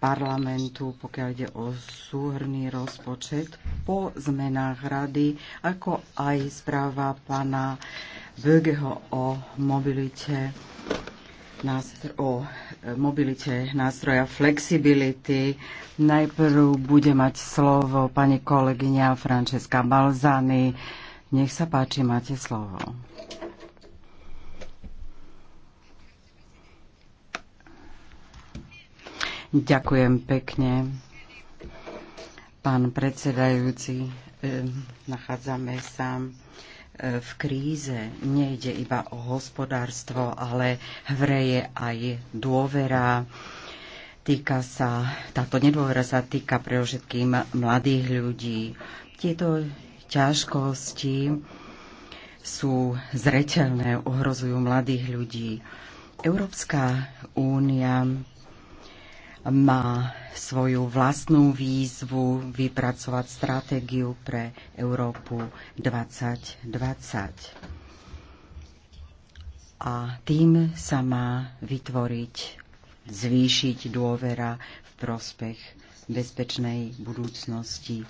parlamentu, pokiaľ ide o súhrný rozpočet po zmenách rady, ako aj správa pána Bögeho o mobilite nástro- o e, mobilite nástroja flexibility. Najprv bude mať slovo pani kolegyňa Francesca Balzany. Nech sa páči, máte slovo. Ďakujem pekne. Pán predsedajúci, e, nachádzame sa e, v kríze. Nejde iba o hospodárstvo, ale vreje aj dôvera týka sa, táto nedôvera sa týka pre všetkým mladých ľudí. Tieto ťažkosti sú zreteľné, ohrozujú mladých ľudí. Európska únia má svoju vlastnú výzvu vypracovať stratégiu pre Európu 2020. A tým sa má vytvoriť, zvýšiť dôvera v prospech bezpečnej budúcnosti.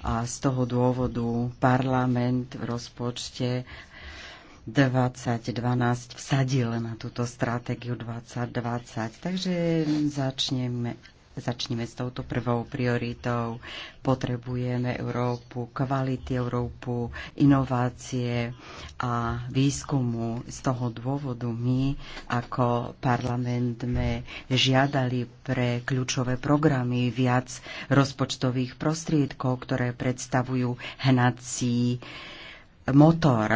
A z toho dôvodu parlament v rozpočte 2012 vsadil na túto stratégiu 2020. Takže začneme, začneme s touto prvou prioritou. Potrebujeme Európu, kvality Európu, inovácie a výskumu. Z toho dôvodu my ako parlament sme žiadali pre kľúčové programy viac rozpočtových prostriedkov, ktoré predstavujú hnací motor,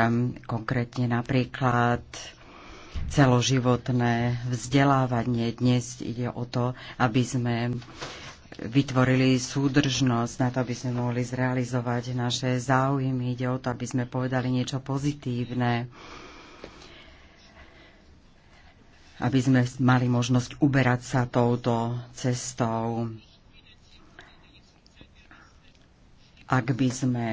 konkrétne napríklad celoživotné vzdelávanie. Dnes ide o to, aby sme vytvorili súdržnosť na to, aby sme mohli zrealizovať naše záujmy. Ide o to, aby sme povedali niečo pozitívne, aby sme mali možnosť uberať sa touto cestou. Ak by sme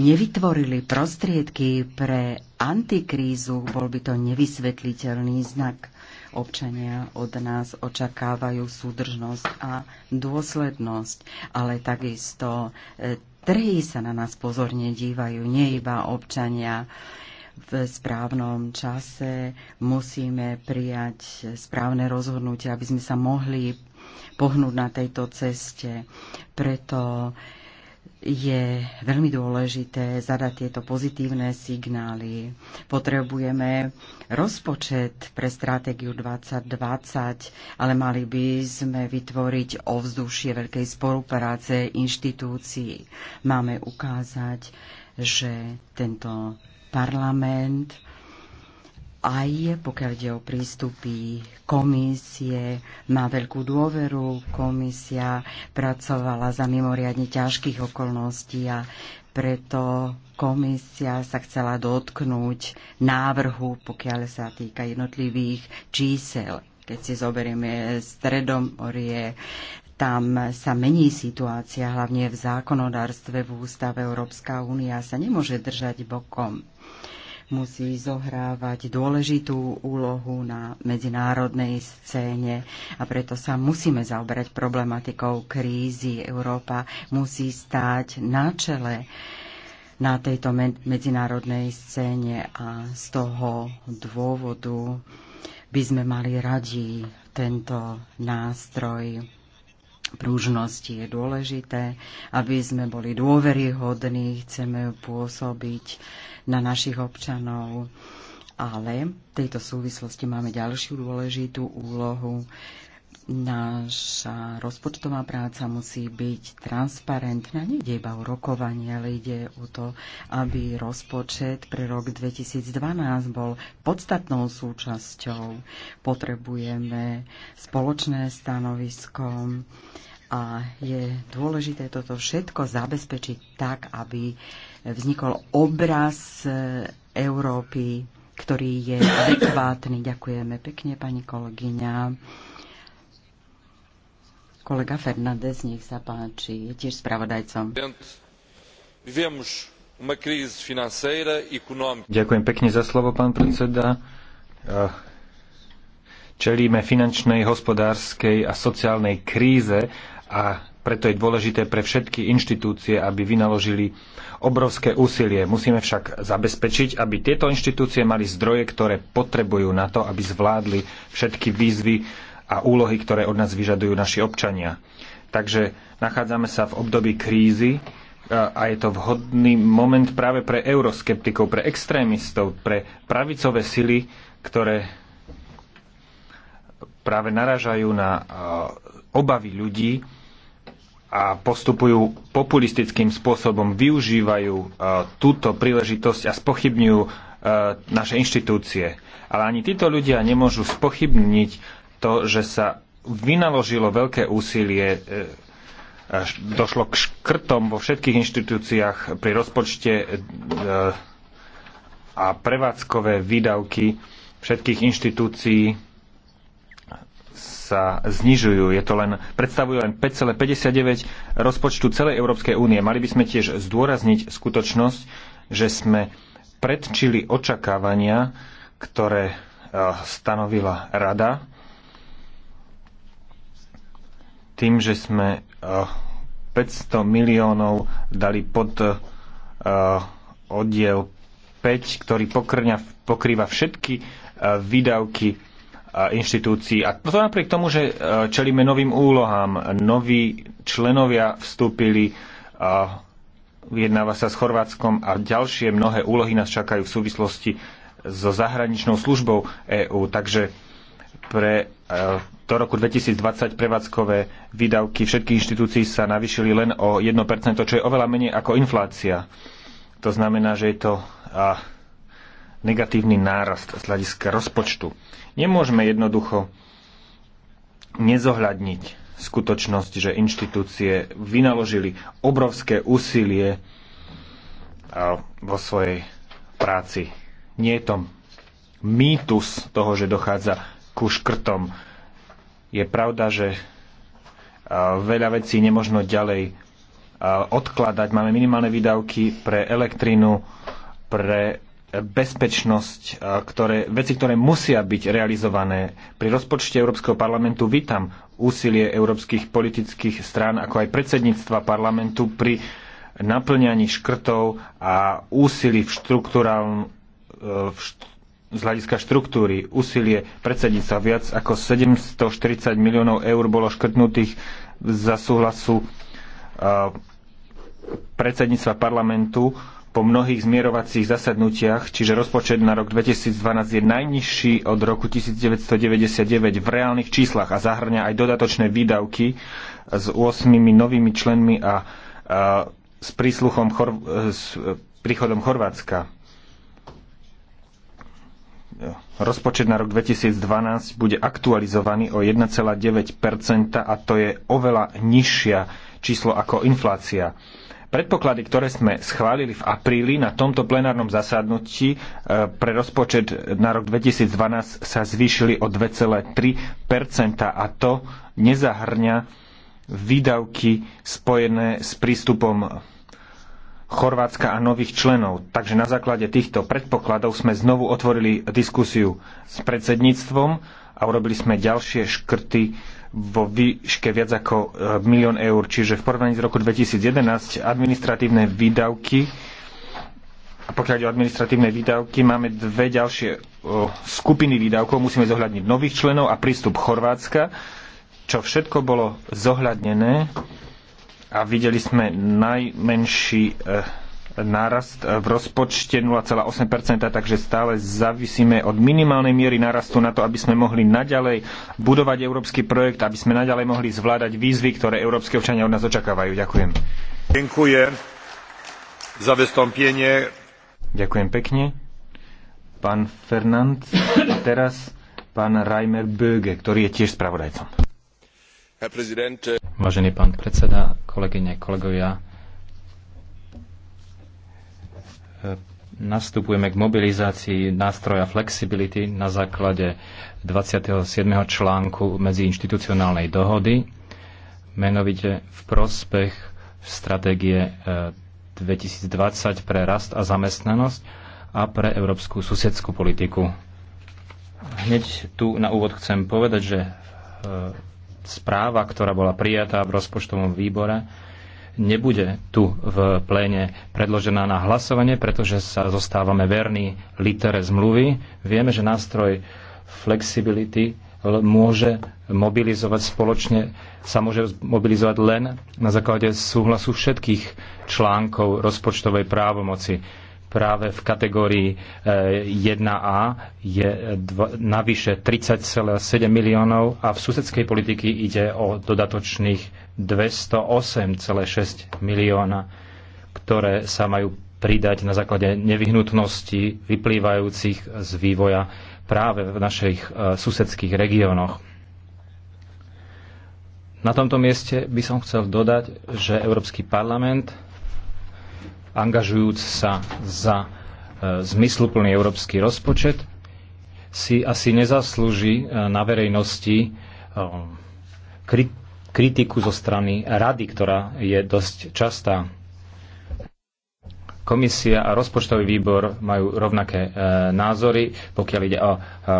nevytvorili prostriedky pre antikrízu, bol by to nevysvetliteľný znak. Občania od nás očakávajú súdržnosť a dôslednosť, ale takisto e, trhy sa na nás pozorne dívajú, nie iba občania v správnom čase musíme prijať správne rozhodnutia, aby sme sa mohli pohnúť na tejto ceste. Preto je veľmi dôležité zadať tieto pozitívne signály. Potrebujeme rozpočet pre stratégiu 2020, ale mali by sme vytvoriť ovzdušie veľkej spolupráce inštitúcií. Máme ukázať, že tento parlament aj pokiaľ ide o prístupy komisie, má veľkú dôveru. Komisia pracovala za mimoriadne ťažkých okolností a preto komisia sa chcela dotknúť návrhu, pokiaľ sa týka jednotlivých čísel. Keď si zoberieme Stredomorie, tam sa mení situácia, hlavne v zákonodárstve, v ústave Európska únia sa nemôže držať bokom musí zohrávať dôležitú úlohu na medzinárodnej scéne a preto sa musíme zaoberať problematikou krízy. Európa musí stáť na čele na tejto medzinárodnej scéne a z toho dôvodu by sme mali radi tento nástroj pružnosti je dôležité, aby sme boli dôveryhodní, chceme pôsobiť na našich občanov. Ale v tejto súvislosti máme ďalšiu dôležitú úlohu. Naša rozpočtová práca musí byť transparentná. Nejde iba o rokovanie, ale ide o to, aby rozpočet pre rok 2012 bol podstatnou súčasťou. Potrebujeme spoločné stanovisko a je dôležité toto všetko zabezpečiť tak, aby vznikol obraz Európy, ktorý je adekvátny. Ďakujeme pekne, pani kolegyňa. Kolega Fernández, nech sa páči, je tiež spravodajcom. Ďakujem pekne za slovo, pán predseda. Eh, čelíme finančnej, hospodárskej a sociálnej kríze a preto je dôležité pre všetky inštitúcie, aby vynaložili obrovské úsilie. Musíme však zabezpečiť, aby tieto inštitúcie mali zdroje, ktoré potrebujú na to, aby zvládli všetky výzvy, a úlohy, ktoré od nás vyžadujú naši občania. Takže nachádzame sa v období krízy a je to vhodný moment práve pre euroskeptikov, pre extrémistov, pre pravicové sily, ktoré práve naražajú na obavy ľudí a postupujú populistickým spôsobom, využívajú túto príležitosť a spochybňujú naše inštitúcie. Ale ani títo ľudia nemôžu spochybniť to, že sa vynaložilo veľké úsilie, e, došlo k škrtom vo všetkých inštitúciách pri rozpočte e, a prevádzkové výdavky všetkých inštitúcií sa znižujú. Je to len, predstavujú len 5,59 rozpočtu celej Európskej únie. Mali by sme tiež zdôrazniť skutočnosť, že sme predčili očakávania, ktoré e, stanovila Rada tým, že sme 500 eh, miliónov dali pod eh, oddiel 5, ktorý pokrňa, pokrýva všetky eh, výdavky inštitúcií. A to napriek tomu, že čelíme novým úlohám. Noví členovia vstúpili, vyjednáva sa s Chorvátskom a ďalšie mnohé úlohy nás čakajú v súvislosti so zahraničnou službou EÚ. Takže pre do roku 2020 prevádzkové výdavky všetkých inštitúcií sa navyšili len o 1%, čo je oveľa menej ako inflácia. To znamená, že je to a, negatívny nárast z hľadiska rozpočtu. Nemôžeme jednoducho nezohľadniť skutočnosť, že inštitúcie vynaložili obrovské úsilie a, vo svojej práci. Nie je to mýtus toho, že dochádza ku škrtom je pravda, že veľa vecí nemožno ďalej odkladať. Máme minimálne výdavky pre elektrínu, pre bezpečnosť, ktoré, veci, ktoré musia byť realizované. Pri rozpočte Európskeho parlamentu vítam úsilie európskych politických strán, ako aj predsedníctva parlamentu pri naplňaní škrtov a úsilí v, e, v z hľadiska štruktúry, úsilie predsednica viac ako 740 miliónov eur bolo škrtnutých za súhlasu predsedníctva parlamentu po mnohých zmierovacích zasadnutiach, čiže rozpočet na rok 2012 je najnižší od roku 1999 v reálnych číslach a zahrňa aj dodatočné výdavky s 8 novými členmi a, a s prísluchom chor- s príchodom Chorvátska rozpočet na rok 2012 bude aktualizovaný o 1,9 a to je oveľa nižšia číslo ako inflácia. Predpoklady, ktoré sme schválili v apríli na tomto plenárnom zasadnutí e, pre rozpočet na rok 2012 sa zvýšili o 2,3 a to nezahrňa výdavky spojené s prístupom Chorvátska a nových členov. Takže na základe týchto predpokladov sme znovu otvorili diskusiu s predsedníctvom a urobili sme ďalšie škrty vo výške viac ako e, milión eur. Čiže v porovnaní z roku 2011 administratívne výdavky a pokiaľ ide o administratívne výdavky, máme dve ďalšie o, e, skupiny výdavkov. Musíme zohľadniť nových členov a prístup Chorvátska, čo všetko bolo zohľadnené a videli sme najmenší e, nárast v rozpočte 0,8%, takže stále zavisíme od minimálnej miery nárastu na to, aby sme mohli naďalej budovať európsky projekt, aby sme naďalej mohli zvládať výzvy, ktoré európske občania od nás očakávajú. Ďakujem. Ďakujem za vystąpienie. Ďakujem pekne. Pán Fernand a teraz pán Reimer Böge, ktorý je tiež spravodajcom. Äh, Vážený pán predseda, kolegyne, kolegovia, nastupujeme k mobilizácii nástroja flexibility na základe 27. článku medziinštitucionálnej dohody, menovite v prospech stratégie 2020 e, pre rast a zamestnanosť a pre európsku susedskú politiku. Hneď tu na úvod chcem povedať, že e, správa, ktorá bola prijatá v rozpočtovom výbore, nebude tu v pléne predložená na hlasovanie, pretože sa zostávame verní litere zmluvy. Vieme, že nástroj flexibility môže mobilizovať spoločne, sa môže mobilizovať len na základe súhlasu všetkých článkov rozpočtovej právomoci práve v kategórii 1A e, je navyše 30,7 miliónov a v susedskej politiky ide o dodatočných 208,6 milióna, ktoré sa majú pridať na základe nevyhnutností vyplývajúcich z vývoja práve v našich e, susedských regiónoch. Na tomto mieste by som chcel dodať, že Európsky parlament angažujúc sa za e, zmysluplný európsky rozpočet, si asi nezaslúži e, na verejnosti e, kritiku zo strany rady, ktorá je dosť častá. Komisia a rozpočtový výbor majú rovnaké e, názory, pokiaľ ide o e,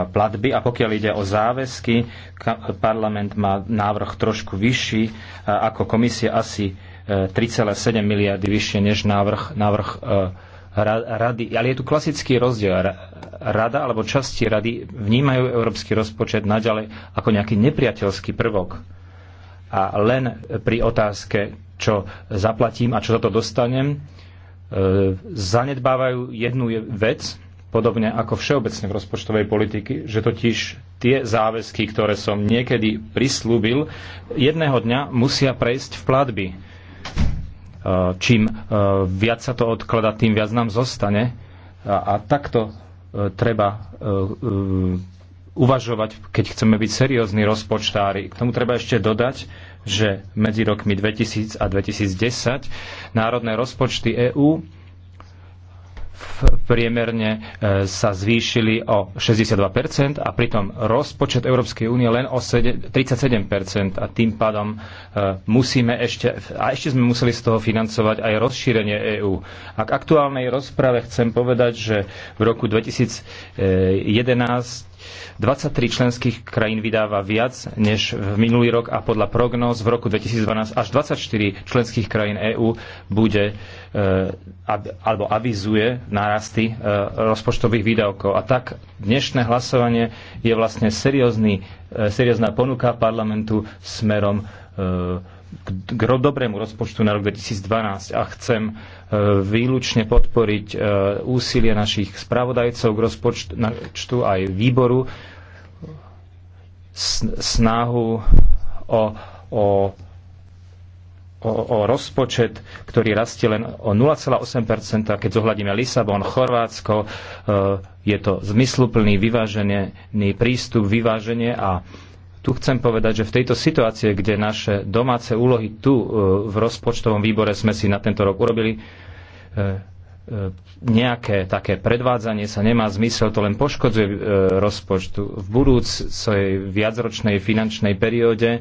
platby a pokiaľ ide o záväzky. Ka- parlament má návrh trošku vyšší e, ako komisia, asi 3,7 miliardy vyššie než návrh, návrh e, rady. Ale je tu klasický rozdiel. Rada alebo časti rady vnímajú európsky rozpočet naďalej ako nejaký nepriateľský prvok. A len pri otázke, čo zaplatím a čo za to dostanem, e, zanedbávajú jednu vec, podobne ako všeobecne v rozpočtovej politiky, že totiž tie záväzky, ktoré som niekedy prislúbil, jedného dňa musia prejsť v platby Eh, čím eh, viac sa to odklada, tým viac nám zostane. A, a takto eh, treba uvažovať, keď chceme byť seriózni rozpočtári. K tomu treba ešte dodať, že medzi rokmi 2000 a 2010 národné rozpočty EÚ priemerne e, sa zvýšili o 62% a pritom rozpočet Európskej únie len o 37% a tým pádom e, musíme ešte, a ešte sme museli z toho financovať aj rozšírenie EÚ. A k aktuálnej rozprave chcem povedať, že v roku 2011 23 členských krajín vydáva viac než v minulý rok a podľa prognóz v roku 2012 až 24 členských krajín EÚ bude eh, alebo avizuje nárasty eh, rozpočtových výdavkov. A tak dnešné hlasovanie je vlastne seriózny, eh, seriózna ponuka parlamentu smerom k dobrému rozpočtu na rok 2012 a chcem e, výlučne podporiť e, úsilie našich spravodajcov k rozpočtu aj výboru snahu o, o, o, o rozpočet, ktorý rastie len o 0,8%, keď zohľadíme Lisabon, Chorvátsko, e, je to zmysluplný, vyvážený prístup, vyváženie a tu chcem povedať, že v tejto situácie, kde naše domáce úlohy tu e, v rozpočtovom výbore sme si na tento rok urobili, e, e, nejaké také predvádzanie sa nemá zmysel, to len poškodzuje rozpočtu. V budúcej viacročnej finančnej perióde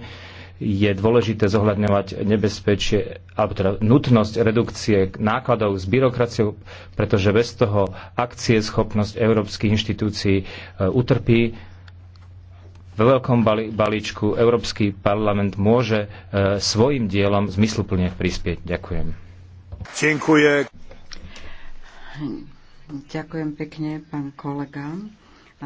je dôležité zohľadňovať nebezpečie, alebo teda nutnosť redukcie nákladov s byrokraciou, pretože bez toho akcie schopnosť európskych inštitúcií utrpí vo veľkom balíčku Európsky parlament môže e, svojim dielom zmysluplne prispieť. Ďakujem. Ďakujem. Ďakujem pekne, pán kolega.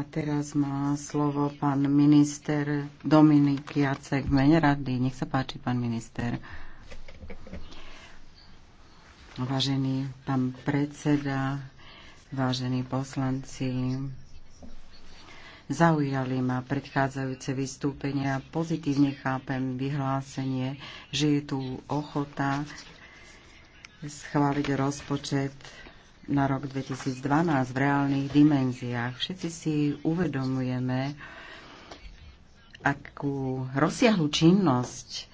A teraz má slovo pán minister Dominik Jacek v mene rady. Nech sa páči, pán minister. Vážený pán predseda, vážení poslanci, Zaujali ma predchádzajúce vystúpenia. Pozitívne chápem vyhlásenie, že je tu ochota schváliť rozpočet na rok 2012 v reálnych dimenziách. Všetci si uvedomujeme, akú rozsiahlu činnosť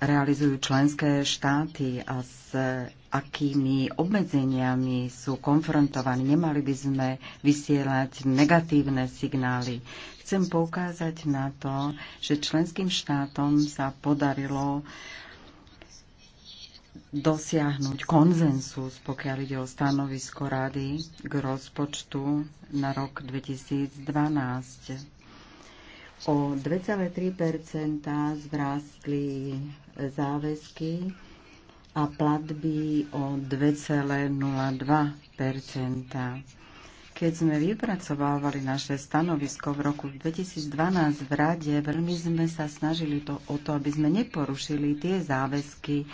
realizujú členské štáty a s akými obmedzeniami sú konfrontovaní. Nemali by sme vysielať negatívne signály. Chcem poukázať na to, že členským štátom sa podarilo dosiahnuť konzensus, pokiaľ ide o stanovisko rady k rozpočtu na rok 2012. O 2,3 zvrástli záväzky a platby o 2,02 Keď sme vypracovávali naše stanovisko v roku 2012 v Rade, veľmi sme sa snažili to, o to, aby sme neporušili tie záväzky,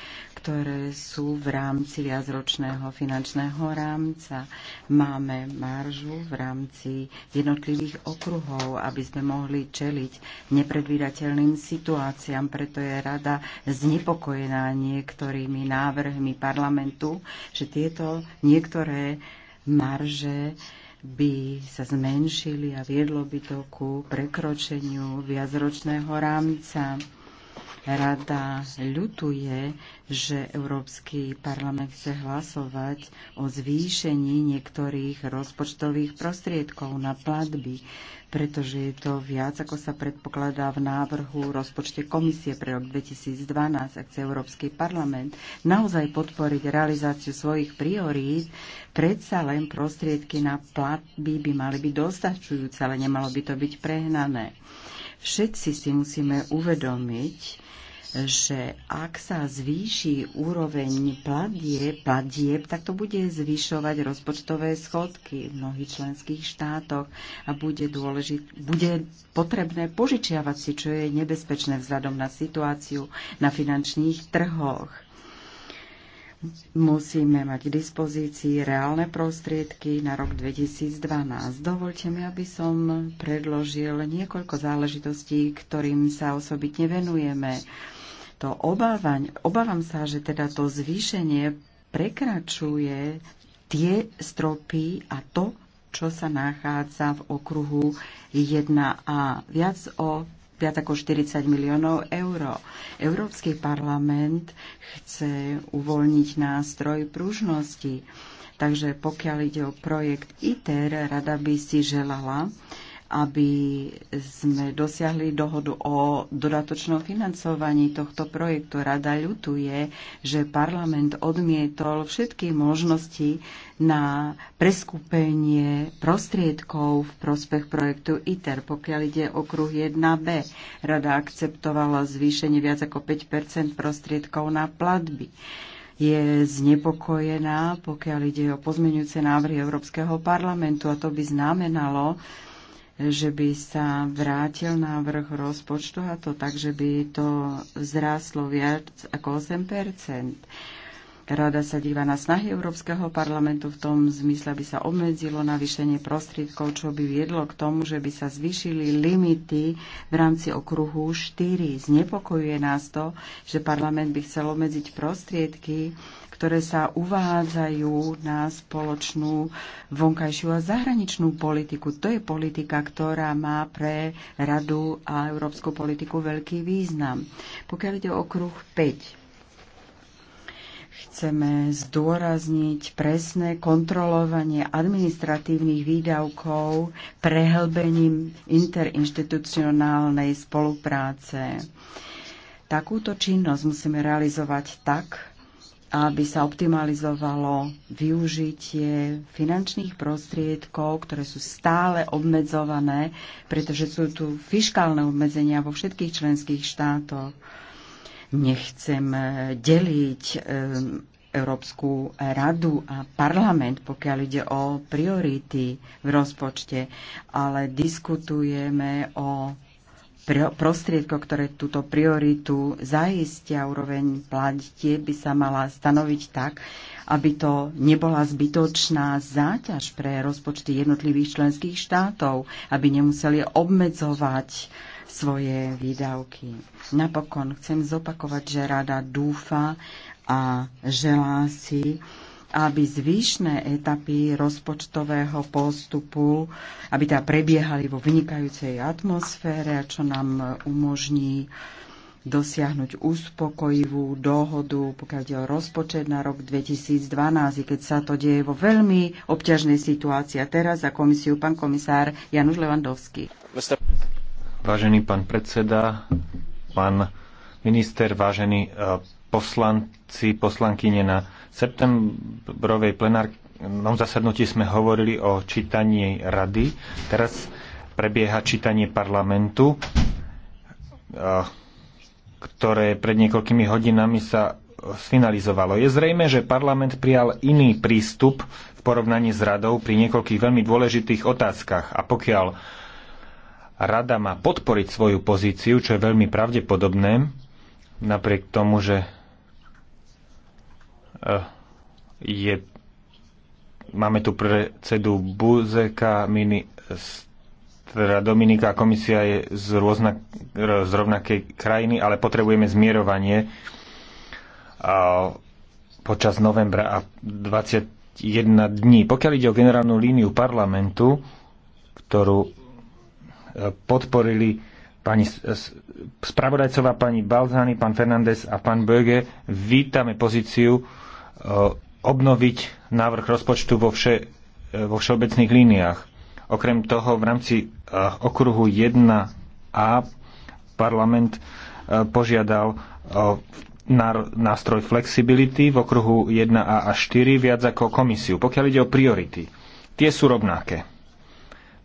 ktoré sú v rámci viacročného finančného rámca. Máme maržu v rámci jednotlivých okruhov, aby sme mohli čeliť nepredvídateľným situáciám, preto je rada znepokojená niektorými návrhmi parlamentu, že tieto niektoré marže by sa zmenšili a viedlo by to ku prekročeniu viacročného rámca. Rada ľutuje, že Európsky parlament chce hlasovať o zvýšení niektorých rozpočtových prostriedkov na platby, pretože je to viac, ako sa predpokladá v návrhu rozpočte komisie pre rok 2012, ak chce Európsky parlament naozaj podporiť realizáciu svojich priorít, predsa len prostriedky na platby by mali byť dostačujúce, ale nemalo by to byť prehnané. Všetci si musíme uvedomiť, že ak sa zvýši úroveň platieb, tak to bude zvyšovať rozpočtové schodky v mnohých členských štátoch a bude, dôležit, bude potrebné požičiavať si, čo je nebezpečné vzhľadom na situáciu na finančných trhoch. Musíme mať k dispozícii reálne prostriedky na rok 2012. Dovolte mi, aby som predložil niekoľko záležitostí, ktorým sa osobitne venujeme to obávaň, obávam sa, že teda to zvýšenie prekračuje tie stropy a to, čo sa nachádza v okruhu 1A. Viac o viac ako 40 miliónov eur. Európsky parlament chce uvoľniť nástroj pružnosti. Takže pokiaľ ide o projekt ITER, rada by si želala, aby sme dosiahli dohodu o dodatočnom financovaní tohto projektu. Rada ľutuje, že parlament odmietol všetky možnosti na preskupenie prostriedkov v prospech projektu ITER, pokiaľ ide o kruh 1B. Rada akceptovala zvýšenie viac ako 5 prostriedkov na platby je znepokojená, pokiaľ ide o pozmeňujúce návrhy Európskeho parlamentu a to by znamenalo, že by sa vrátil návrh rozpočtu a to tak, že by to zrástlo viac ako 8 Rada sa díva na snahy Európskeho parlamentu v tom zmysle, aby sa obmedzilo navýšenie prostriedkov, čo by viedlo k tomu, že by sa zvýšili limity v rámci okruhu 4. Znepokojuje nás to, že parlament by chcel obmedziť prostriedky ktoré sa uvádzajú na spoločnú vonkajšiu a zahraničnú politiku. To je politika, ktorá má pre radu a európsku politiku veľký význam. Pokiaľ ide o kruh 5, chceme zdôrazniť presné kontrolovanie administratívnych výdavkov prehlbením interinstitucionálnej spolupráce. Takúto činnosť musíme realizovať tak, aby sa optimalizovalo využitie finančných prostriedkov, ktoré sú stále obmedzované, pretože sú tu fiskálne obmedzenia vo všetkých členských štátoch. Nechcem deliť Európsku radu a parlament, pokiaľ ide o priority v rozpočte, ale diskutujeme o prostriedkov, ktoré túto prioritu zaistia úroveň platie, by sa mala stanoviť tak, aby to nebola zbytočná záťaž pre rozpočty jednotlivých členských štátov, aby nemuseli obmedzovať svoje výdavky. Napokon chcem zopakovať, že rada dúfa a želá si, aby zvyšné etapy rozpočtového postupu, aby teda prebiehali vo vynikajúcej atmosfére, a čo nám umožní dosiahnuť uspokojivú dohodu, pokiaľ ide o rozpočet na rok 2012, i keď sa to deje vo veľmi obťažnej situácii. A teraz za komisiu pán komisár Januš Levandovský. Vážený pán predseda, pán minister, vážení eh, poslanci, poslankyne na septembrovej plenárnom zasadnutí sme hovorili o čítaní rady. Teraz prebieha čítanie parlamentu, eh, ktoré pred niekoľkými hodinami sa eh, sfinalizovalo. Je zrejme, že parlament prijal iný prístup v porovnaní s radou pri niekoľkých veľmi dôležitých otázkach. A pokiaľ rada má podporiť svoju pozíciu, čo je veľmi pravdepodobné, napriek tomu, že Eh, je, máme tu predsedu Buzeka, ministra teda Dominika, komisia je z, rôzna, eh, z rovnakej krajiny, ale potrebujeme zmierovanie eh, počas novembra a 21 dní. Pokiaľ ide o generálnu líniu parlamentu, ktorú podporili pani spravodajcová, pani Balzani, pán Fernández a pán Böge, vítame pozíciu E, obnoviť návrh rozpočtu vo, vše, e, vo všeobecných líniách. Okrem toho v rámci e, okruhu 1a parlament požiadal nástroj flexibility v okruhu 1a a 4 viac ako komisiu. Pokiaľ ide o priority, tie sú rovnaké.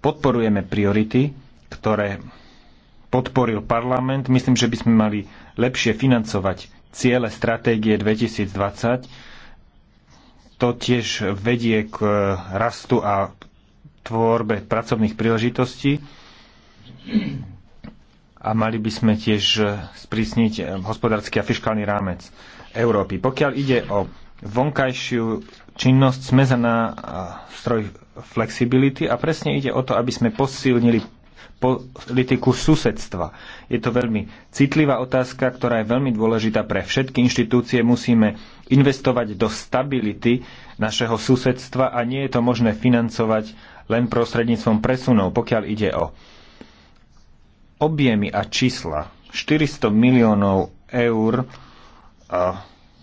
Podporujeme priority, ktoré podporil parlament. Myslím, že by sme mali lepšie financovať ciele stratégie 2020 to tiež vedie k eh, rastu a tvorbe pracovných príležitostí a mali by sme tiež eh, sprísniť eh, hospodársky a fiskálny rámec Európy. Pokiaľ ide o vonkajšiu činnosť, sme za nástroj flexibility a presne ide o to, aby sme posilnili politiku susedstva. Je to veľmi citlivá otázka, ktorá je veľmi dôležitá pre všetky inštitúcie. Musíme investovať do stability našeho susedstva a nie je to možné financovať len prostredníctvom presunov, pokiaľ ide o objemy a čísla. 400 miliónov eur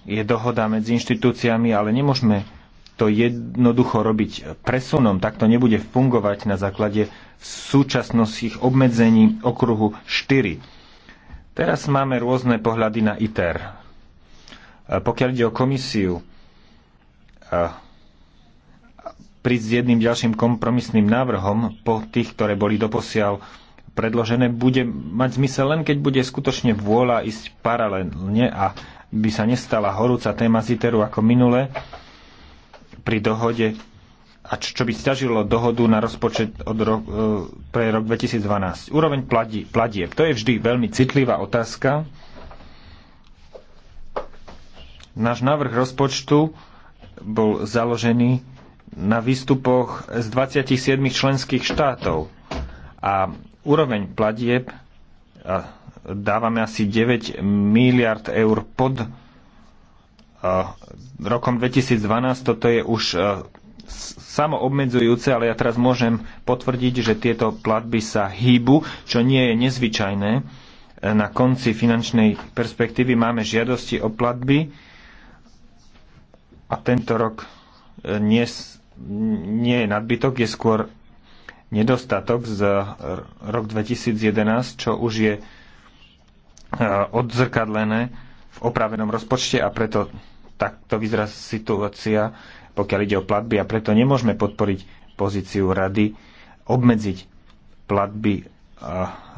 je dohoda medzi inštitúciami, ale nemôžeme to jednoducho robiť presunom, tak to nebude fungovať na základe súčasnostných obmedzení okruhu 4. Teraz máme rôzne pohľady na ITER. Pokiaľ ide o komisiu, prísť s jedným ďalším kompromisným návrhom po tých, ktoré boli doposiaľ predložené, bude mať zmysel len, keď bude skutočne vôľa ísť paralelne a by sa nestala horúca téma z ITERu ako minule, pri dohode a čo by stiažilo dohodu na rozpočet od ro- e, pre rok 2012. Úroveň platieb. To je vždy veľmi citlivá otázka. Náš návrh rozpočtu bol založený na výstupoch z 27 členských štátov a úroveň platieb dávame asi 9 miliard eur pod Eh, rokom 2012 toto je už eh, samoobmedzujúce, ale ja teraz môžem potvrdiť, že tieto platby sa hýbu, čo nie je nezvyčajné. Eh, na konci finančnej perspektívy máme žiadosti o platby a tento rok nie, nie je nadbytok, je skôr nedostatok z rok 2011, čo už je odzrkadlené v opravenom rozpočte a preto takto vyzerá situácia, pokiaľ ide o platby a preto nemôžeme podporiť pozíciu rady obmedziť platby eh,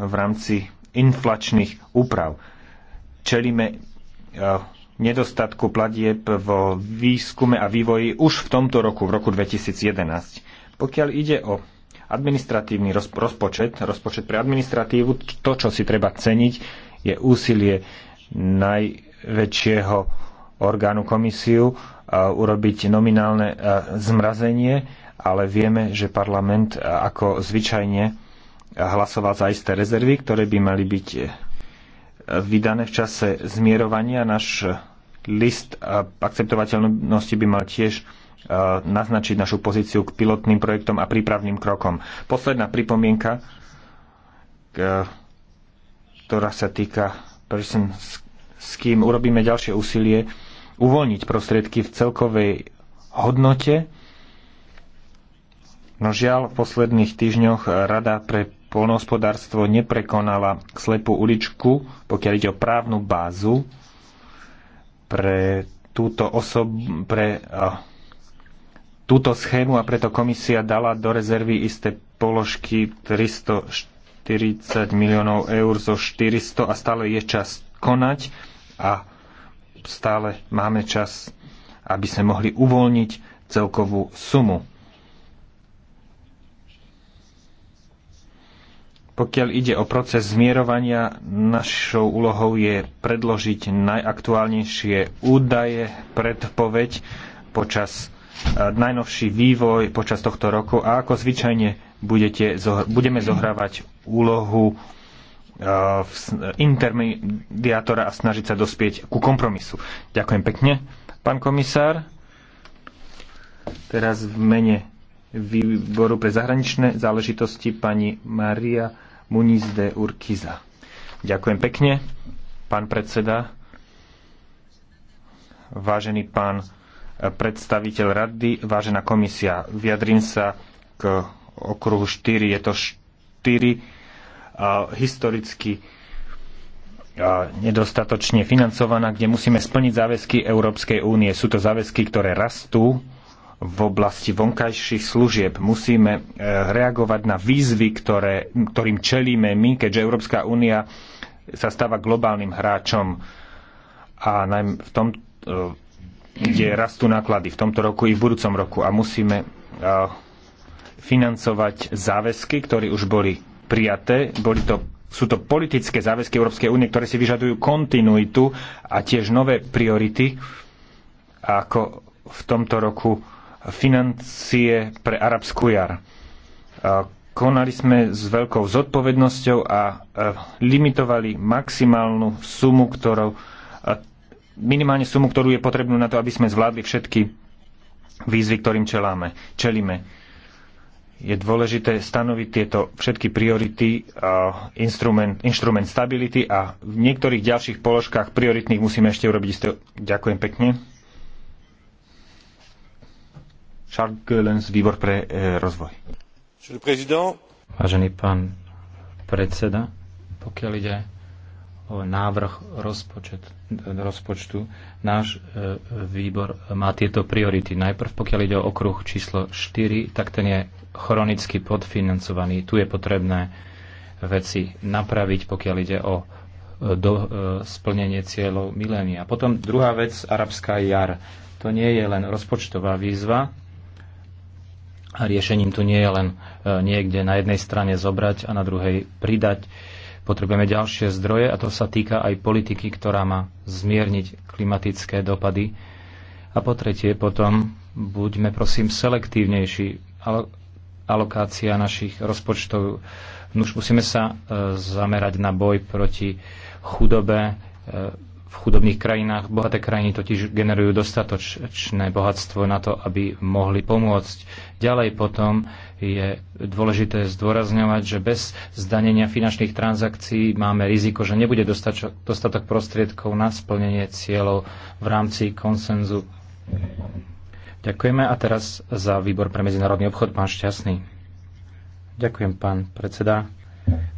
v rámci inflačných úprav. Čelíme eh, nedostatku platieb vo výskume a vývoji už v tomto roku, v roku 2011. Pokiaľ ide o administratívny rozpočet, rozpočet pre administratívu, to, čo si treba ceniť, je úsilie najväčšieho orgánu komisiu urobiť nominálne zmrazenie, ale vieme, že parlament ako zvyčajne hlasoval za isté rezervy, ktoré by mali byť e, vydané v čase zmierovania. Náš e, list akceptovateľnosti by mal tiež e, naznačiť našu pozíciu k pilotným projektom a prípravným krokom. Posledná pripomienka, ktorá sa týka person, s kým urobíme ďalšie úsilie, uvoľniť prostriedky v celkovej hodnote. No žiaľ, v posledných týždňoch Rada pre polnohospodárstvo neprekonala slepú uličku, pokiaľ ide o právnu bázu pre túto, osobu, pre, eh, túto schému a preto komisia dala do rezervy isté položky 340 miliónov eur zo 400 a stále je čas konať a stále máme čas, aby sme mohli uvoľniť celkovú sumu. Pokiaľ ide o proces zmierovania, našou úlohou je predložiť najaktuálnejšie údaje, predpoveď počas e, najnovší vývoj počas tohto roku a ako zvyčajne budete, budeme zohrávať úlohu intermediátora a snažiť sa dospieť ku kompromisu. Ďakujem pekne, pán komisár. Teraz v mene výboru pre zahraničné záležitosti pani Maria Muniz de Urquiza. Ďakujem pekne, pán predseda. Vážený pán predstaviteľ rady, vážená komisia, vyjadrím sa k okruhu 4. Je to 4 historicky nedostatočne financovaná, kde musíme splniť záväzky Európskej únie. Sú to záväzky, ktoré rastú v oblasti vonkajších služieb. Musíme e, reagovať na výzvy, ktoré, ktorým čelíme my, keďže Európska únia sa stáva globálnym hráčom a najmä v tom, e, kde rastú náklady v tomto roku i v budúcom roku a musíme e, financovať záväzky, ktoré už boli prijaté. Boli to, sú to politické záväzky Európskej únie, ktoré si vyžadujú kontinuitu a tiež nové priority, ako v tomto roku financie pre arabskú jar. Konali sme s veľkou zodpovednosťou a limitovali maximálnu sumu, ktorou, minimálne sumu, ktorú je potrebnú na to, aby sme zvládli všetky výzvy, ktorým čeláme, čelíme je dôležité stanoviť tieto všetky priority, a instrument, instrument stability a v niektorých ďalších položkách prioritných musíme ešte urobiť isté. Ďakujem pekne. Charles Goelens, výbor pre e, rozvoj. Vážený pán predseda, pokiaľ ide o návrh rozpočet, rozpočtu, náš e, výbor má tieto priority. Najprv, pokiaľ ide o okruh číslo 4, tak ten je chronicky podfinancovaný. Tu je potrebné veci napraviť, pokiaľ ide o e, do, e, splnenie cieľov milénia. Potom druhá vec, arabská jar. To nie je len rozpočtová výzva a riešením tu nie je len e, niekde na jednej strane zobrať a na druhej pridať. Potrebujeme ďalšie zdroje a to sa týka aj politiky, ktorá má zmierniť klimatické dopady. A po tretie potom buďme prosím selektívnejší, ale alokácia našich rozpočtov. Už musíme sa e, zamerať na boj proti chudobe e, v chudobných krajinách. Bohaté krajiny totiž generujú dostatočné bohatstvo na to, aby mohli pomôcť. Ďalej potom je dôležité zdôrazňovať, že bez zdanenia finančných transakcií máme riziko, že nebude dostatok prostriedkov na splnenie cieľov v rámci konsenzu Ďakujeme a teraz za výbor pre medzinárodný obchod pán Šťastný. Ďakujem, pán predseda.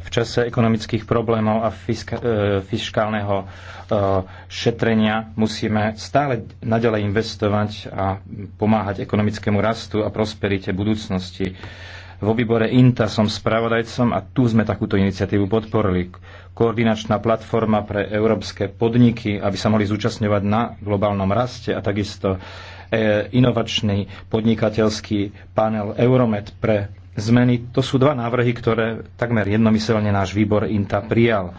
V čase ekonomických problémov a e, fiskálneho e, šetrenia musíme stále naďalej investovať a pomáhať ekonomickému rastu a prosperite budúcnosti. Vo výbore INTA som spravodajcom a tu sme takúto iniciatívu podporili. Koordinačná platforma pre európske podniky, aby sa mohli zúčastňovať na globálnom raste a takisto E, inovačný podnikateľský panel Euromed pre zmeny. To sú dva návrhy, ktoré takmer jednomyselne náš výbor INTA prijal.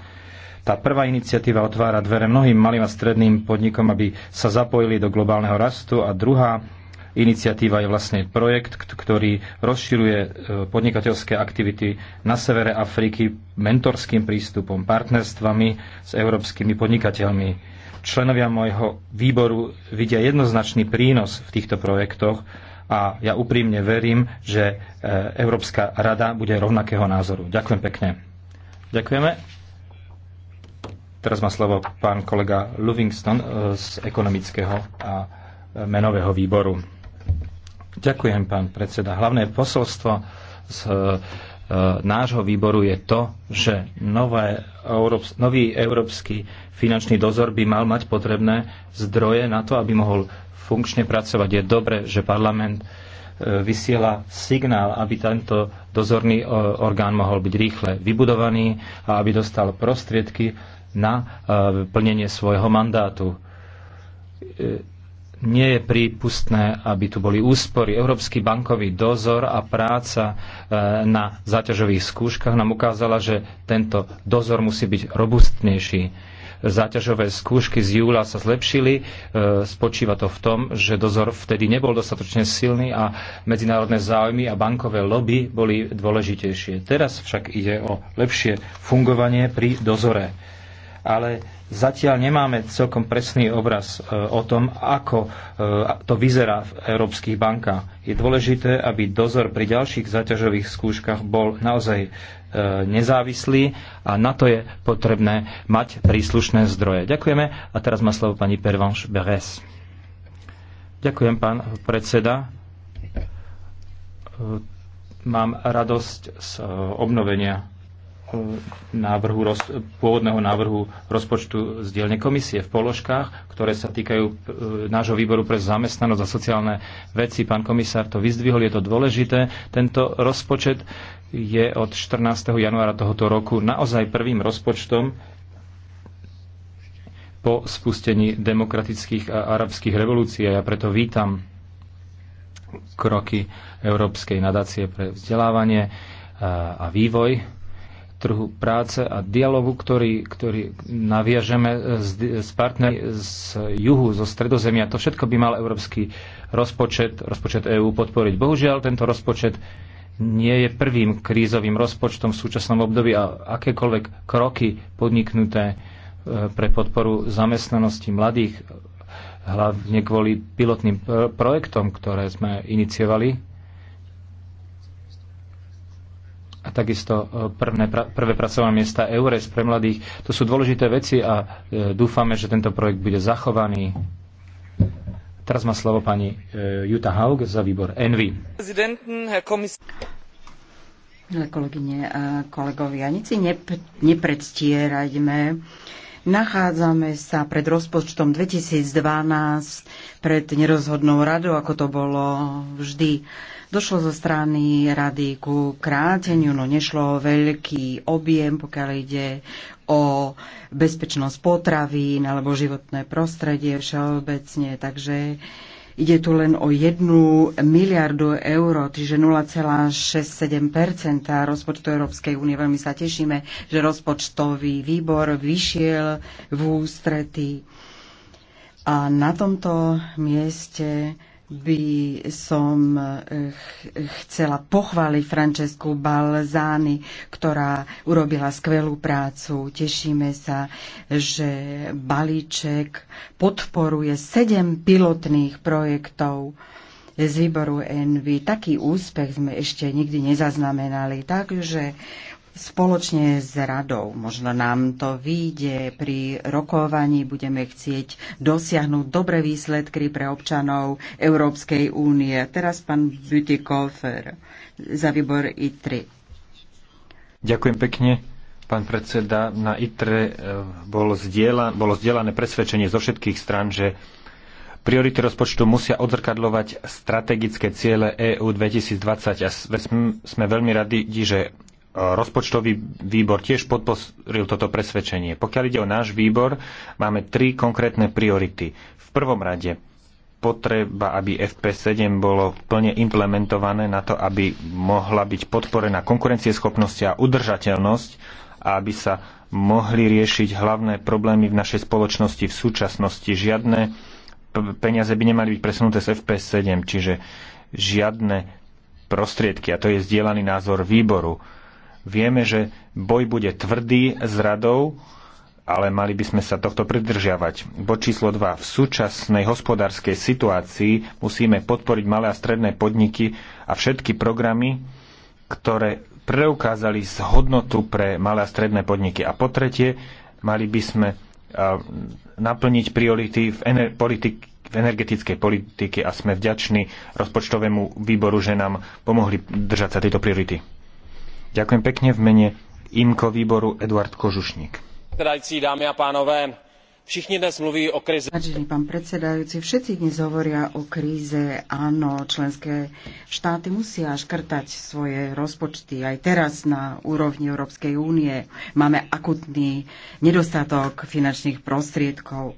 Tá prvá iniciatíva otvára dvere mnohým malým a stredným podnikom, aby sa zapojili do globálneho rastu a druhá iniciatíva je vlastne projekt, ktorý rozširuje e, podnikateľské aktivity na severe Afriky mentorským prístupom, partnerstvami s európskymi podnikateľmi členovia môjho výboru vidia jednoznačný prínos v týchto projektoch a ja úprimne verím, že e, Európska rada bude rovnakého názoru. Ďakujem pekne. Ďakujeme. Teraz má slovo pán kolega Livingston e, z ekonomického a e, menového výboru. Ďakujem, pán predseda. Hlavné posolstvo z nášho výboru je to, že nové, nový európsky finančný dozor by mal mať potrebné zdroje na to, aby mohol funkčne pracovať. Je dobre, že parlament e, vysiela signál, aby tento dozorný e, orgán mohol byť rýchle vybudovaný a aby dostal prostriedky na e, plnenie svojho mandátu nie je prípustné, aby tu boli úspory. Európsky bankový dozor a práca e, na záťažových skúškach nám ukázala, že tento dozor musí byť robustnejší. Záťažové skúšky z júla sa zlepšili. E, spočíva to v tom, že dozor vtedy nebol dostatočne silný a medzinárodné záujmy a bankové lobby boli dôležitejšie. Teraz však ide o lepšie fungovanie pri dozore ale zatiaľ nemáme celkom presný obraz e, o tom, ako e, to vyzerá v európskych bankách. Je dôležité, aby dozor pri ďalších zaťažových skúškach bol naozaj e, nezávislý a na to je potrebné mať príslušné zdroje. Ďakujeme a teraz má slovo pani Pervanche Beres. Ďakujem, pán predseda. Mám radosť z obnovenia návrhu, pôvodného návrhu rozpočtu z dielne komisie v položkách, ktoré sa týkajú e, nášho výboru pre zamestnanosť a sociálne veci. Pán komisár to vyzdvihol, je to dôležité. Tento rozpočet je od 14. januára tohoto roku naozaj prvým rozpočtom po spustení demokratických a arabských revolúcií. A ja preto vítam kroky Európskej nadácie pre vzdelávanie a vývoj trhu práce a dialogu, ktorý, ktorý naviažeme s, s partnermi z juhu, zo stredozemia. To všetko by mal európsky rozpočet, rozpočet EÚ podporiť. Bohužiaľ, tento rozpočet nie je prvým krízovým rozpočtom v súčasnom období a akékoľvek kroky podniknuté e, pre podporu zamestnanosti mladých, hlavne kvôli pilotným e, projektom, ktoré sme iniciovali, a takisto e, prvné, prvé pracovné miesta EURES pre mladých. To sú dôležité veci a e, dúfame, že tento projekt bude zachovaný. Teraz má slovo pani e, Juta Haug za výbor Envy. Milé kolegyne a kolegovia, nic si nep- nepredstierajme. Nachádzame sa pred rozpočtom 2012, pred nerozhodnou radou, ako to bolo vždy. Došlo zo strany rady ku kráteniu, no nešlo o veľký objem, pokiaľ ide o bezpečnosť potravín alebo životné prostredie všeobecne. Takže ide tu len o jednu miliardu eur, čiže 0,67 rozpočtu Európskej únie. Veľmi sa tešíme, že rozpočtový výbor vyšiel v ústrety. A na tomto mieste by som eh, chcela pochváliť Francesku Balzány, ktorá urobila skvelú prácu. Tešíme sa, že balíček podporuje sedem pilotných projektov z výboru Envy. Taký úspech sme ešte nikdy nezaznamenali. Takže spoločne s radou. Možno nám to vyjde pri rokovaní, budeme chcieť dosiahnuť dobré výsledky pre občanov Európskej únie. Teraz pán Butikofer za výbor ITRI. Ďakujem pekne. Pán predseda, na ITRE eh, bolo, zdieľa, bolo zdieľané presvedčenie zo všetkých stran, že Priority rozpočtu musia odzrkadľovať strategické ciele EÚ 2020 a sme veľmi radi, že rozpočtový výbor tiež podporil toto presvedčenie. Pokiaľ ide o náš výbor, máme tri konkrétne priority. V prvom rade potreba, aby FP7 bolo plne implementované na to, aby mohla byť podporená konkurencieschopnosť a udržateľnosť a aby sa mohli riešiť hlavné problémy v našej spoločnosti v súčasnosti. Žiadne peniaze by nemali byť presunuté z FP7, čiže žiadne prostriedky. A to je zdieľaný názor výboru Vieme, že boj bude tvrdý s radou, ale mali by sme sa tohto pridržiavať. Bod číslo 2. V súčasnej hospodárskej situácii musíme podporiť malé a stredné podniky a všetky programy, ktoré preukázali hodnotu pre malé a stredné podniky. A po tretie, mali by sme naplniť priority v, ener- politik- v energetickej politike a sme vďační rozpočtovému výboru, že nám pomohli držať sa tejto priority. Ďakujem pekne v mene IMKO výboru Eduard Kožušník. dámy a pánové, všichni dnes mluví o Vážený pán predsedajúci, všetci dnes hovoria o kríze. Áno, členské štáty musia škrtať svoje rozpočty. Aj teraz na úrovni Európskej únie máme akutný nedostatok finančných prostriedkov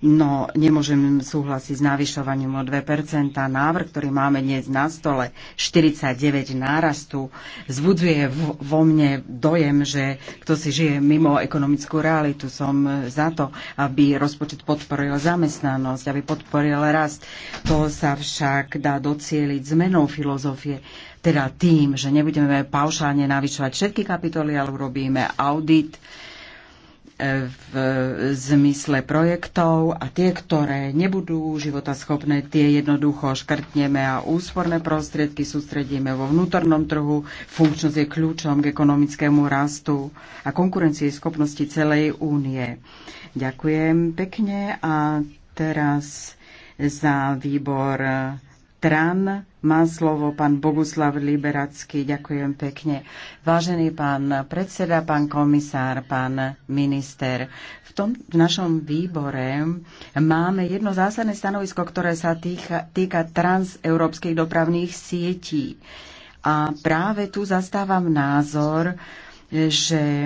No, nemôžem súhlasiť s navyšovaním o 2%. Návrh, ktorý máme dnes na stole, 49 nárastu, zbudzuje vo mne dojem, že kto si žije mimo ekonomickú realitu, som za to, aby rozpočet podporil zamestnanosť, aby podporil rast. To sa však dá docieliť zmenou filozofie teda tým, že nebudeme paušálne navyšovať všetky kapitoly, ale urobíme audit v zmysle projektov a tie, ktoré nebudú životaschopné, tie jednoducho škrtneme a úsporné prostriedky sústredíme vo vnútornom trhu. Funkčnosť je kľúčom k ekonomickému rastu a konkurencie schopnosti celej únie. Ďakujem pekne a teraz za výbor TRAN má slovo pán Boguslav Liberacký. Ďakujem pekne. Vážený pán predseda, pán komisár, pán minister, v, tom, v našom výbore máme jedno zásadné stanovisko, ktoré sa týka, týka transeurópskych dopravných sietí. A práve tu zastávam názor, že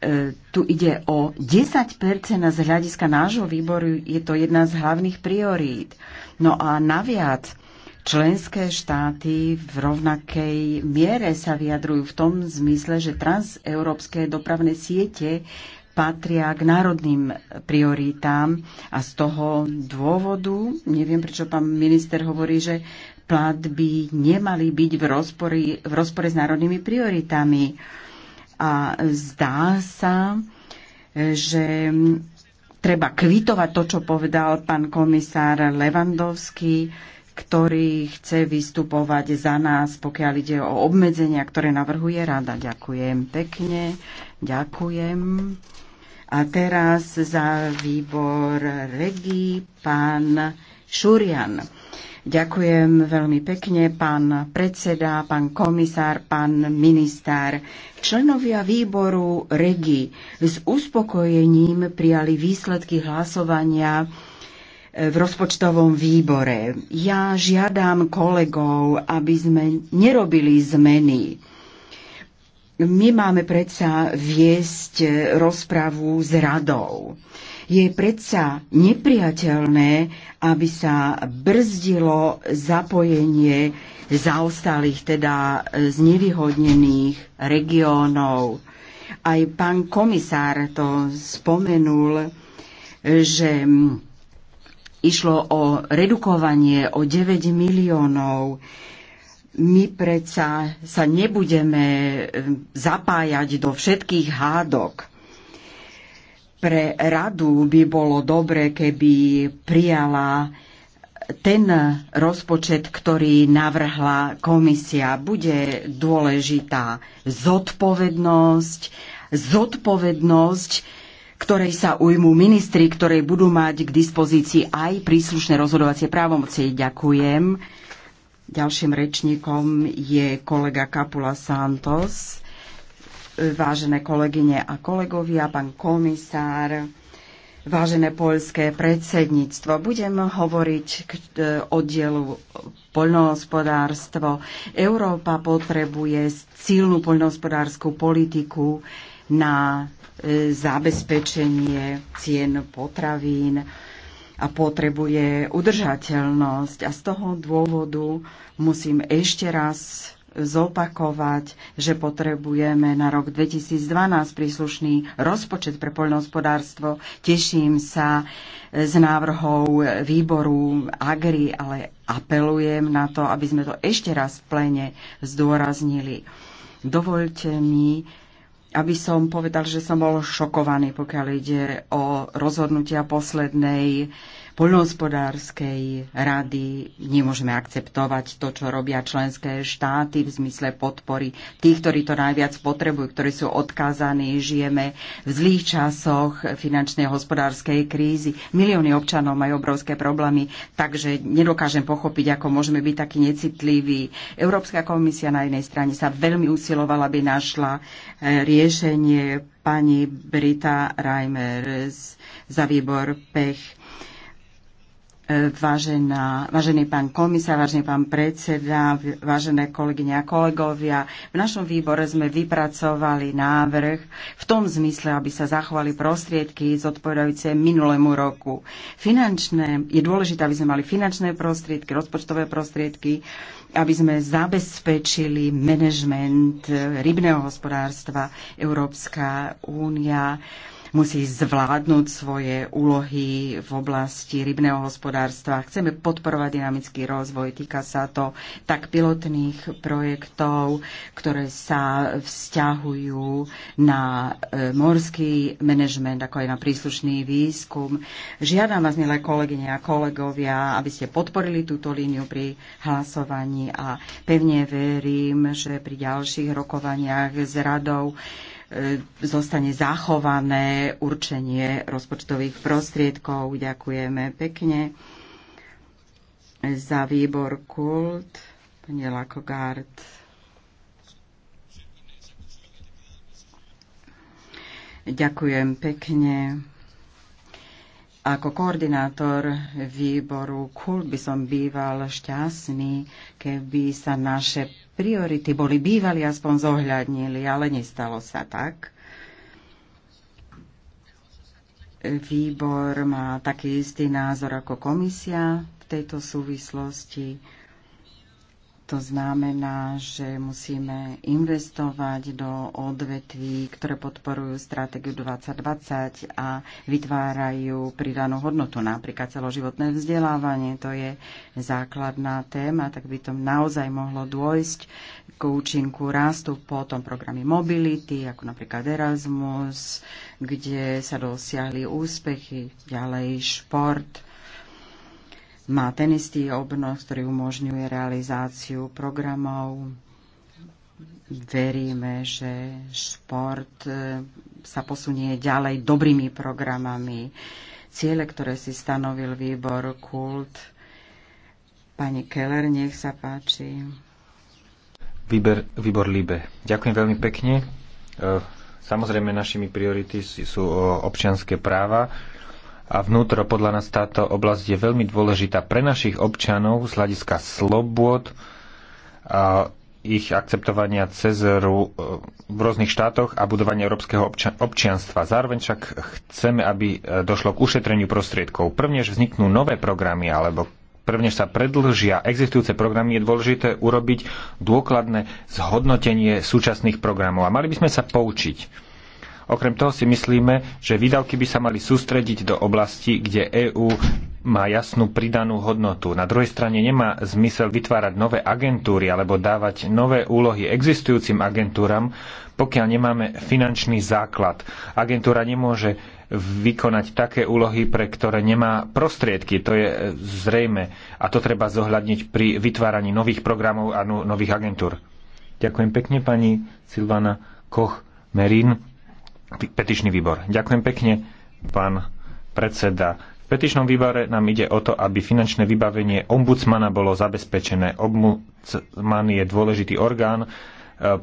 e, tu ide o 10% z hľadiska nášho výboru je to jedna z hlavných priorít. No a naviac členské štáty v rovnakej miere sa vyjadrujú v tom zmysle, že transeurópske dopravné siete patria k národným prioritám a z toho dôvodu, neviem prečo pán minister hovorí, že platby nemali byť v rozpore, v rozpore s národnými prioritami. A zdá sa, že treba kvitovať to, čo povedal pán komisár Levandovský, ktorý chce vystupovať za nás, pokiaľ ide o obmedzenia, ktoré navrhuje rada. Ďakujem pekne, ďakujem. A teraz za výbor regí pán Šurian. Ďakujem veľmi pekne, pán predseda, pán komisár, pán minister. Členovia výboru REGI s uspokojením prijali výsledky hlasovania v rozpočtovom výbore. Ja žiadam kolegov, aby sme nerobili zmeny. My máme predsa viesť rozpravu s radou. Je predsa nepriateľné, aby sa brzdilo zapojenie zaostalých, teda znevýhodnených regiónov. Aj pán komisár to spomenul, že Išlo o redukovanie o 9 miliónov. My predsa sa nebudeme zapájať do všetkých hádok. Pre radu by bolo dobre, keby prijala ten rozpočet, ktorý navrhla komisia, bude dôležitá zodpovednosť, zodpovednosť ktorej sa ujmú ministri, ktorej budú mať k dispozícii aj príslušné rozhodovacie právomoci. Ďakujem. Ďalším rečníkom je kolega Kapula Santos. Vážené kolegyne a kolegovia, pán komisár, vážené poľské predsedníctvo. Budem hovoriť k e, oddielu poľnohospodárstvo. Európa potrebuje silnú poľnohospodárskú politiku, na e, zabezpečenie cien potravín a potrebuje udržateľnosť. A z toho dôvodu musím ešte raz zopakovať, že potrebujeme na rok 2012 príslušný rozpočet pre poľnohospodárstvo. Teším sa e, z návrhov výboru Agri, ale apelujem na to, aby sme to ešte raz v plene zdôraznili. Dovolte mi aby som povedal, že som bol šokovaný, pokiaľ ide o rozhodnutia poslednej poľnohospodárskej rady. Nemôžeme akceptovať to, čo robia členské štáty v zmysle podpory tých, ktorí to najviac potrebujú, ktorí sú odkázaní. Žijeme v zlých časoch finančnej a hospodárskej krízy. Milióny občanov majú obrovské problémy, takže nedokážem pochopiť, ako môžeme byť takí necitliví. Európska komisia na jednej strane sa veľmi usilovala, aby našla e, riešenie pani Brita Reimers za výbor PECH Vážená, vážený pán komisár, vážený pán predseda, vážené kolegyne a kolegovia, v našom výbore sme vypracovali návrh v tom zmysle, aby sa zachovali prostriedky zodpovedajúce minulému roku. Finančné, je dôležité, aby sme mali finančné prostriedky, rozpočtové prostriedky, aby sme zabezpečili manažment rybného hospodárstva Európska únia musí zvládnuť svoje úlohy v oblasti rybného hospodárstva. Chceme podporovať dynamický rozvoj. Týka sa to tak pilotných projektov, ktoré sa vzťahujú na e, morský manažment, ako aj na príslušný výskum. Žiadam vás, milé kolegyne a kolegovia, aby ste podporili túto líniu pri hlasovaní a pevne verím, že pri ďalších rokovaniach s radou E, zostane zachované určenie rozpočtových prostriedkov. Ďakujeme pekne za výbor kult. Pani Lakogard. Ďakujem pekne. Ako koordinátor výboru KUL by som býval šťastný, keby sa naše priority boli bývali aspoň zohľadnili, ale nestalo sa tak. Výbor má taký istý názor ako komisia v tejto súvislosti to znamená, že musíme investovať do odvetví, ktoré podporujú stratégiu 2020 a vytvárajú pridanú hodnotu, napríklad celoživotné vzdelávanie. To je základná téma, tak by to naozaj mohlo dôjsť k účinku rastu potom programy mobility, ako napríklad Erasmus, kde sa dosiahli úspechy, ďalej šport, má ten istý obnos, ktorý umožňuje realizáciu programov. Veríme, že šport e, sa posunie ďalej dobrými programami. Ciele, ktoré si stanovil výbor Kult. Pani Keller, nech sa páči. Výber, výbor Libe. Ďakujem veľmi pekne. E, samozrejme, našimi priority sú e, občianské práva a vnútro. Podľa nás táto oblasť je veľmi dôležitá pre našich občanov z hľadiska slobôd a ich akceptovania cez e, v rôznych štátoch a budovania európskeho občan- občianstva. Zároveň však chceme, aby e, došlo k ušetreniu prostriedkov. Prvnež vzniknú nové programy alebo prvnež sa predlžia existujúce programy, je dôležité urobiť dôkladné zhodnotenie súčasných programov. A mali by sme sa poučiť Okrem toho si myslíme, že výdavky by sa mali sústrediť do oblasti, kde EÚ má jasnú pridanú hodnotu. Na druhej strane nemá zmysel vytvárať nové agentúry alebo dávať nové úlohy existujúcim agentúram, pokiaľ nemáme finančný základ. Agentúra nemôže vykonať také úlohy, pre ktoré nemá prostriedky. To je e, zrejme a to treba zohľadniť pri vytváraní nových programov a no-, nových agentúr. Ďakujem pekne pani Silvana koch Merin petičný výbor. Ďakujem pekne, pán predseda. V petičnom výbore nám ide o to, aby finančné vybavenie ombudsmana bolo zabezpečené. Ombudsman je dôležitý orgán, e,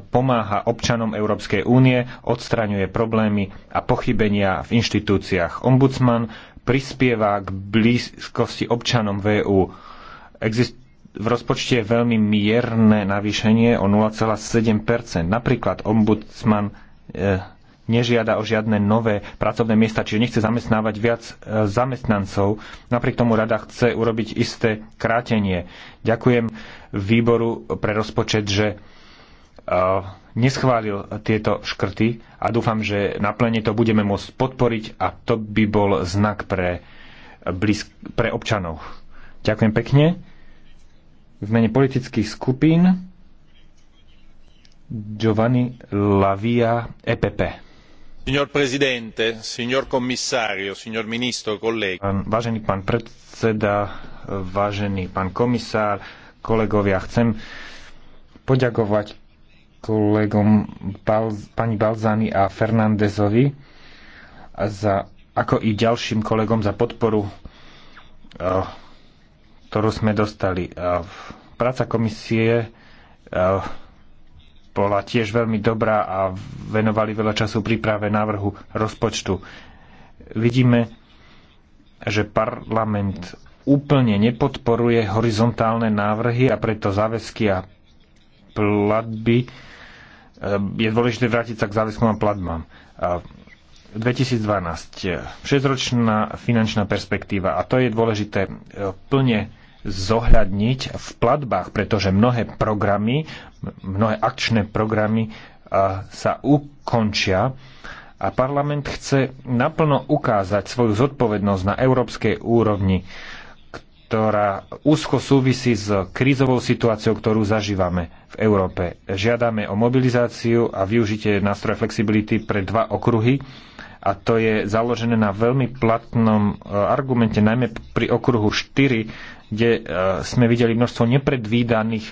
pomáha občanom Európskej únie, odstraňuje problémy a pochybenia v inštitúciách. Ombudsman prispieva k blízkosti občanom VÚ. E Exist- v rozpočte je veľmi mierne navýšenie o 0,7%. Napríklad ombudsman e, nežiada o žiadne nové pracovné miesta, čiže nechce zamestnávať viac e, zamestnancov. Napriek tomu rada chce urobiť isté krátenie. Ďakujem výboru pre rozpočet, že e, neschválil tieto škrty a dúfam, že na plene to budeme môcť podporiť a to by bol znak pre, blízk- pre občanov. Ďakujem pekne. V mene politických skupín Giovanni Lavia, EPP signor presidente signor commissario signor ministro colleghi vážený pán predseda vážený pán komisár kolegovia chcem poďakovať kolegom pani Balzani a Fernandezovi za, ako i ďalším kolegom za podporu, eh, ktorú sme dostali. Eh, práca komisie eh, bola tiež veľmi dobrá a venovali veľa času príprave návrhu rozpočtu. Vidíme, že parlament úplne nepodporuje horizontálne návrhy a preto záväzky a platby e, je dôležité vrátiť sa k záväzkom a platbám. 2012. E, Šesťročná finančná perspektíva. A to je dôležité e, plne zohľadniť v platbách, pretože mnohé programy, mnohé akčné programy e, sa ukončia a parlament chce naplno ukázať svoju zodpovednosť na európskej úrovni, ktorá úzko súvisí s krízovou situáciou, ktorú zažívame v Európe. Žiadame o mobilizáciu a využitie nástroja flexibility pre dva okruhy a to je založené na veľmi platnom e, argumente, najmä pri okruhu 4 kde e, sme videli množstvo nepredvídaných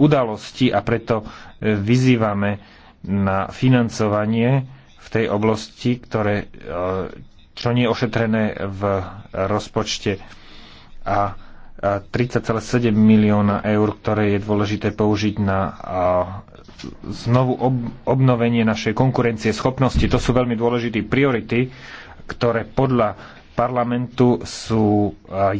udalostí a preto e, vyzývame na financovanie v tej oblasti, ktoré, e, čo nie je ošetrené v rozpočte a 30,7 milióna eur, ktoré je dôležité použiť na znovu obnovenie našej konkurencie schopnosti. To sú veľmi dôležité priority, ktoré podľa parlamentu sú e,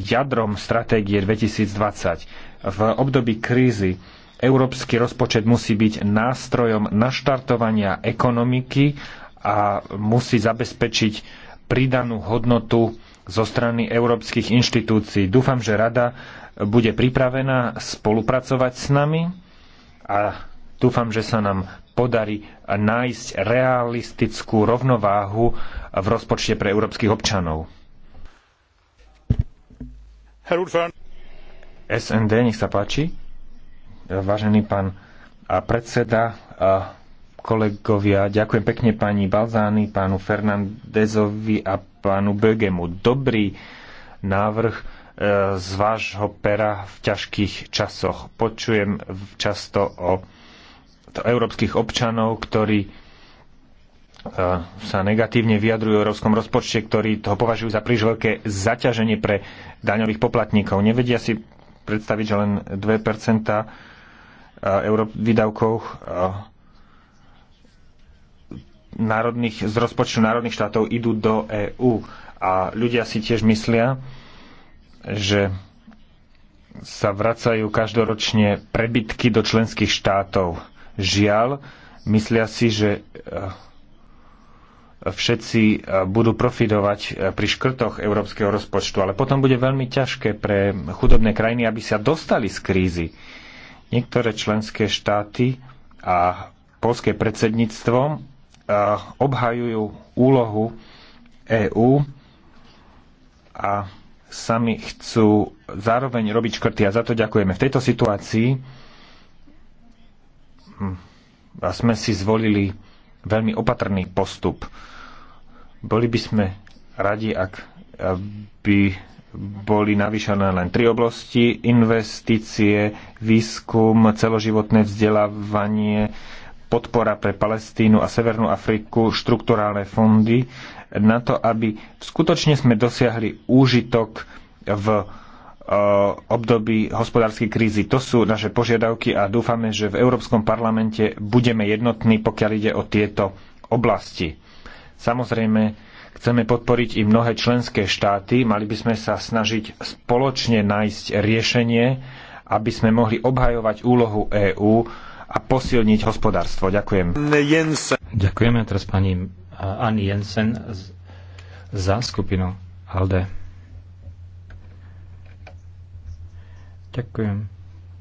jadrom stratégie 2020. V období krízy európsky rozpočet musí byť nástrojom naštartovania ekonomiky a musí zabezpečiť pridanú hodnotu zo strany európskych inštitúcií. Dúfam, že Rada bude pripravená spolupracovať s nami a dúfam, že sa nám podarí nájsť realistickú rovnováhu v rozpočte pre európskych občanov. SND, nech sa páči. Vážený pán predseda, a kolegovia, ďakujem pekne pani Balzány, pánu Fernandezovi a pánu Bögemu. Dobrý návrh e, z vášho pera v ťažkých časoch. Počujem často o európskych občanov, ktorí e, sa negatívne vyjadrujú o európskom rozpočte, ktorí toho považujú za príliš veľké zaťaženie pre daňových poplatníkov. Nevedia si predstaviť, že len 2 e, euro výdavkov e, národných, z rozpočtu národných štátov idú do EÚ. A ľudia si tiež myslia, že sa vracajú každoročne prebytky do členských štátov. Žiaľ, myslia si, že e, všetci e, budú profitovať e, pri škrtoch európskeho rozpočtu, ale potom bude veľmi ťažké pre chudobné krajiny, aby sa dostali z krízy. Niektoré členské štáty a polské predsedníctvo e, obhajujú úlohu EÚ a sami chcú zároveň robiť škrty a za to ďakujeme. V tejto situácii hm, sme si zvolili veľmi opatrný postup. Boli by sme radi, ak by boli navýšené len tri oblasti. Investície, výskum, celoživotné vzdelávanie, podpora pre Palestínu a Severnú Afriku, štrukturálne fondy, na to, aby skutočne sme dosiahli úžitok v e, období hospodárskej krízy. To sú naše požiadavky a dúfame, že v Európskom parlamente budeme jednotní, pokiaľ ide o tieto oblasti. Samozrejme, chceme podporiť i mnohé členské štáty, mali by sme sa snažiť spoločne nájsť riešenie, aby sme mohli obhajovať úlohu EÚ a posilniť hospodárstvo. Ďakujem. Ďakujeme teraz pani Anni Jensen za skupinu ALDE. Ďakujem,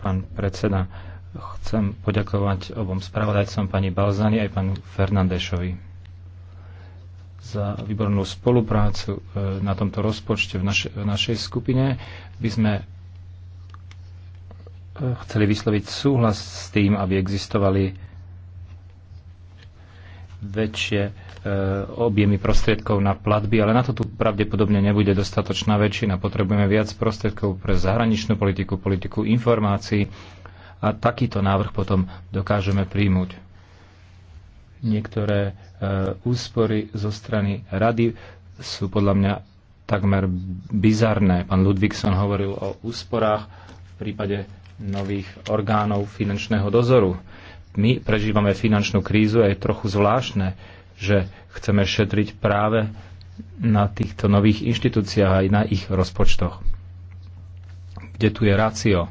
pán predseda. Chcem poďakovať obom spravodajcom, pani Balzani aj pánu Fernandešovi za výbornú spoluprácu e, na tomto rozpočte v, naš- v našej skupine. By sme e, chceli vysloviť súhlas s tým, aby existovali väčšie e, objemy prostriedkov na platby, ale na to tu pravdepodobne nebude dostatočná väčšina. Potrebujeme viac prostriedkov pre zahraničnú politiku, politiku informácií a takýto návrh potom dokážeme príjmuť niektoré e, úspory zo strany rady sú podľa mňa takmer bizarné. Pán Ludvíkson hovoril o úsporách v prípade nových orgánov finančného dozoru. My prežívame finančnú krízu a je trochu zvláštne, že chceme šetriť práve na týchto nových inštitúciách aj na ich rozpočtoch. Kde tu je rácio?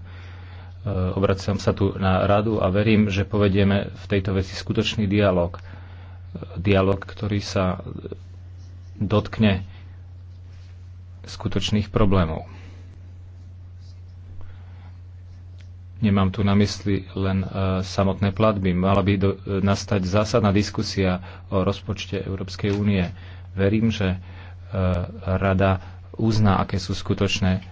Eh, obraciam sa tu na radu a verím, že povedieme v tejto veci skutočný dialog. Eh, dialog, ktorý sa dotkne skutočných problémov. Nemám tu na mysli len uh, samotné platby. Mala by do, uh, nastať zásadná diskusia o rozpočte Európskej únie. Verím, že uh, rada uzná, aké sú skutočné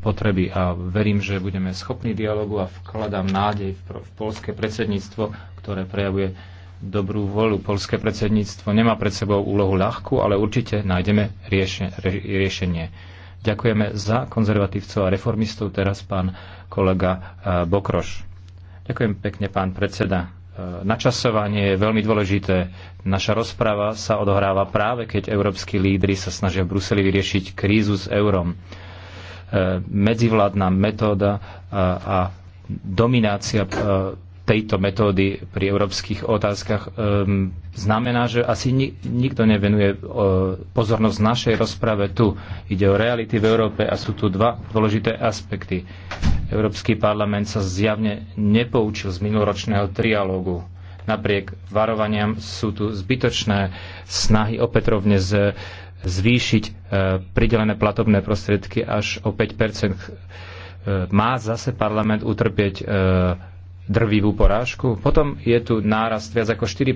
potreby a verím, že budeme schopní dialogu a vkladám nádej v, v polské predsedníctvo, ktoré prejavuje dobrú volu. Polské predsedníctvo nemá pred sebou úlohu ľahkú, ale určite nájdeme riešenie. riešenie. Ďakujeme za konzervatívcov a reformistov. Teraz pán kolega Bokroš. Ďakujem pekne, pán predseda. Načasovanie je veľmi dôležité. Naša rozpráva sa odohráva práve, keď európsky lídry sa snažia v Bruseli vyriešiť krízu s eurom E, medzivládna metóda e, a dominácia e, tejto metódy pri európskych otázkach znamená, že asi nikto nevenuje pozornosť našej rozprave tu. Ide o reality v Európe a sú tu dva dôležité aspekty. Európsky parlament sa zjavne nepoučil z minuloročného trialógu. Napriek varovaniam sú tu zbytočné snahy opätovne z, zvýšiť e, pridelené platobné prostriedky až o 5 e, Má zase parlament utrpieť e, drvivú porážku. Potom je tu nárast viac ako 4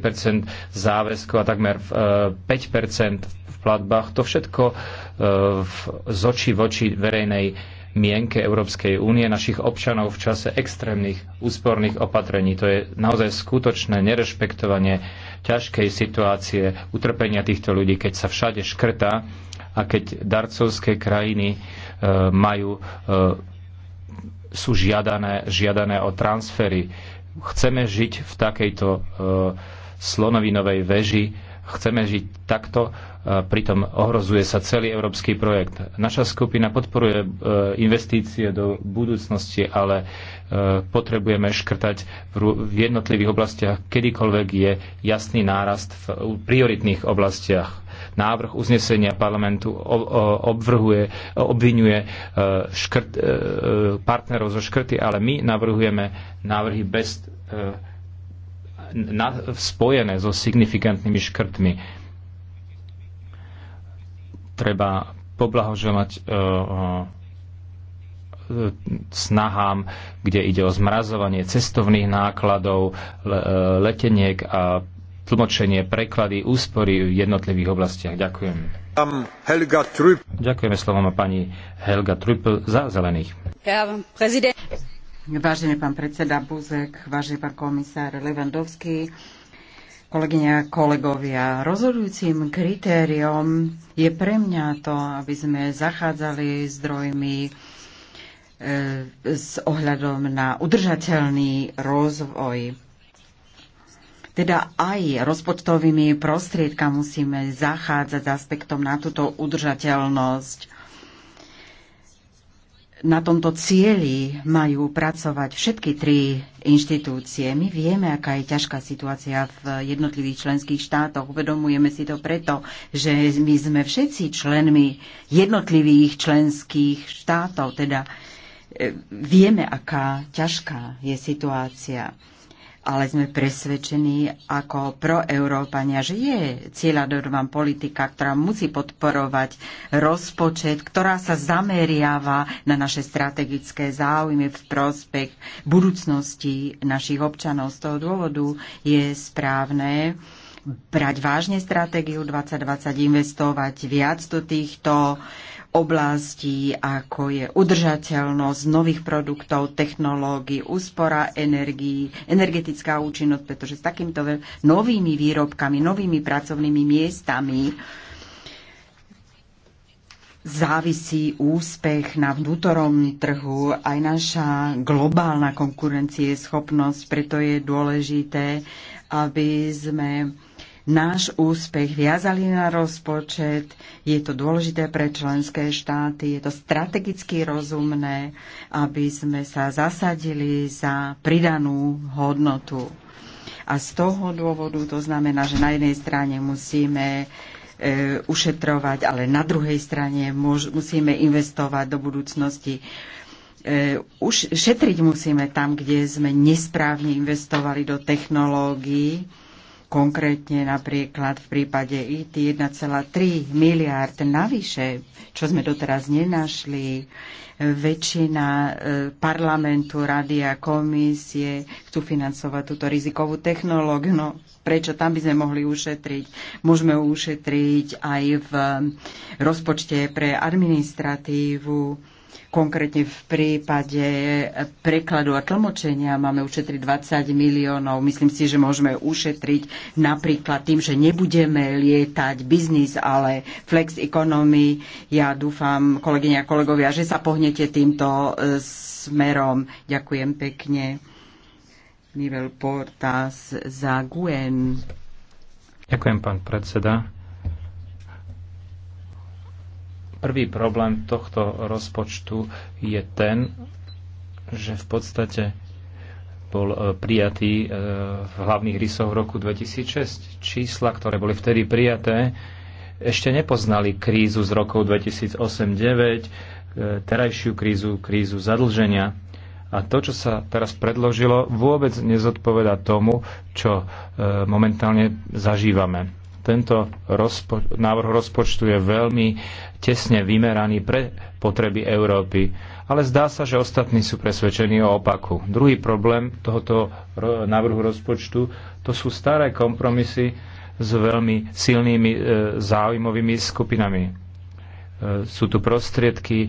záväzkov a takmer 5 v platbách. To všetko v z očí v oči verejnej mienke Európskej únie našich občanov v čase extrémnych úsporných opatrení. To je naozaj skutočné nerešpektovanie ťažkej situácie utrpenia týchto ľudí, keď sa všade škrta a keď darcovské krajiny e, majú, e, sú žiadané, žiadané o transfery. Chceme žiť v takejto e, slonovinovej veži, chceme žiť takto, e, pritom ohrozuje sa celý európsky projekt. Naša skupina podporuje e, investície do budúcnosti, ale e, potrebujeme škrtať v jednotlivých oblastiach, kedykoľvek je jasný nárast v prioritných oblastiach. Návrh uznesenia parlamentu obvrhuje, obvinuje škrt, partnerov zo škrty, ale my navrhujeme návrhy bez na, spojené so signifikantnými škrtmi. Treba poblahoželať e, e, snahám, kde ide o zmrazovanie cestovných nákladov, e, leteniek a tlmočenie, preklady, úspory v jednotlivých oblastiach. Ďakujem. Helga Ďakujeme slovom pani Helga Trüppel za zelených. Ja, prezident. Vážený pán predseda Buzek, vážený pán komisár Levandovský, kolegyne a kolegovia, rozhodujúcim kritériom je pre mňa to, aby sme zachádzali zdrojmi e, s ohľadom na udržateľný rozvoj. Teda aj rozpočtovými prostriedkami musíme zachádzať s aspektom na túto udržateľnosť na tomto cieli majú pracovať všetky tri inštitúcie. My vieme, aká je ťažká situácia v jednotlivých členských štátoch. Uvedomujeme si to preto, že my sme všetci členmi jednotlivých členských štátov, teda e, vieme, aká ťažká je situácia ale sme presvedčení ako proeurópania, že je cieľadorvá politika, ktorá musí podporovať rozpočet, ktorá sa zameriava na naše strategické záujmy v prospech budúcnosti našich občanov. Z toho dôvodu je správne, brať vážne stratégiu 2020, investovať viac do týchto oblastí, ako je udržateľnosť nových produktov, technológií, úspora energií, energetická účinnosť, pretože s takýmto novými výrobkami, novými pracovnými miestami závisí úspech na vnútornom trhu, aj naša globálna konkurencieschopnosť, preto je dôležité, aby sme náš úspech, viazali na rozpočet, je to dôležité pre členské štáty, je to strategicky rozumné, aby sme sa zasadili za pridanú hodnotu. A z toho dôvodu to znamená, že na jednej strane musíme e, ušetrovať, ale na druhej strane môž, musíme investovať do budúcnosti. E, už šetriť musíme tam, kde sme nesprávne investovali do technológií Konkrétne napríklad v prípade IT 1,3 miliard navyše, čo sme doteraz nenašli. Väčšina e, parlamentu, rady a komisie chcú financovať túto rizikovú technológiu. No, prečo tam by sme mohli ušetriť? Môžeme ušetriť aj v rozpočte pre administratívu Konkrétne v prípade prekladu a tlmočenia máme ušetriť 20 miliónov. Myslím si, že môžeme ušetriť napríklad tým, že nebudeme lietať biznis, ale flex economy. Ja dúfam, kolegyne a kolegovia, že sa pohnete týmto e, smerom. Ďakujem pekne. Nivel Portas za Guen. Ďakujem, pán predseda. Prvý problém tohto rozpočtu je ten, že v podstate bol e, prijatý e, v hlavných rysoch v roku 2006. Čísla, ktoré boli vtedy prijaté, ešte nepoznali krízu z rokov 2008-2009, e, terajšiu krízu, krízu zadlženia. A to, čo sa teraz predložilo, vôbec nezodpoveda tomu, čo momentálne zažívame. Tento rozpo- návrh rozpočtu je veľmi tesne vymeraný pre potreby Európy, ale zdá sa, že ostatní sú presvedčení o opaku. Druhý problém tohoto návrhu rozpočtu to sú staré kompromisy s veľmi silnými e, záujmovými skupinami. E, sú tu prostriedky e,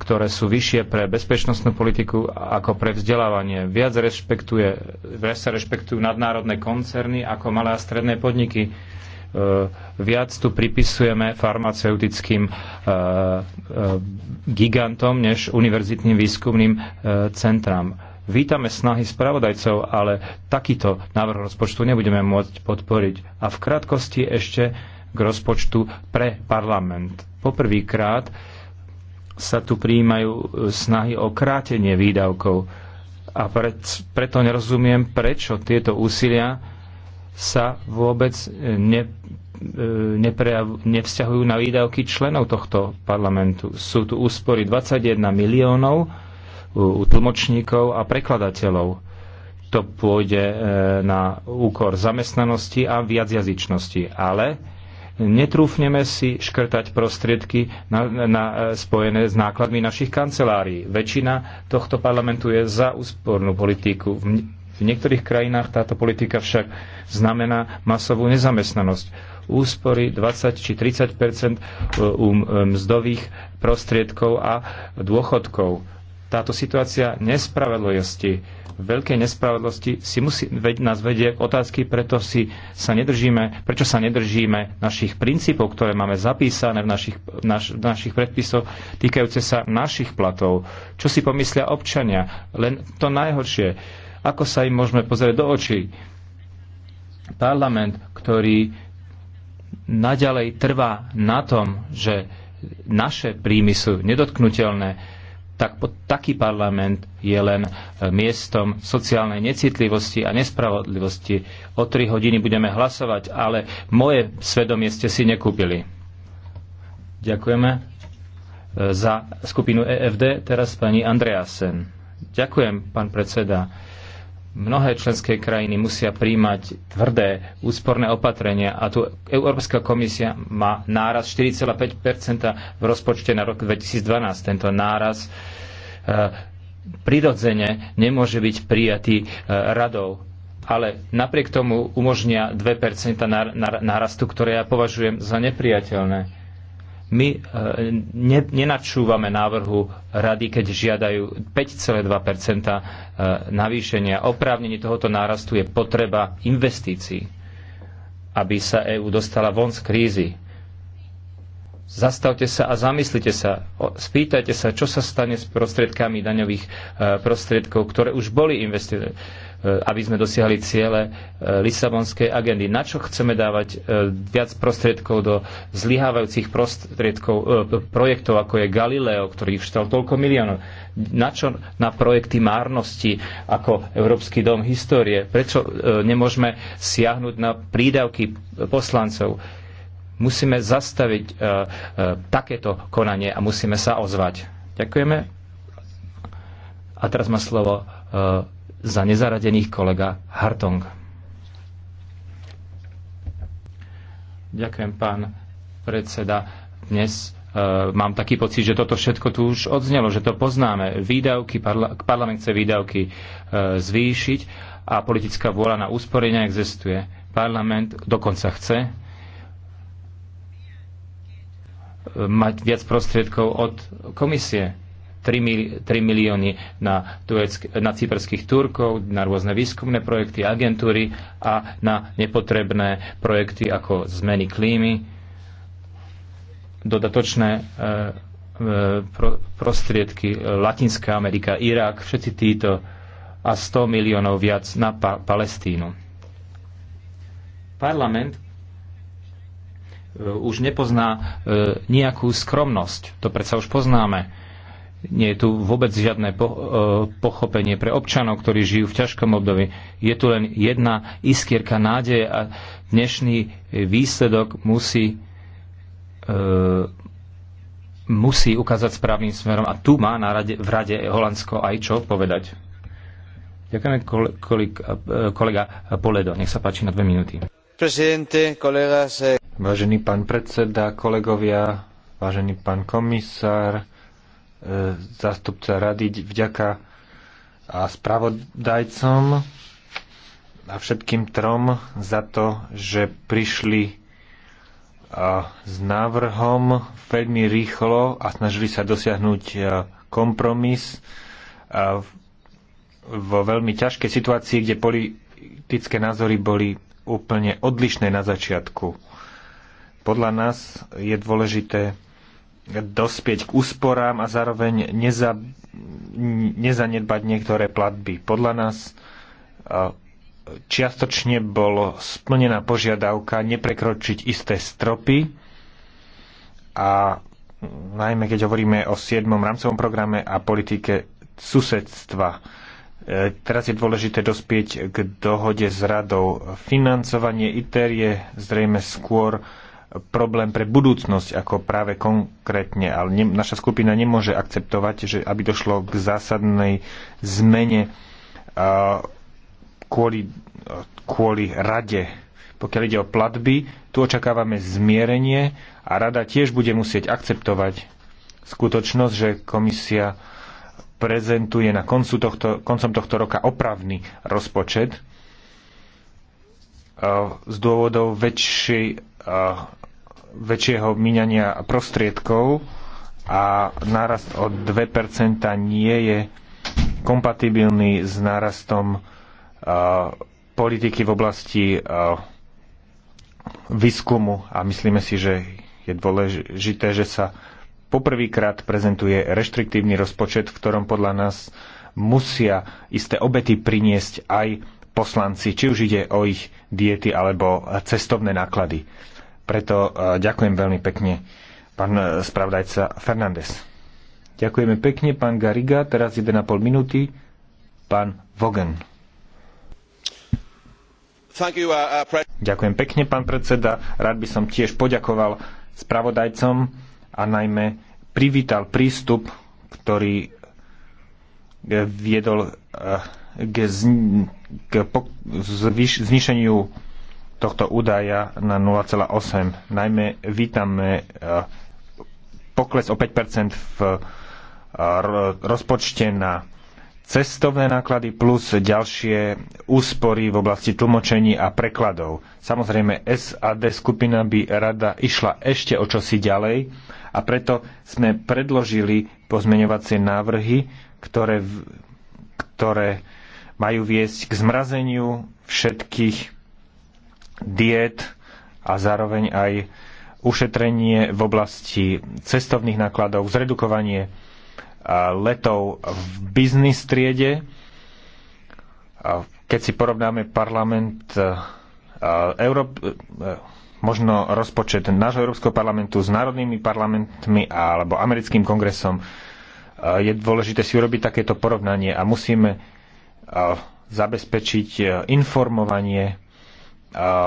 ktoré sú vyššie pre bezpečnostnú politiku ako pre vzdelávanie. Viac, rešpektuje, viac sa rešpektujú nadnárodné koncerny ako malé a stredné podniky. E, viac tu pripisujeme farmaceutickým e, e, gigantom než univerzitným výskumným centrám. Vítame snahy spravodajcov, ale takýto návrh rozpočtu nebudeme môcť podporiť. A v krátkosti ešte k rozpočtu pre parlament. Poprvýkrát sa tu prijímajú e, snahy o krátenie výdavkov. A pred, preto nerozumiem, prečo tieto úsilia sa vôbec ne, e, neprejav, nevzťahujú na výdavky členov tohto parlamentu. Sú tu úspory 21 miliónov u, u tlmočníkov a prekladateľov. To pôjde e, na úkor zamestnanosti a viacjazyčnosti. Ale netrúfneme si škrtať prostriedky na, na, e, spojené s nákladmi našich kancelárií. Väčšina tohto parlamentu je za úspornú politiku. V, v niektorých krajinách táto politika však znamená masovú nezamestnanosť. Úspory 20 či 30 e, u e, mzdových prostriedkov a dôchodkov táto situácia nespravedlivosti, veľkej nespravedlosti si musí, veď, nás vedie k otázky, preto si sa nedržíme, prečo sa nedržíme našich princípov, ktoré máme zapísané v našich, naš, v našich predpisoch týkajúce sa našich platov. Čo si pomyslia občania? Len to najhoršie. Ako sa im môžeme pozrieť do očí? Parlament, ktorý naďalej trvá na tom, že naše príjmy sú nedotknutelné, tak taký parlament je len e, miestom sociálnej necitlivosti a nespravodlivosti. O tri hodiny budeme hlasovať, ale moje svedomie ste si nekúpili. Ďakujeme e, za skupinu EFD. Teraz pani Andreasen. Ďakujem, pán predseda Mnohé členské krajiny musia príjmať tvrdé úsporné opatrenia a tu Európska komisia má náraz 4,5 v rozpočte na rok 2012. Tento náraz e, prirodzene nemôže byť prijatý e, radou ale napriek tomu umožnia 2% narastu, ktoré ja považujem za nepriateľné. My e, ne, nenačúvame návrhu rady, keď žiadajú 5,2 e, navýšenia. Oprávnenie tohoto nárastu je potreba investícií, aby sa EÚ dostala von z krízy. Zastavte sa a zamyslite sa. Spýtajte sa, čo sa stane s prostriedkami daňových e, prostriedkov, ktoré už boli investované E, aby sme dosiahli ciele e, Lisabonskej agendy. Na čo chceme dávať e, viac prostriedkov do zlyhávajúcich prostriedkov, projektov, ako je Galileo, ktorý stal toľko miliónov? Na čo na projekty márnosti, ako Európsky dom histórie? Prečo nemôžeme siahnuť na prídavky poslancov? Musíme zastaviť takéto konanie a musíme sa ozvať. Ďakujeme. A teraz má slovo za nezaradených kolega Hartong. Ďakujem, pán predseda. Dnes e, mám taký pocit, že toto všetko tu už odznelo, že to poznáme. Výdavky, parla, parlament chce výdavky e, zvýšiť a politická vôľa na úsporenie existuje. Parlament dokonca chce e, mať viac prostriedkov od komisie 3, 3 milióny na, tureck, na cyperských Turkov, na rôzne výskumné projekty, agentúry a na nepotrebné projekty ako zmeny klímy, dodatočné e, e pro, prostriedky Latinská Amerika, Irak, všetci títo a 100 miliónov viac na pa- Palestínu. Parlament e, už nepozná e, nejakú skromnosť. To predsa už poznáme nie je tu vôbec žiadne e, pochopenie pre občanov, ktorí žijú v ťažkom období. Je tu len jedna iskierka nádeje a dnešný výsledok musí, e, musí ukázať správnym smerom. A tu má na rade, v rade Holandsko aj čo povedať. Ďakujem e, kolega Poledo. Nech sa páči na dve minúty. E- vážený pán predseda, kolegovia, vážený pán komisár, E, zástupca rady vďaka a spravodajcom a všetkým trom za to, že prišli s návrhom veľmi rýchlo a snažili sa dosiahnuť e, kompromis vo veľmi ťažkej situácii, kde politické názory boli úplne odlišné na začiatku. Podľa nás je dôležité dospieť k úsporám a zároveň neza, nezanedbať niektoré platby. Podľa nás čiastočne bolo splnená požiadavka neprekročiť isté stropy a najmä keď hovoríme o 7. rámcovom programe a politike susedstva. E, teraz je dôležité dospieť k dohode s radou. Financovanie ITER je zrejme skôr uh, problém pre budúcnosť ako práve konkrétne, ale ne, naša skupina nemôže akceptovať, že aby došlo k zásadnej zmene uh, kvôli, uh, kvôli rade. Pokiaľ ide o platby, tu očakávame zmierenie a rada tiež bude musieť akceptovať skutočnosť, že komisia prezentuje na koncu tohto, koncom tohto roka opravný rozpočet uh, z dôvodov väčšej väčšieho míňania prostriedkov a nárast o 2% nie je kompatibilný s nárastom uh, politiky v oblasti uh, výskumu a myslíme si, že je dôležité, že sa poprvýkrát prezentuje reštriktívny rozpočet, v ktorom podľa nás musia isté obety priniesť aj poslanci, či už ide o ich diety alebo cestovné náklady. Preto e, ďakujem veľmi pekne, pán e, spravdajca Fernández. Ďakujeme pekne, pán Gariga. Teraz 1,5 minúty. Pán Vogen. Uh, uh, ďakujem pekne, pán predseda. Rád by som tiež poďakoval spravodajcom a najmä privítal prístup, ktorý e, viedol k, znišeniu tohto údaja na 0,8. Najmä vítame e, pokles o 5 v e, rozpočte na cestovné náklady plus ďalšie úspory v oblasti tlmočení a prekladov. Samozrejme, SAD skupina by rada išla ešte o čosi ďalej a preto sme predložili pozmeňovacie návrhy, ktoré, ktoré majú viesť k zmrazeniu všetkých diet a zároveň aj ušetrenie v oblasti cestovných nákladov, zredukovanie letov v biznis triede. Keď si porovnáme parlament Európ, e, možno rozpočet nášho Európskeho parlamentu s národnými parlamentmi alebo americkým kongresom, je dôležité si urobiť takéto porovnanie a musíme zabezpečiť informovanie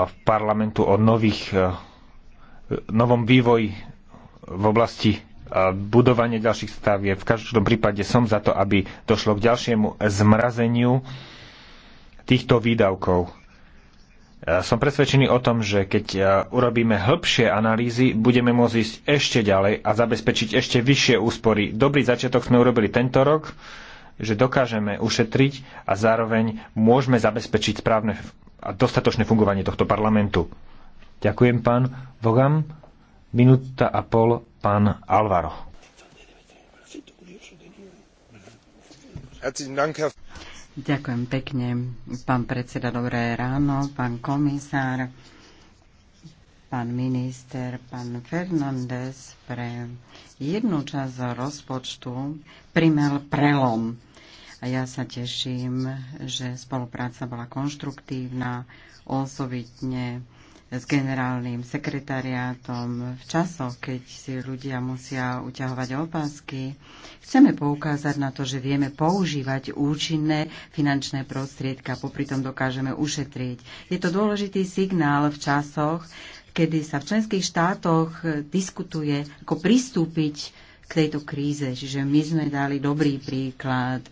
v parlamentu o nových, e, novom vývoji v oblasti e, budovania ďalších stavie. V každom prípade som za to, aby došlo k ďalšiemu zmrazeniu týchto výdavkov. E, som presvedčený o tom, že keď urobíme hĺbšie analýzy, budeme môcť ísť ešte ďalej a zabezpečiť ešte vyššie úspory. Dobrý začiatok sme urobili tento rok, že dokážeme ušetriť a zároveň môžeme zabezpečiť správne a dostatočné fungovanie tohto parlamentu. Ďakujem, pán Vogam. Minúta a pol, pán Alvaro. Ďakujem pekne, pán predseda, dobré ráno, pán komisár, pán minister, pán Fernández pre jednu časť rozpočtu primel prelom a ja sa teším, že spolupráca bola konštruktívna, osobitne s generálnym sekretariátom v časoch, keď si ľudia musia uťahovať opasky. Chceme poukázať na to, že vieme používať účinné finančné prostriedka, popri tom dokážeme ušetriť. Je to dôležitý signál v časoch, kedy sa v členských štátoch diskutuje, ako pristúpiť k tejto kríze. Čiže my sme dali dobrý príklad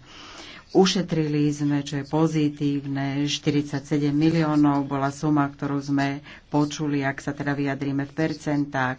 Ušetrili sme, čo je pozitívne, 47 miliónov bola suma, ktorú sme počuli, ak sa teda vyjadríme v percentách,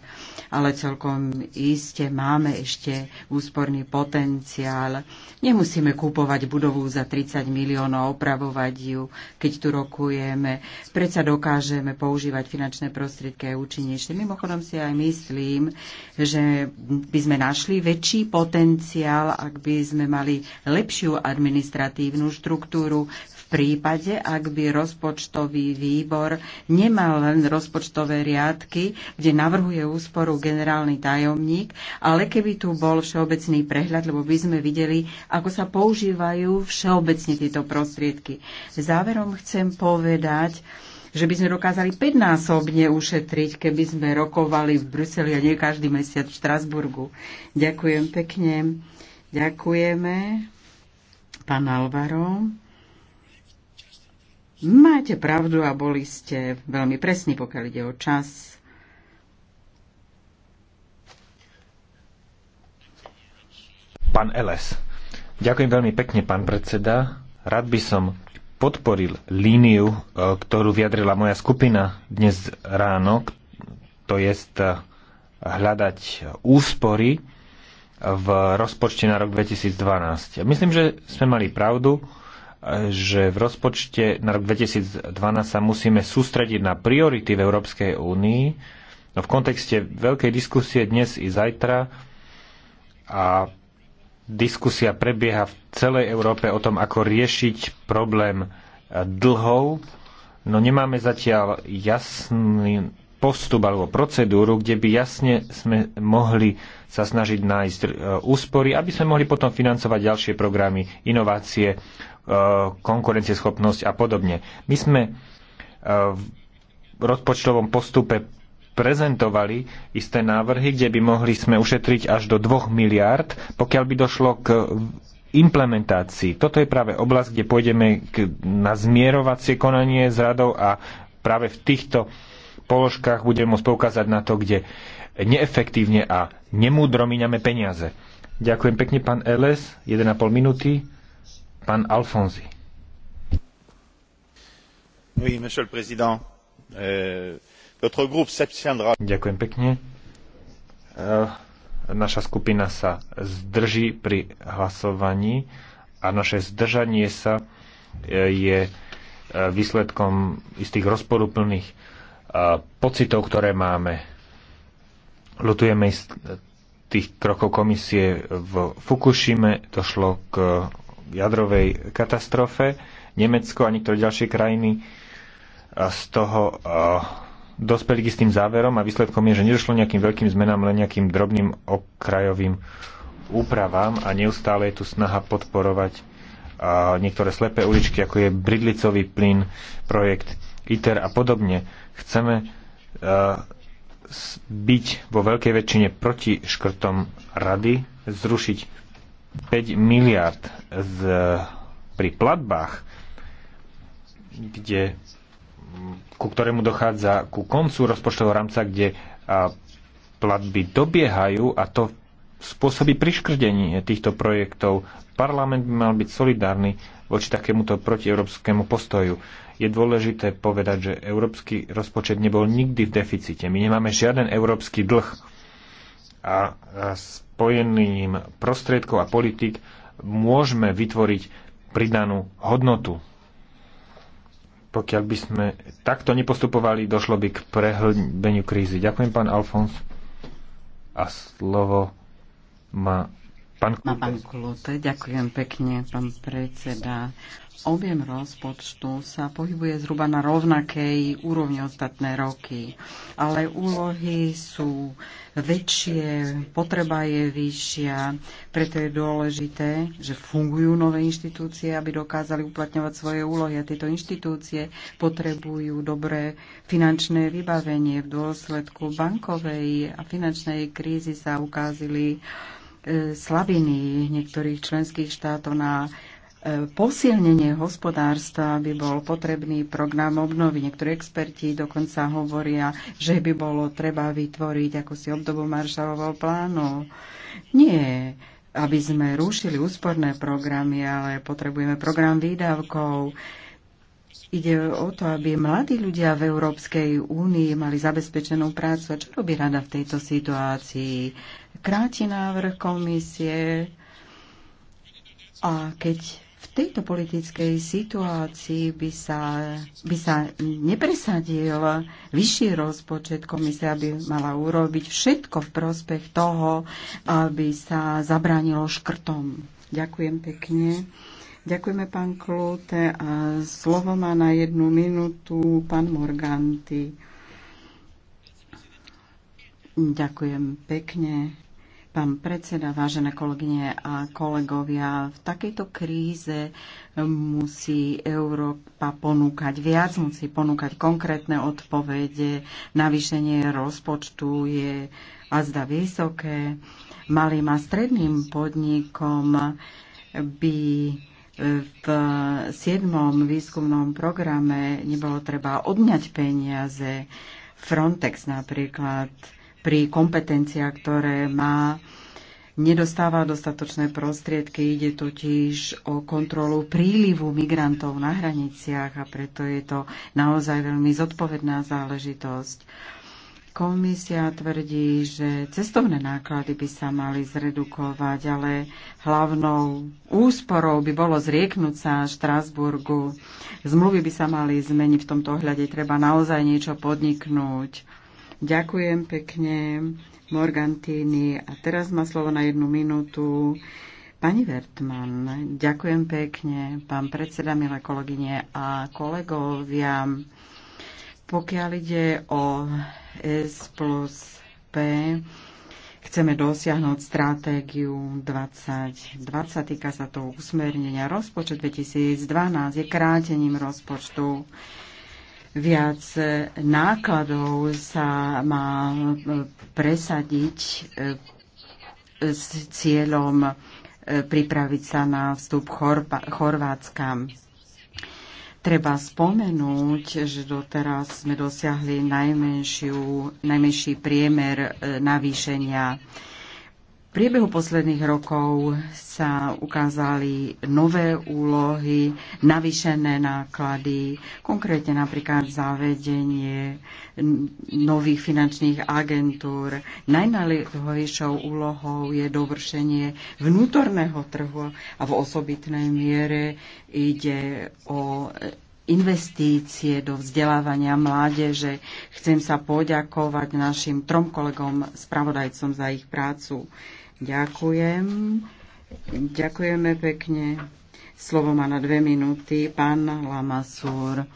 ale celkom iste máme ešte úsporný potenciál. Nemusíme kúpovať budovu za 30 miliónov, opravovať ju, keď tu rokujeme. Predsa dokážeme používať finančné prostriedky aj účinnejšie. Mimochodom si aj myslím, že by sme našli väčší potenciál, ak by sme mali lepšiu administratívnu štruktúru, prípade, ak by rozpočtový výbor nemal len rozpočtové riadky, kde navrhuje úsporu generálny tajomník, ale keby tu bol všeobecný prehľad, lebo by sme videli, ako sa používajú všeobecne tieto prostriedky. Záverom chcem povedať, že by sme dokázali 5-násobne ušetriť, keby sme rokovali v Bruseli a nie každý mesiac v Štrasburgu. Ďakujem pekne. Ďakujeme. Pán Alvaro. Máte pravdu a boli ste veľmi presní, pokiaľ ide o čas. Pán Eles. Ďakujem veľmi pekne, pán predseda. Rád by som podporil líniu, e, ktorú vyjadrila moja skupina dnes ráno, to je e, hľadať úspory v rozpočte na rok 2012. Myslím, že sme mali pravdu že v rozpočte na rok 2012 sa musíme sústrediť na priority v Európskej únii. No v kontexte veľkej diskusie dnes i zajtra a diskusia prebieha v celej Európe o tom, ako riešiť problém dlhov. No nemáme zatiaľ jasný postup alebo procedúru, kde by jasne sme mohli sa snažiť nájsť e, úspory, aby sme mohli potom financovať ďalšie programy, inovácie, e, konkurencieschopnosť a podobne. My sme e, v rozpočtovom postupe prezentovali isté návrhy, kde by mohli sme ušetriť až do 2 miliárd, pokiaľ by došlo k implementácii. Toto je práve oblasť, kde pôjdeme na zmierovacie konanie s radou a práve v týchto uh, položkách bude môcť poukázať na to, kde neefektívne a nemúdro míňame peniaze. Ďakujem pekne, pán Eles. 1,5 minúty. Pán Alfonzi. Oui, monsieur le président. Euh, groupe s'abstiendra. Ďakujem pekne. Uh, naša skupina sa zdrží pri hlasovaní a naše zdržanie sa eh, je eh, výsledkom istých rozporúplných pocitov, ktoré máme. Lutujeme z tých krokov komisie v Fukushime, došlo k jadrovej katastrofe. Nemecko a niektoré ďalšie krajiny z toho dospeli k istým záverom a výsledkom je, že nedošlo nejakým veľkým zmenám, len nejakým drobným okrajovým úpravám a neustále je tu snaha podporovať niektoré slepé uličky, ako je bridlicový plyn, projekt ITER a podobne. Chceme e, byť vo veľkej väčšine proti škrtom rady, zrušiť 5 miliard z, pri platbách, kde, ku ktorému dochádza ku koncu rozpočtového rámca, kde a, platby dobiehajú a to spôsobí priškrdenie týchto projektov. Parlament by mal byť solidárny voči takémuto protieurópskemu postoju je dôležité povedať, že európsky rozpočet nebol nikdy v deficite. My nemáme žiaden európsky dlh a spojeným prostriedkov a politik môžeme vytvoriť pridanú hodnotu. Pokiaľ by sme takto nepostupovali, došlo by k prehlbeniu krízy. Ďakujem, pán Alfons. A slovo má Pán Klute. Pán Klute, ďakujem pekne, pán predseda. Objem rozpočtu sa pohybuje zhruba na rovnakej úrovni ostatné roky, ale úlohy sú väčšie, potreba je vyššia, preto je dôležité, že fungujú nové inštitúcie, aby dokázali uplatňovať svoje úlohy a tieto inštitúcie potrebujú dobré finančné vybavenie. V dôsledku bankovej a finančnej krízy sa ukázali E, slabiny niektorých členských štátov na e, posilnenie hospodárstva by bol potrebný program obnovy. Niektorí experti dokonca hovoria, že by bolo treba vytvoriť ako si obdobu Maršalového plánu. Nie, aby sme rušili úsporné programy, ale potrebujeme program výdavkov, Ide o to, aby mladí ľudia v Európskej únii mali zabezpečenú prácu. A čo robí rada v tejto situácii? Kráti návrh komisie a keď v tejto politickej situácii by sa, by sa nepresadil vyšší rozpočet komisie, aby mala urobiť všetko v prospech toho, aby sa zabránilo škrtom. Ďakujem pekne. Ďakujeme, pán Klute. A slovo má na jednu minútu pán Morganti. Ďakujem pekne. Pán predseda, vážené kolegyne a kolegovia, v takejto kríze musí Európa ponúkať viac, musí ponúkať konkrétne odpovede. Navýšenie rozpočtu je a zda vysoké. Malým a stredným podnikom by v siedmom výskumnom programe nebolo treba odňať peniaze. Frontex napríklad pri kompetenciách, ktoré má, nedostáva dostatočné prostriedky. Ide totiž o kontrolu prílivu migrantov na hraniciach a preto je to naozaj veľmi zodpovedná záležitosť. Komisia tvrdí, že cestovné náklady by sa mali zredukovať, ale hlavnou úsporou by bolo zrieknúť sa Štrásburgu. Zmluvy by sa mali zmeniť v tomto ohľade, treba naozaj niečo podniknúť. Ďakujem pekne, Morgantini. A teraz má slovo na jednu minútu Pani Vertman, ďakujem pekne, pán predseda, milé kolegyne a kolegovia. Pokiaľ ide o S plus P, chceme dosiahnuť stratégiu 2020. týka sa to usmernenia. Rozpočet 2012 je krátením rozpočtu. Viac nákladov sa má e, presadiť e, s cieľom e, pripraviť sa na vstup Chorvátska Treba spomenúť, že doteraz sme dosiahli najmenšiu, najmenší priemer e, navýšenia priebehu posledných rokov sa ukázali nové úlohy, navýšené náklady, konkrétne napríklad zavedenie nových finančných agentúr. Najnáležitejšou úlohou je dovršenie vnútorného trhu a v osobitnej miere ide o investície do vzdelávania mládeže. Chcem sa poďakovať našim trom kolegom spravodajcom za ich prácu. Ďakujem. Ďakujeme pekne. Slovo má na dve minúty pán Lamasúr.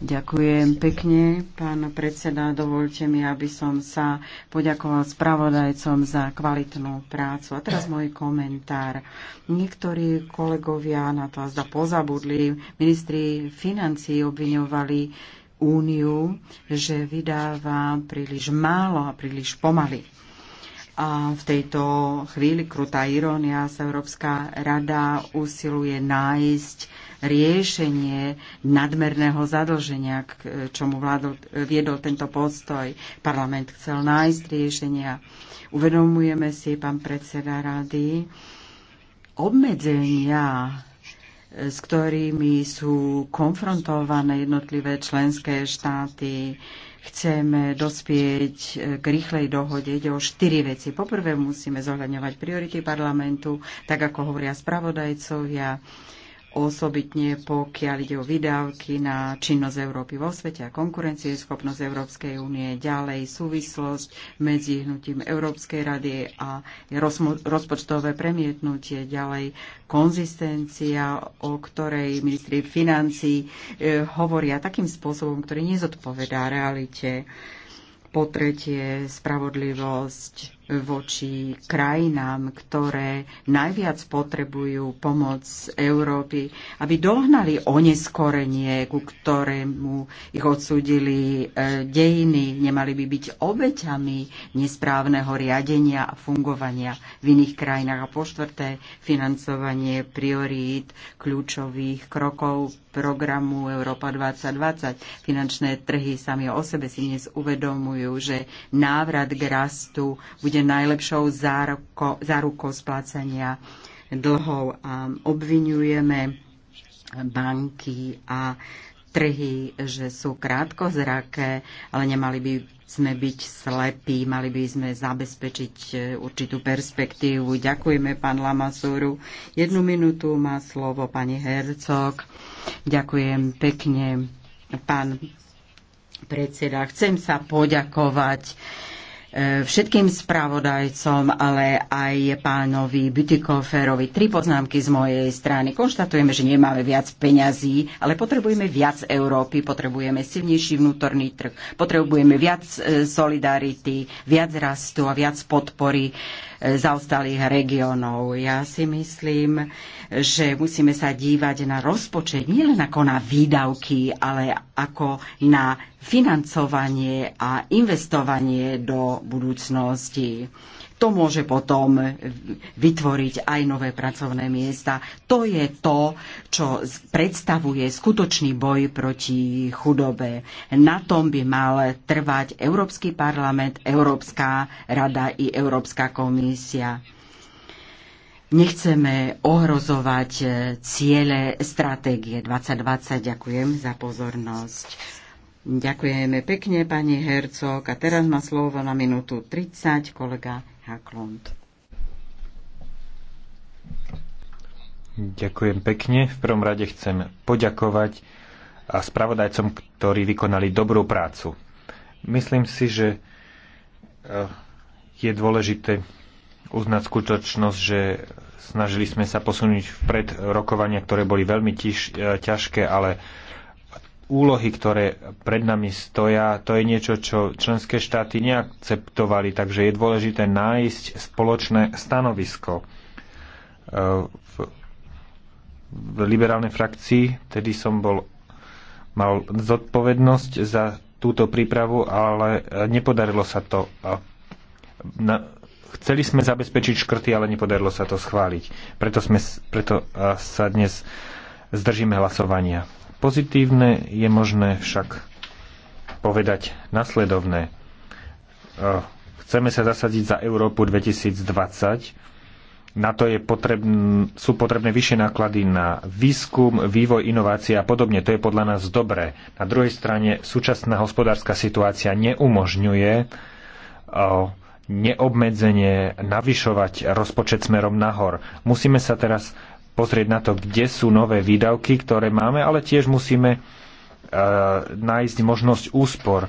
Ďakujem pekne, pán predseda. Dovolte mi, aby som sa poďakoval spravodajcom za kvalitnú prácu. A teraz môj komentár. Niektorí kolegovia na to zda pozabudli. Ministri financí obviňovali úniu, že vydáva príliš málo a príliš pomaly. A v tejto chvíli, krutá irónia, sa Európska rada usiluje nájsť riešenie nadmerného zadlženia, k čomu vládol, viedol tento postoj. Parlament chcel nájsť riešenia. Uvedomujeme si, pán predseda rady, obmedzenia s ktorými sú konfrontované jednotlivé členské štáty chceme dospieť eh, k rýchlej dohode. Ide o štyri veci. Poprvé musíme zohľadňovať priority parlamentu, tak ako hovoria spravodajcovia osobitne pokiaľ ide o vydávky na činnosť Európy vo svete a konkurencieschopnosť Európskej únie, ďalej súvislosť medzi hnutím Európskej rady a rozpočtové premietnutie, ďalej konzistencia, o ktorej ministri financí e, hovoria takým spôsobom, ktorý nezodpovedá realite. Po tretie, spravodlivosť, voči krajinám, ktoré najviac potrebujú pomoc Európy, aby dohnali oneskorenie, ku ktorému ich odsúdili e, dejiny, nemali by byť obeťami nesprávneho riadenia a fungovania v iných krajinách. A po štvrté, financovanie priorít kľúčových krokov programu Európa 2020. Finančné trhy sami o sebe si dnes uvedomujú, že návrat k rastu bude bude najlepšou zárukou splácania dlhov a obvinujeme banky a trhy, že sú krátkozraké, ale nemali by sme byť slepí, mali by sme zabezpečiť e, určitú perspektívu. Ďakujeme pán Lamasuru. Jednu minútu má slovo pani Hercog. Ďakujem pekne, pán predseda. Chcem sa poďakovať E, všetkým spravodajcom, ale aj pánovi Bytikoferovi. Tri poznámky z mojej strany. Konštatujeme, že nemáme viac peňazí, ale potrebujeme viac Európy, potrebujeme silnejší vnútorný trh, potrebujeme viac e, solidarity, viac rastu a viac podpory e, zaostalých regiónov. Ja si myslím, že musíme sa dívať na rozpočet nielen ako na výdavky, ale ako na financovanie a investovanie do budúcnosti. To môže potom vytvoriť aj nové pracovné miesta. To je to, čo predstavuje skutočný boj proti chudobe. Na tom by mal trvať Európsky parlament, Európska rada i Európska komisia. Nechceme ohrozovať eh, ciele stratégie 2020. Ďakujem za pozornosť. Ďakujeme pekne, pani Hercog. A teraz má slovo na minútu 30 kolega Haklund. Ďakujem pekne. V prvom rade chcem poďakovať a spravodajcom, ktorí vykonali dobrú prácu. Myslím si, že eh, je dôležité uznať skutočnosť, že snažili sme sa posunúť vpred rokovania, ktoré boli veľmi tiž, eh, ťažké, ale úlohy, ktoré pred nami stoja, to je niečo, čo členské štáty neakceptovali, takže je dôležité nájsť spoločné stanovisko. E, v, v liberálnej frakcii, tedy som bol, mal zodpovednosť za túto prípravu, ale nepodarilo sa to. Na, chceli sme zabezpečiť škrty, ale nepodarilo sa to schváliť. Preto, sme, preto sa dnes zdržíme hlasovania pozitívne, je možné však povedať nasledovné. E, chceme sa zasadiť za Európu 2020. Na to je potrebn, sú potrebné vyššie náklady na výskum, vývoj, inovácie a podobne. To je podľa nás dobré. Na druhej strane súčasná hospodárska situácia neumožňuje e, neobmedzenie navyšovať rozpočet smerom nahor. Musíme sa teraz pozrieť na to, kde sú nové výdavky, ktoré máme, ale tiež musíme e, nájsť možnosť úspor. E,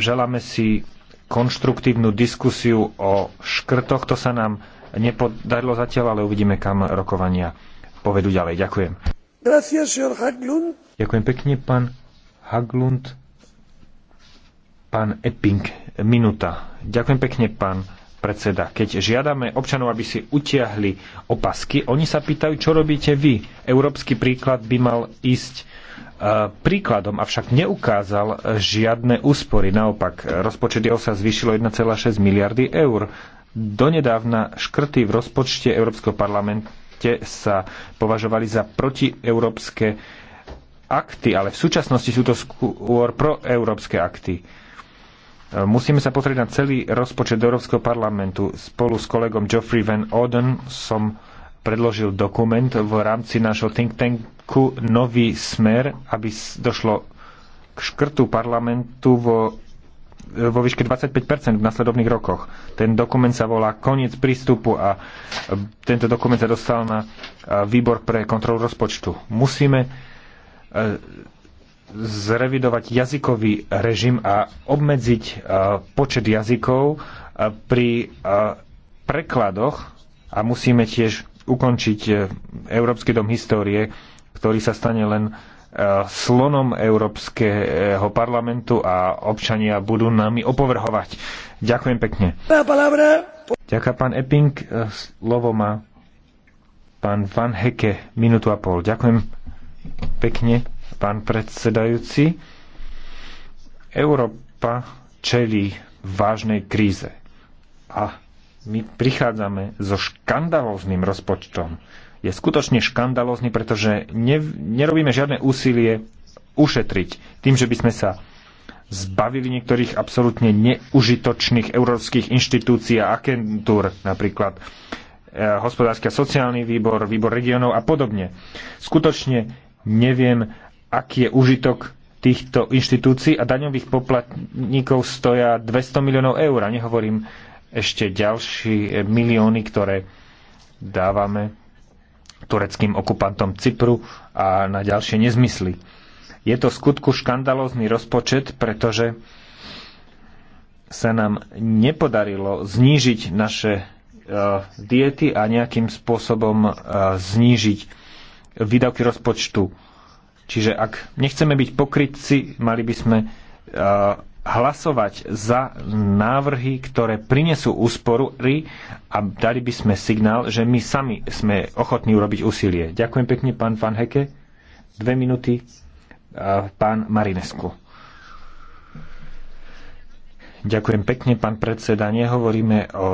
želáme si konštruktívnu diskusiu o škrtoch, to sa nám nepodarilo zatiaľ, ale uvidíme, kam rokovania povedú ďalej. Ďakujem. Gracias, Ďakujem pekne, pán Haglund. Pán Epping, minúta. Ďakujem pekne, pán predseda, keď žiadame občanov, aby si utiahli opasky, oni sa pýtajú, čo robíte vy. Európsky príklad by mal ísť e, príkladom, avšak neukázal žiadne úspory. Naopak, rozpočet jeho sa zvýšilo 1,6 miliardy eur. Donedávna škrty v rozpočte Európskeho parlamente sa považovali za protieurópske akty, ale v súčasnosti sú to skôr proeurópske akty Eh, musíme sa pozrieť na celý rozpočet Európskeho parlamentu. Spolu s kolegom Geoffrey Van Oden som predložil dokument v rámci nášho think tanku Nový smer, aby došlo k škrtu parlamentu vo, eh, vo výške 25% v nasledovných rokoch. Ten dokument sa volá Koniec prístupu a eh, tento dokument sa dostal na výbor pre kontrolu rozpočtu. Musíme zrevidovať jazykový režim a obmedziť e, počet jazykov e, pri e, prekladoch a musíme tiež ukončiť Európsky dom histórie, ktorý sa stane len slonom Európskeho parlamentu a občania budú nami opovrhovať. Ďakujem pekne. Ďakujem pán Epping. Slovo má pán Van Heke. Minútu a pol. Ďakujem pekne pán predsedajúci. Európa čelí vážnej kríze a my prichádzame so škandalóznym rozpočtom. Je skutočne škandalózny, pretože ne, nerobíme žiadne úsilie ušetriť tým, že by sme sa zbavili niektorých absolútne neužitočných európskych inštitúcií a agentúr, napríklad e, hospodársky a sociálny výbor, výbor regionov a podobne. Skutočne neviem, aký je užitok týchto inštitúcií a daňových poplatníkov stoja 200 miliónov eur. A nehovorím ešte ďalší milióny, ktoré dávame tureckým okupantom Cypru a na ďalšie nezmysly. Je to skutku škandalózny rozpočet, pretože sa nám nepodarilo znížiť naše uh, diety a nejakým spôsobom uh, znížiť výdavky rozpočtu Čiže ak nechceme byť pokrytci, mali by sme hlasovať za návrhy, ktoré prinesú úspory a dali by sme signál, že my sami sme ochotní urobiť úsilie. Ďakujem pekne, pán Van Heke. Dve minúty, pán Marinesku. Ďakujem pekne, pán predseda. Nehovoríme o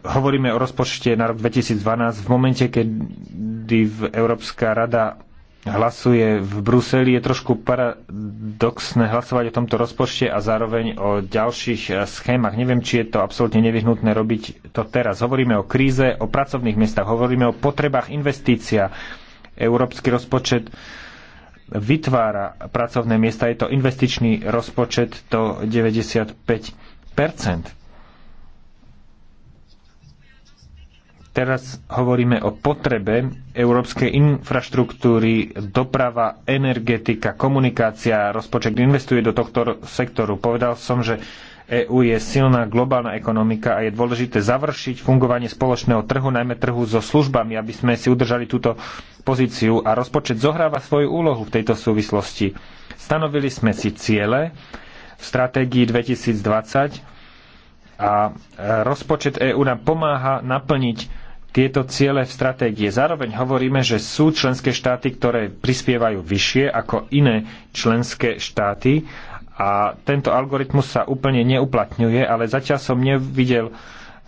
hovoríme o rozpočte na rok 2012 v momente, kedy Európska rada hlasuje v Bruseli. Je trošku paradoxné hlasovať o tomto rozpočte a zároveň o ďalších eh, schémach. Neviem, či je to absolútne nevyhnutné robiť to teraz. Hovoríme o kríze, o pracovných miestach, hovoríme o potrebách investícia. Európsky rozpočet vytvára pracovné miesta. Je to investičný rozpočet to 95 Teraz hovoríme o potrebe európskej infraštruktúry, doprava, energetika, komunikácia, rozpočet investuje do tohto sektoru. Povedal som, že EÚ je silná globálna ekonomika a je dôležité završiť fungovanie spoločného trhu, najmä trhu so službami, aby sme si udržali túto pozíciu a rozpočet zohráva svoju úlohu v tejto súvislosti. Stanovili sme si ciele v stratégii 2020 a e, rozpočet EÚ nám pomáha naplniť tieto ciele v stratégie. Zároveň hovoríme, že sú členské štáty, ktoré prispievajú vyššie ako iné členské štáty a tento algoritmus sa úplne neuplatňuje, ale zatiaľ som nevidel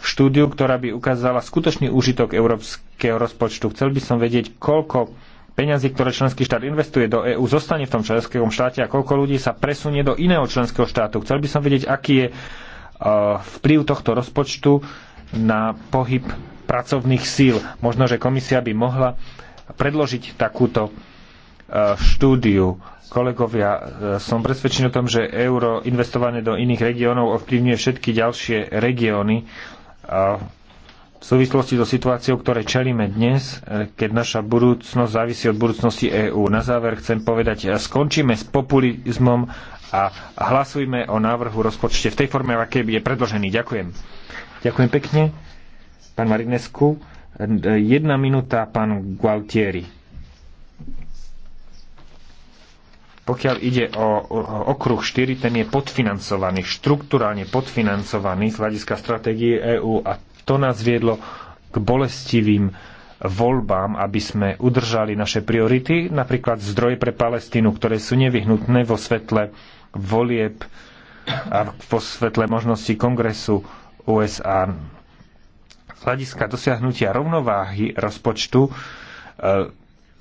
štúdiu, ktorá by ukázala skutočný úžitok európskeho rozpočtu. Chcel by som vedieť, koľko peňazí, ktoré členský štát investuje do EÚ, zostane v tom členskom štáte a koľko ľudí sa presunie do iného členského štátu. Chcel by som vedieť, aký je eh, vplyv tohto rozpočtu na pohyb pracovných síl. Možno, že komisia by mohla predložiť takúto e, štúdiu. Kolegovia, e, som presvedčený o tom, že euro investované do iných regiónov ovplyvňuje všetky ďalšie regióny. E, v súvislosti so situáciou, ktoré čelíme dnes, keď naša budúcnosť závisí od budúcnosti EÚ. Na záver chcem povedať, skončíme s populizmom a hlasujme o návrhu rozpočte v tej forme, aké akej je predložený. Ďakujem. Ďakujem pekne pán Marinescu. Jedna minúta, pán Gualtieri. Pokiaľ ide o, o okruh 4, ten je podfinancovaný, štruktúrálne podfinancovaný z hľadiska stratégie EÚ a to nás viedlo k bolestivým voľbám, aby sme udržali naše priority, napríklad zdroje pre Palestínu, ktoré sú nevyhnutné vo svetle volieb a vo svetle možnosti kongresu USA hľadiska dosiahnutia rovnováhy rozpočtu e,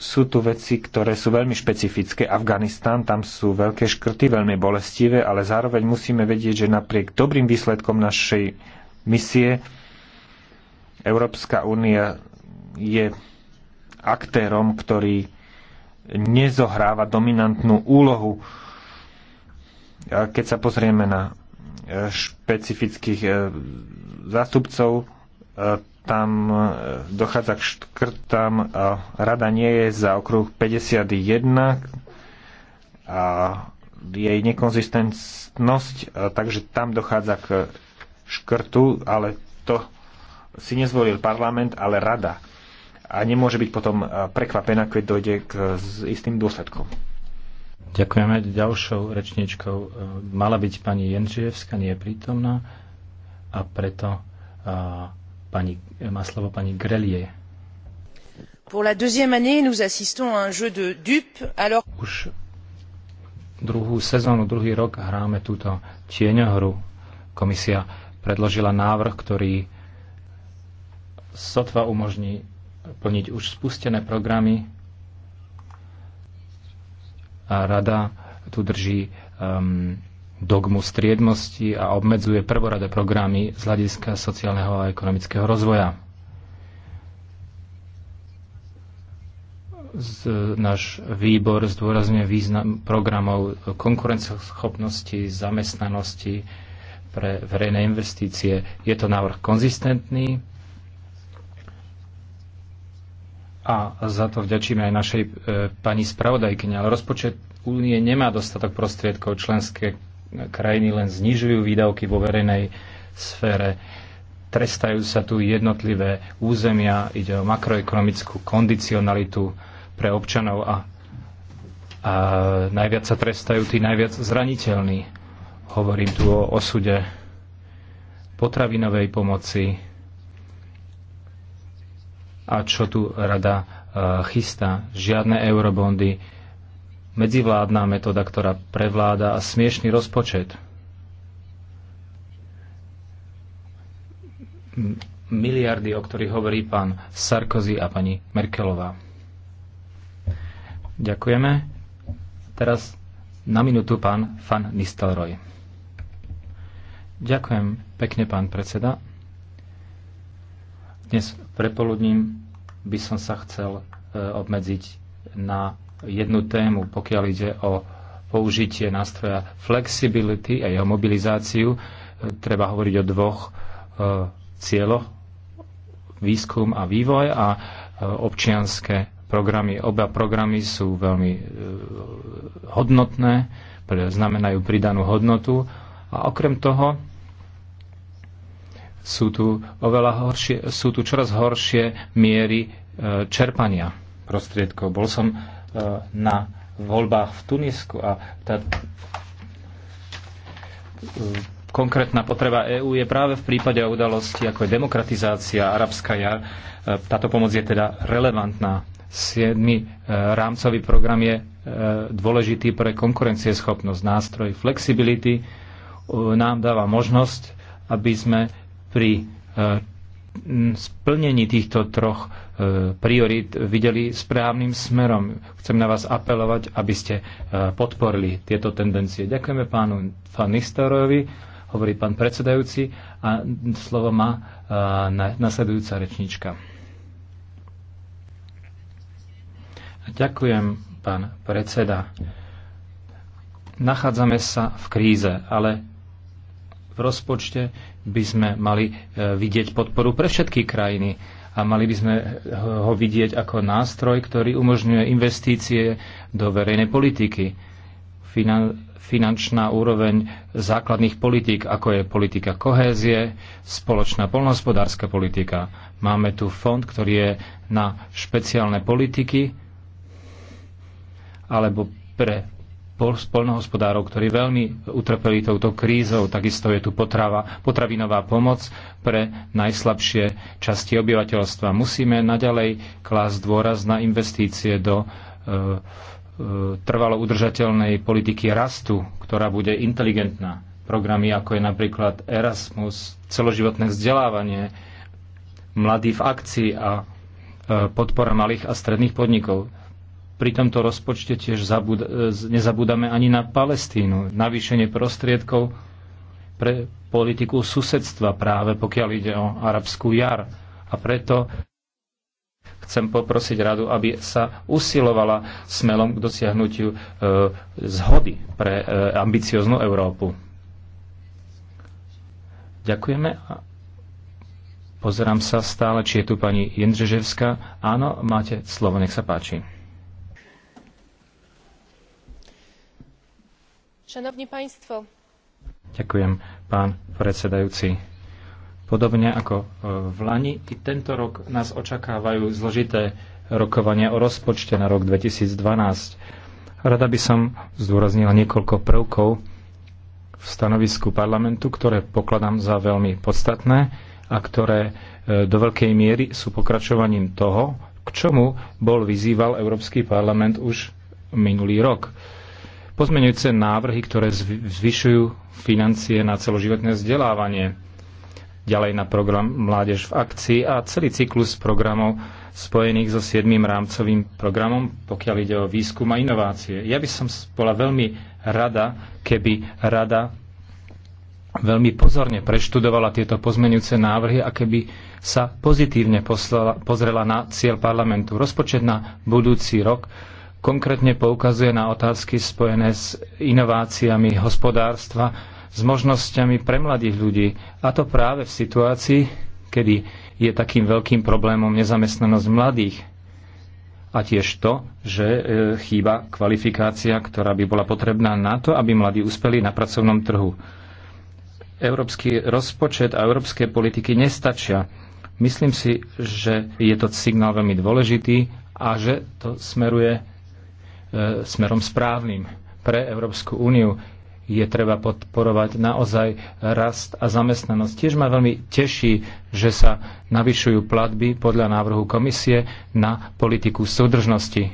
sú tu veci, ktoré sú veľmi špecifické. Afganistan, tam sú veľké škrty, veľmi bolestivé, ale zároveň musíme vedieť, že napriek dobrým výsledkom našej misie Európska únia je aktérom, ktorý nezohráva dominantnú úlohu. Keď sa pozrieme na e, špecifických e, zástupcov tam e, dochádza k škrtám. Rada nie je za okruh 51 a jej nekonzistentnosť, e, takže tam dochádza k škrtu, ale to si nezvolil parlament, ale rada. A nemôže byť potom e, prekvapená, keď dojde k istým dôsledkom. Ďakujeme. Ďalšou rečničkou mala byť pani Jendřijevska, nie je prítomná a preto Pani, má slovo pani Grelie. Pour la deuxième année, nous assistons à un jeu de dupes, alors... Už druhú sezónu, druhý rok hráme túto tieňohru. Komisia predložila návrh, ktorý sotva umožní plniť už spustené programy a rada tu drží um, dogmu striednosti a obmedzuje prvoradé programy z hľadiska sociálneho a ekonomického rozvoja. Z, náš výbor zdôrazňuje význam programov konkurenceschopnosti, zamestnanosti pre verejné investície. Je to návrh konzistentný a za to vďačíme aj našej e, pani spravodajkyne, ale rozpočet únie nemá dostatok prostriedkov. Členské krajiny len znižujú výdavky vo verejnej sfére. Trestajú sa tu jednotlivé územia, ide o makroekonomickú kondicionalitu pre občanov a, a najviac sa trestajú tí najviac zraniteľní. Hovorím tu o osude potravinovej pomoci a čo tu rada e, chystá. Žiadne eurobondy, medzivládna metóda, ktorá prevláda a smiešný rozpočet. Miliardy, o ktorých hovorí pán Sarkozy a pani Merkelová. Ďakujeme. Teraz na minútu pán Fan Nistelroj. Ďakujem pekne, pán predseda. Dnes prepoludním by som sa chcel e, obmedziť na jednu tému, pokiaľ ide o použitie nástroja flexibility a jeho mobilizáciu. E, treba hovoriť o dvoch e, cieľoch, výskum a vývoj a e, občianské programy. Oba programy sú veľmi hodnotné, znamenajú pridanú hodnotu a okrem toho sú tu, oveľa horšie, sú tu čoraz horšie miery čerpania prostriedkov. Bol som Eh, na voľbách v Tunisku a tá eh, konkrétna potreba EÚ je práve v prípade udalosti ako je demokratizácia, arabská jar. Eh, táto pomoc je teda relevantná. 7. rámcový program je dôležitý pre konkurencieschopnosť. Nástroj flexibility nám dáva možnosť, aby sme pri splnení týchto troch e, priorit videli správnym smerom. Chcem na vás apelovať, aby ste e, podporili tieto tendencie. Ďakujeme pánu Fanistorovi, hovorí pán predsedajúci a slovo má e, nasledujúca rečnička. Ďakujem, pán predseda. Nachádzame sa v kríze, ale v rozpočte by sme mali e, vidieť podporu pre všetky krajiny a mali by sme ho vidieť ako nástroj, ktorý umožňuje investície do verejnej politiky. Finan- finančná úroveň základných politík, ako je politika kohézie, spoločná polnohospodárska politika. Máme tu fond, ktorý je na špeciálne politiky alebo pre polnohospodárov, ktorí veľmi utrpeli touto krízou. Takisto je tu potrava, potravinová pomoc pre najslabšie časti obyvateľstva. Musíme naďalej klásť dôraz na investície do e, e trvalo udržateľnej politiky rastu, ktorá bude inteligentná. Programy ako je napríklad Erasmus, celoživotné vzdelávanie, mladí v akcii a e, podpora malých a stredných podnikov pri tomto rozpočte tiež zabud- e, nezabúdame ani na Palestínu. Navýšenie prostriedkov pre politiku susedstva práve pokiaľ ide o arabskú jar. A preto chcem poprosiť radu, aby sa usilovala smelom k dosiahnutiu e, zhody pre e, ambicioznú Európu. Ďakujeme. Pozerám sa stále, či je tu pani Jendřeževská. Áno, máte slovo, nech sa páči. Ďakujem, pán predsedajúci. Podobne ako e, v Lani, i tento rok nás očakávajú zložité rokovania o rozpočte na rok 2012. Rada by som zdôraznila niekoľko prvkov v stanovisku parlamentu, ktoré pokladám za veľmi podstatné a ktoré e, do veľkej miery sú pokračovaním toho, k čomu bol vyzýval Európsky parlament už minulý rok pozmeňujúce návrhy, ktoré zvyšujú financie na celoživotné vzdelávanie, ďalej na program Mládež v akcii a celý cyklus programov spojených so 7. rámcovým programom, pokiaľ ide o výskum a inovácie. Ja by som bola veľmi rada, keby rada veľmi pozorne preštudovala tieto pozmenujúce návrhy a keby sa pozitívne poslala, pozrela na cieľ parlamentu. Rozpočet na budúci rok konkrétne poukazuje na otázky spojené s inováciami hospodárstva, s možnosťami pre mladých ľudí. A to práve v situácii, kedy je takým veľkým problémom nezamestnanosť mladých. A tiež to, že e, chýba kvalifikácia, ktorá by bola potrebná na to, aby mladí uspeli na pracovnom trhu. Európsky rozpočet a európske politiky nestačia. Myslím si, že je to signál veľmi dôležitý a že to smeruje E, smerom správnym pre Európsku úniu je treba podporovať naozaj rast a zamestnanosť. Tiež ma veľmi teší, že sa navyšujú platby podľa návrhu komisie na politiku súdržnosti.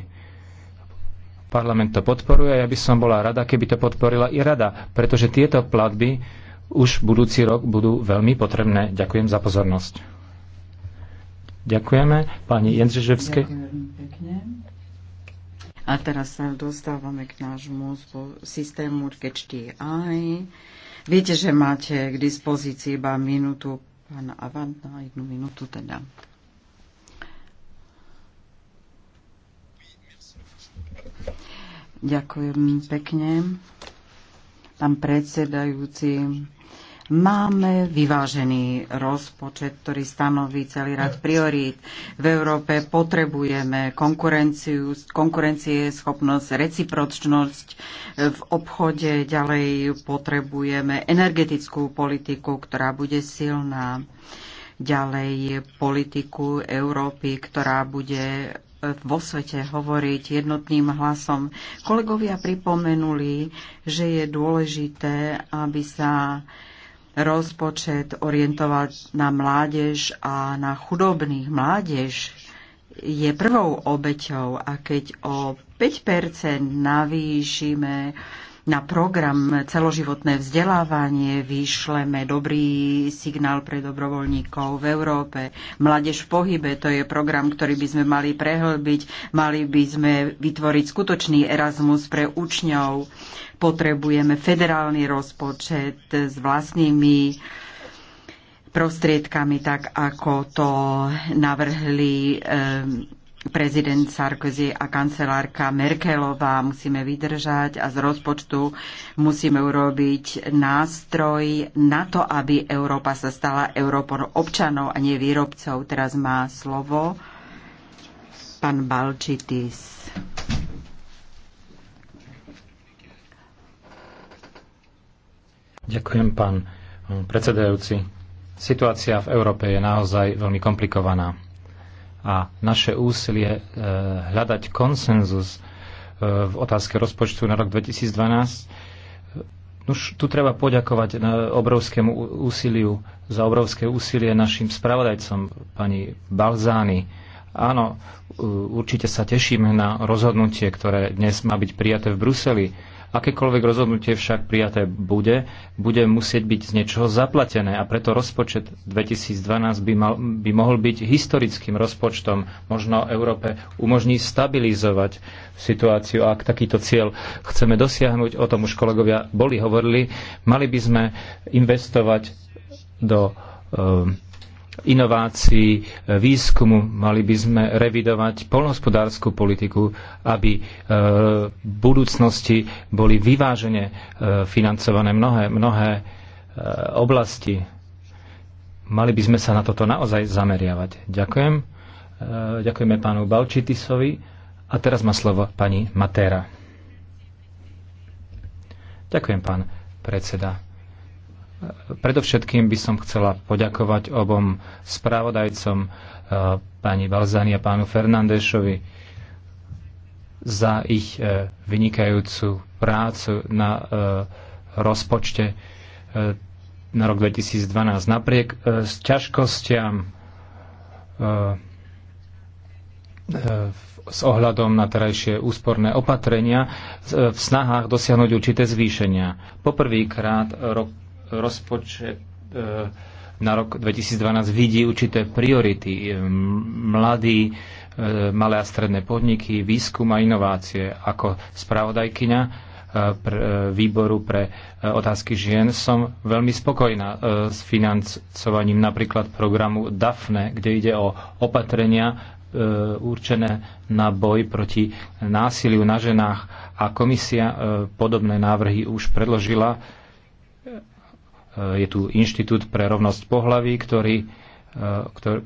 Parlament to podporuje a ja by som bola rada, keby to podporila i rada, pretože tieto platby už budúci rok budú veľmi potrebné. Ďakujem za pozornosť. Ďakujeme pani Jendřiževskej. Ďakujem pekne. A teraz sa dostávame k nášmu systému Catch aj. Viete, že máte k dispozícii iba minútu, pán Avant, na jednu minútu teda. Ďakujem pekne. Pán predsedajúci, Máme vyvážený rozpočet, ktorý stanoví celý rad priorít. V Európe potrebujeme konkurenciu, konkurencie, schopnosť, recipročnosť. V obchode ďalej potrebujeme energetickú politiku, ktorá bude silná. Ďalej politiku Európy, ktorá bude vo svete hovoriť jednotným hlasom. Kolegovia pripomenuli, že je dôležité, aby sa rozpočet orientovať na mládež a na chudobných mládež je prvou obeťou a keď o 5% navýšime na program celoživotné vzdelávanie, vyšleme dobrý signál pre dobrovoľníkov v Európe. Mládež v pohybe, to je program, ktorý by sme mali prehlbiť, mali by sme vytvoriť skutočný Erasmus pre učňov. Potrebujeme federálny rozpočet s vlastnými prostriedkami, tak ako to navrhli ehm, prezident Sarkozy a kancelárka Merkelová. Musíme vydržať a z rozpočtu musíme urobiť nástroj na to, aby Európa sa stala Európou občanov a nie výrobcov. Teraz má slovo pán Balčitis. Ďakujem, pán predsedajúci. Situácia v Európe je naozaj veľmi komplikovaná a naše úsilie e, hľadať konsenzus e, v otázke rozpočtu na rok 2012. Už tu treba poďakovať e, obrovskému úsiliu, za obrovské úsilie našim spravodajcom, pani Balzány. Áno, určite sa tešíme na rozhodnutie, ktoré dnes má byť prijaté v Bruseli Akékoľvek rozhodnutie však prijaté bude, bude musieť byť z niečoho zaplatené a preto rozpočet 2012 by, mal, by mohol byť historickým rozpočtom. Možno Európe umožní stabilizovať situáciu a ak takýto cieľ chceme dosiahnuť, o tom už kolegovia boli hovorili, mali by sme investovať do um, inovácií, e, výskumu. Mali by sme revidovať polnohospodárskú politiku, aby e, v budúcnosti boli vyvážene e, financované mnohé, mnohé oblasti. Mali by sme sa na toto naozaj zameriavať. Ďakujem. Ďakujeme pánu Balčitisovi. A teraz má slovo pani Matéra. Ďakujem, pán predseda. Predovšetkým by som chcela poďakovať obom správodajcom, e, pani Balzani a pánu Fernandešovi, za ich e, vynikajúcu prácu na e, rozpočte na rok 2012. Napriek s ťažkostiam s ohľadom na terajšie úsporné opatrenia v snahách dosiahnuť určité zvýšenia. Poprvýkrát rok rozpočet e, na rok 2012 vidí určité priority. E, mladí, e, malé a stredné podniky, výskum a inovácie. Ako spravodajkyňa výboru pre otázky žien som veľmi spokojná s financovaním napríklad programu DAFNE, kde ide o opatrenia určené na boj proti násiliu na ženách a komisia podobné návrhy už predložila je tu Inštitút pre rovnosť pohlaví, ktorý, e, ktorý,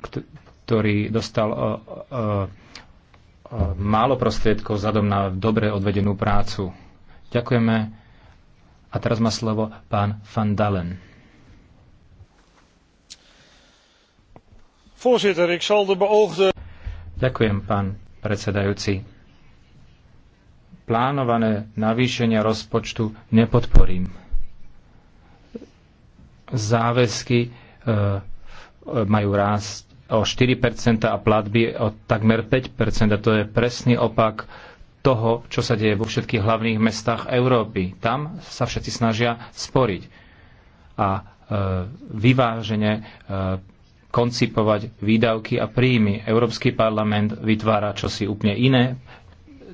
ktorý dostal e, e, málo prostriedkov vzhľadom na dobre odvedenú prácu. Ďakujeme. A teraz má slovo pán Van Dalen. Voorzitter, ik zal de beoogde... Ďakujem, pán predsedajúci. Plánované navýšenie rozpočtu nepodporím záväzky e, majú rásť o 4% a platby o takmer 5%. A to je presný opak toho, čo sa deje vo všetkých hlavných mestách Európy. Tam sa všetci snažia sporiť a vyváženie, vyvážene e, koncipovať výdavky a príjmy. Európsky parlament vytvára čosi úplne iné.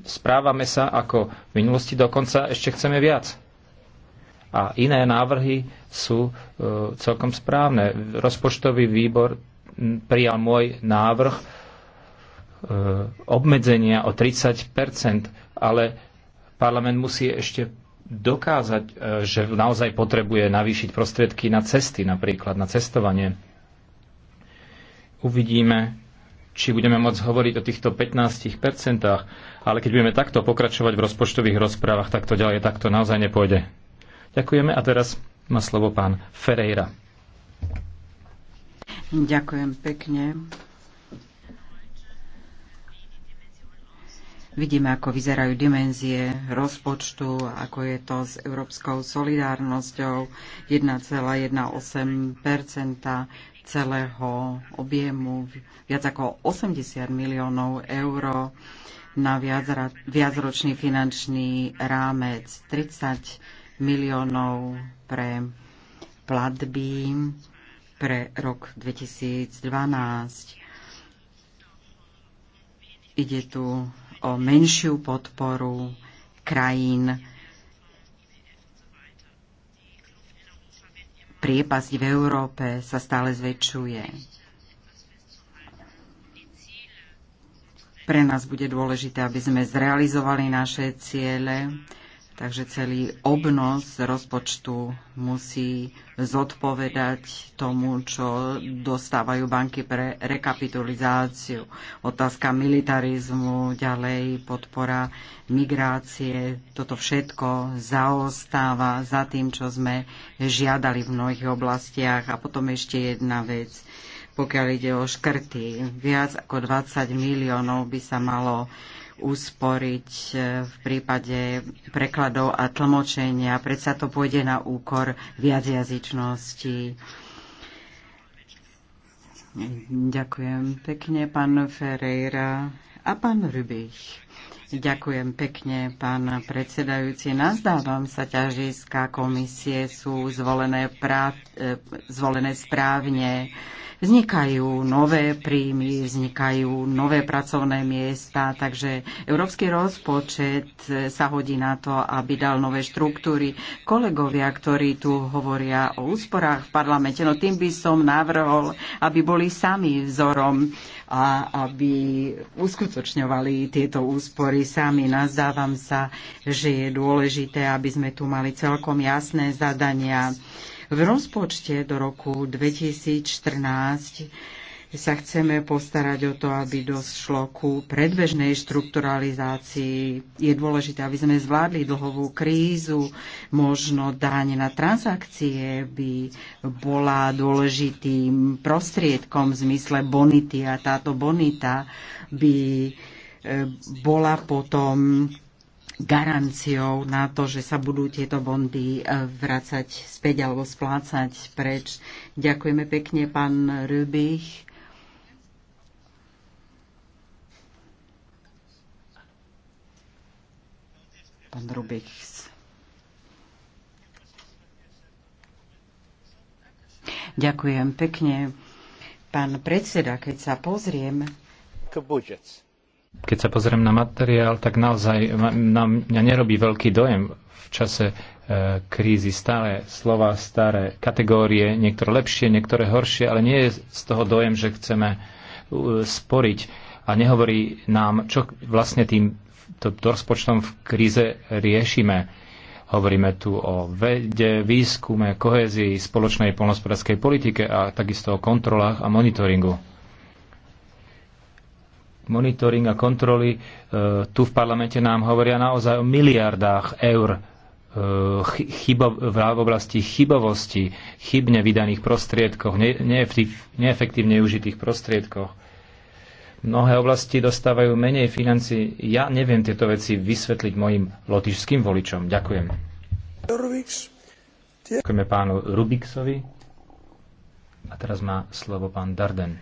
Správame sa ako v minulosti, dokonca ešte chceme viac a iné návrhy sú e, celkom správne. Rozpočtový výbor prijal môj návrh e, obmedzenia o 30 ale parlament musí ešte dokázať, e, že naozaj potrebuje navýšiť prostriedky na cesty, napríklad na cestovanie. Uvidíme, či budeme môcť hovoriť o týchto 15%, ale keď budeme takto pokračovať v rozpočtových rozprávach, tak to ďalej takto naozaj nepôjde. Ďakujeme a teraz má slovo pán Ferreira. Ďakujem pekne. Vidíme, ako vyzerajú dimenzie rozpočtu, ako je to s európskou solidárnosťou 1,18 celého objemu, viac ako 80 miliónov eur na viacročný finančný rámec, 30 miliónov pre platby pre rok 2012. Ide tu o menšiu podporu krajín. Priepasť v Európe sa stále zväčšuje. Pre nás bude dôležité, aby sme zrealizovali naše ciele Takže celý obnos rozpočtu musí zodpovedať tomu, čo dostávajú banky pre rekapitalizáciu. Otázka militarizmu, ďalej podpora migrácie, toto všetko zaostáva za tým, čo sme žiadali v mnohých oblastiach. A potom ešte jedna vec pokiaľ ide o škrty. Viac ako 20 miliónov by sa malo usporiť e, v prípade prekladov a tlmočenia. Predsa to pôjde na úkor viacjazyčnosti. Ďakujem pekne, pán Ferreira a pán Rybich. Ďakujem pekne, pán predsedajúci. Nazdávam sa, ťažiska komisie sú zvolené, prá- e, zvolené správne vznikajú nové príjmy, vznikajú nové pracovné miesta, takže európsky rozpočet e, sa hodí na to, aby dal nové štruktúry. Kolegovia, ktorí tu hovoria o úsporách v parlamente, no tým by som navrhol, aby boli sami vzorom a aby uskutočňovali tieto úspory sami. Nazdávam sa, že je dôležité, aby sme tu mali celkom jasné zadania. V rozpočte do roku 2014 sa chceme postarať o to, aby došlo ku predbežnej štrukturalizácii. Je dôležité, aby sme zvládli dlhovú krízu. Možno dáň na transakcie by bola dôležitým prostriedkom v zmysle bonity a táto bonita by e, bola potom garanciou na to, že sa budú tieto bondy e, vrácať späť alebo splácať preč. Ďakujeme pekne, pán Rybich. Pán Rubichs. Ďakujem pekne. Pán predseda, keď sa pozriem... Keď sa pozriem na materiál, tak naozaj na mňa nerobí veľký dojem v čase e, krízy staré slova, staré kategórie, niektoré lepšie, niektoré horšie, ale nie je z toho dojem, že chceme sporiť a nehovorí nám, čo vlastne tým to, to rozpočtom v kríze riešime. Hovoríme tu o vede, výskume, kohezii, spoločnej polnospodárskej politike a takisto o kontrolách a monitoringu monitoring a kontroly e, tu v parlamente nám hovoria naozaj o miliardách eur e, chybo, v oblasti chybovosti, chybne vydaných prostriedkoch, ne, neefektív, neefektívne užitých prostriedkoch. Mnohé oblasti dostávajú menej financí. Ja neviem tieto veci vysvetliť mojim lotišským voličom. Ďakujem. Ďakujeme pánu Rubiksovi. A teraz má slovo pán Darden.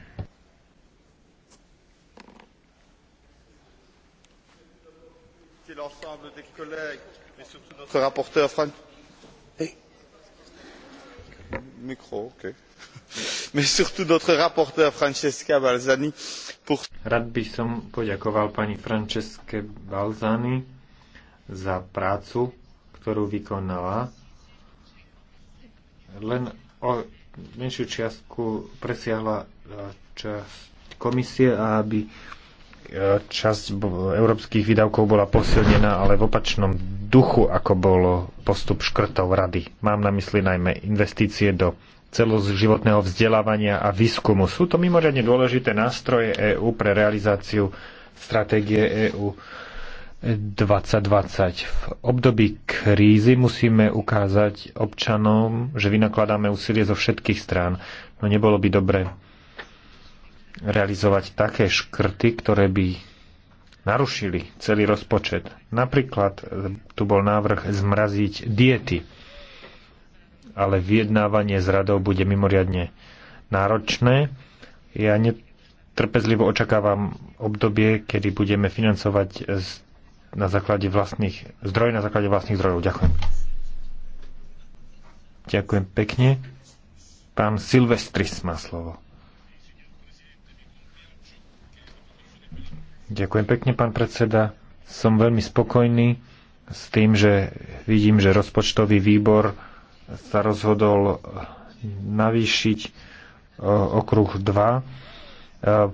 l'ensemble des collègues, surtout notre rapporteur Rád by som poďakoval pani Franceske Balzani za prácu, ktorú vykonala. Len o menšiu čiastku presiahla eh, časť komisie a aby časť európskych výdavkov bola posilnená, ale v opačnom duchu, ako bol postup škrtov rady. Mám na mysli najmä investície do celoživotného vzdelávania a výskumu. Sú to mimoriadne dôležité nástroje EÚ pre realizáciu stratégie EÚ 2020. V období krízy musíme ukázať občanom, že vynakladáme úsilie zo všetkých strán. No nebolo by dobre realizovať také škrty, ktoré by narušili celý rozpočet. Napríklad e, tu bol návrh zmraziť diety, ale vyjednávanie s radou bude mimoriadne náročné. Ja netrpezlivo očakávam obdobie, kedy budeme financovať na základe vlastných zdrojov na základe vlastných zdrojov. Ďakujem. Ďakujem pekne. Pán Silvestris má slovo. Ďakujem pekne, pán predseda. Som veľmi spokojný s tým, že vidím, že rozpočtový výbor sa rozhodol navýšiť e, okruh 2, e,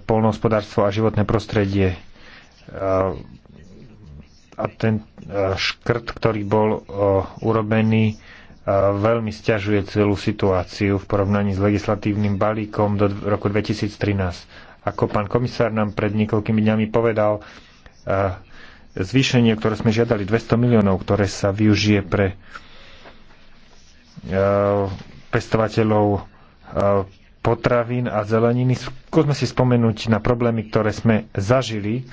polnohospodárstvo a životné prostredie. E, a ten škrt, ktorý bol urobený, veľmi stiažuje celú situáciu v porovnaní s legislatívnym balíkom do roku 2013. Ako pán komisár nám pred niekoľkými dňami povedal, e, zvýšenie, ktoré sme žiadali, 200 miliónov, ktoré sa využije pre e, pestovateľov e, potravín a zeleniny. Skúsme si spomenúť na problémy, ktoré sme zažili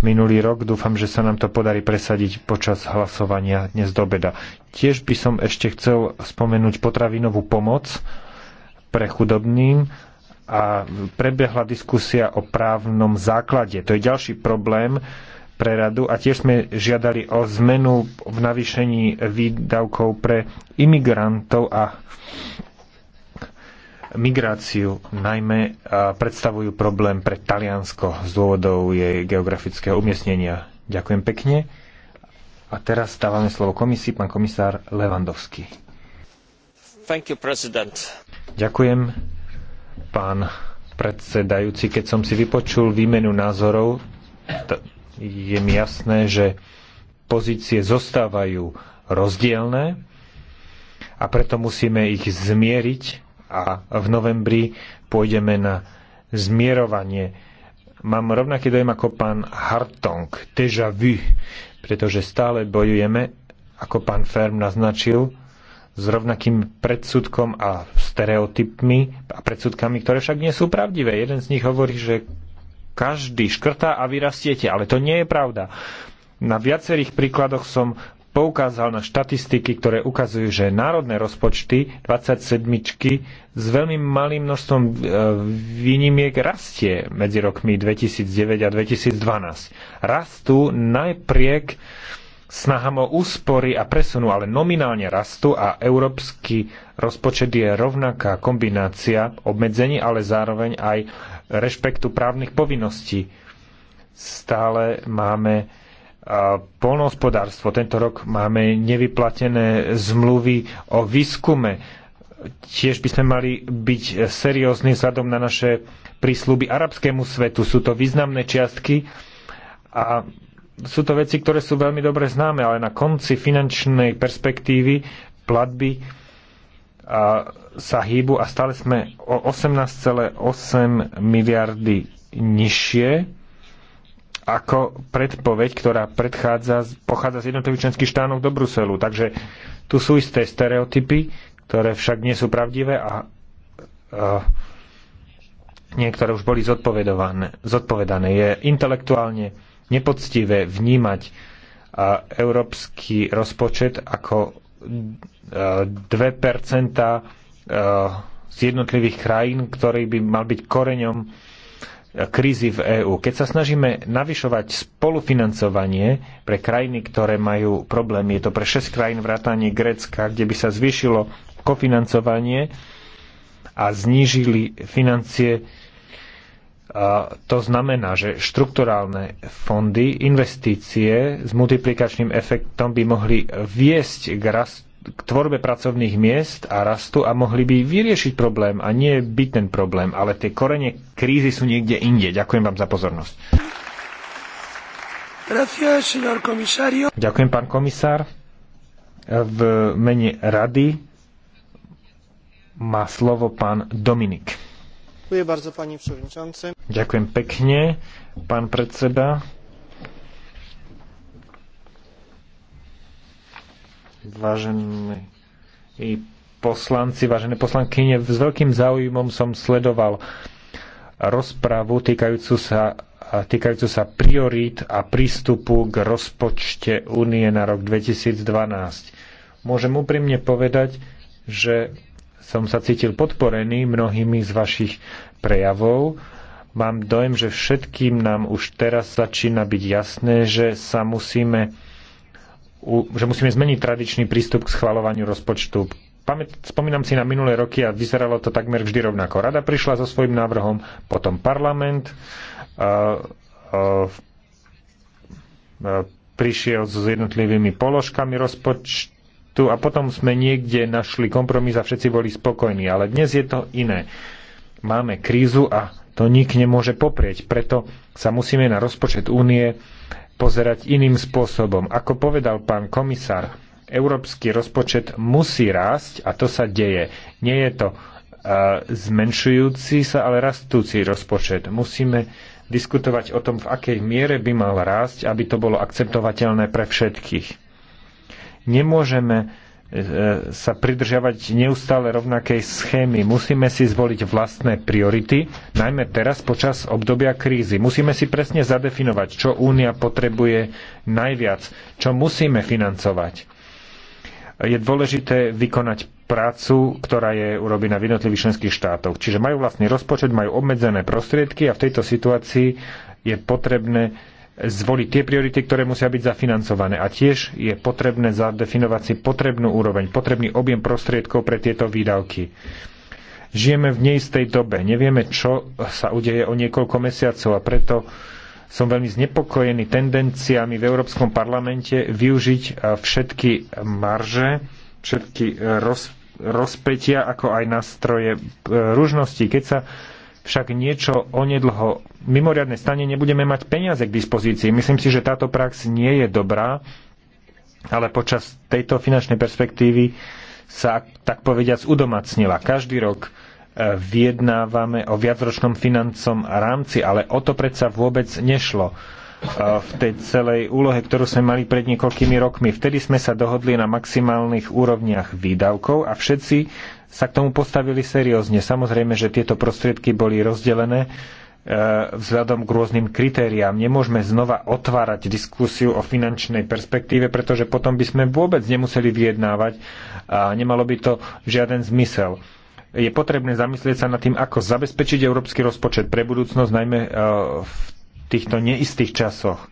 minulý rok. Dúfam, že sa nám to podarí presadiť počas hlasovania dnes do beda. Tiež by som ešte chcel spomenúť potravinovú pomoc pre chudobným a prebehla diskusia o právnom základe. To je ďalší problém pre radu a tiež sme žiadali o zmenu v navýšení výdavkov pre imigrantov a migráciu najmä predstavujú problém pre Taliansko z dôvodov jej geografického umiestnenia. Ďakujem pekne. A teraz dávame slovo komisii, pán komisár Levandovský. Thank you, president. Ďakujem pán predsedajúci. Keď som si vypočul výmenu názorov, je mi jasné, že pozície zostávajú rozdielne a preto musíme ich zmieriť a v novembri pôjdeme na zmierovanie. Mám rovnaký dojem ako pán Hartong, déjà vu, pretože stále bojujeme, ako pán Ferm naznačil, s rovnakým predsudkom a stereotypmi a predsudkami, ktoré však nie sú pravdivé. Jeden z nich hovorí, že každý škrtá a vyrastiete, ale to nie je pravda. Na viacerých príkladoch som poukázal na štatistiky, ktoré ukazujú, že národné rozpočty 27 s veľmi malým množstvom e, výnimiek rastie medzi rokmi 2009 a 2012. Rastú napriek snahám o úspory a presunu, ale nominálne rastu a európsky rozpočet je rovnaká kombinácia obmedzení, ale zároveň aj rešpektu právnych povinností. Stále máme polnohospodárstvo. Tento rok máme nevyplatené zmluvy o výskume. Tiež by sme mali byť seriózni vzhľadom na naše prísľuby arabskému svetu. Sú to významné čiastky a sú to veci, ktoré sú veľmi dobre známe, ale na konci finančnej perspektívy platby a, sa hýbu a stále sme o 18,8 miliardy nižšie ako predpoveď, ktorá predchádza, pochádza z jednotlivých členských štánov do Bruselu. Takže tu sú isté stereotypy, ktoré však nie sú pravdivé a, a niektoré už boli zodpovedané. Je intelektuálne nepoctivé vnímať uh, európsky rozpočet ako 2 uh, uh, z jednotlivých krajín, ktorý by mal byť koreňom krízy v EÚ. Keď sa snažíme navyšovať spolufinancovanie pre krajiny, ktoré majú problémy, je to pre 6 krajín vrátanie Grécka, kde by sa zvýšilo kofinancovanie a znížili financie to znamená, že štrukturálne fondy, investície s multiplikačným efektom by mohli viesť k, rast, k tvorbe pracovných miest a rastu a mohli by vyriešiť problém a nie byť ten problém, ale tie korene krízy sú niekde inde. Ďakujem vám za pozornosť. Gracias, Ďakujem, pán komisár. V mene rady má slovo pán Dominik. Dziękuję bardzo, panie przewodniczący. Ďakujem pekne, pán predseda. Vážení poslanci, vážené poslankyne, s veľkým záujmom som sledoval rozpravu týkajúcu sa, týkajúcu sa priorít a prístupu k rozpočte únie na rok 2012. Môžem úprimne povedať, že som sa cítil podporený mnohými z vašich prejavov. Mám dojem, že všetkým nám už teraz začína byť jasné, že sa musíme že musíme zmeniť tradičný prístup k schvalovaniu rozpočtu. Pamät, spomínam si na minulé roky a vyzeralo to takmer vždy rovnako. Rada prišla so svojím návrhom, potom parlament uh, uh, uh, prišiel s jednotlivými položkami rozpočtu tu a potom sme niekde našli kompromis a všetci boli spokojní. Ale dnes je to iné. Máme krízu a to nik nemôže poprieť. Preto sa musíme na rozpočet únie pozerať iným spôsobom. Ako povedal pán komisár, európsky rozpočet musí rásť a to sa deje. Nie je to uh, zmenšujúci sa, ale rastúci rozpočet. Musíme diskutovať o tom, v akej miere by mal rásť, aby to bolo akceptovateľné pre všetkých Nemôžeme e, e, sa pridržiavať neustále rovnakej schémy. Musíme si zvoliť vlastné priority, najmä teraz počas obdobia krízy. Musíme si presne zadefinovať, čo Únia potrebuje najviac, čo musíme financovať. Je dôležité vykonať prácu, ktorá je urobená v jednotlivých členských štátoch. Čiže majú vlastný rozpočet, majú obmedzené prostriedky a v tejto situácii je potrebné zvoliť tie priority, ktoré musia byť zafinancované. A tiež je potrebné zadefinovať si potrebnú úroveň, potrebný objem prostriedkov pre tieto výdavky. Žijeme v neistej dobe, nevieme, čo sa udeje o niekoľko mesiacov a preto som veľmi znepokojený tendenciami v Európskom parlamente využiť eh, všetky marže, všetky roz, rozpetia, ako aj nástroje e, ružnosti. Keď sa však niečo onedlho mimoriadne stane, nebudeme mať peniaze k dispozícii. Myslím si, že táto prax nie je dobrá, ale počas tejto finančnej perspektívy sa, tak povediac, udomacnila. Každý rok e, vyjednávame o viacročnom financom rámci, ale o to predsa vôbec nešlo e, v tej celej úlohe, ktorú sme mali pred niekoľkými rokmi. Vtedy sme sa dohodli na maximálnych úrovniach výdavkov a všetci sa k tomu postavili seriózne. Samozrejme, že tieto prostriedky boli rozdelené e, vzhľadom k rôznym kritériám. Nemôžeme znova otvárať diskusiu o finančnej perspektíve, pretože potom by sme vôbec nemuseli vyjednávať a nemalo by to žiaden zmysel. Je potrebné zamyslieť sa nad tým, ako zabezpečiť európsky rozpočet pre budúcnosť, najmä e, v týchto neistých časoch.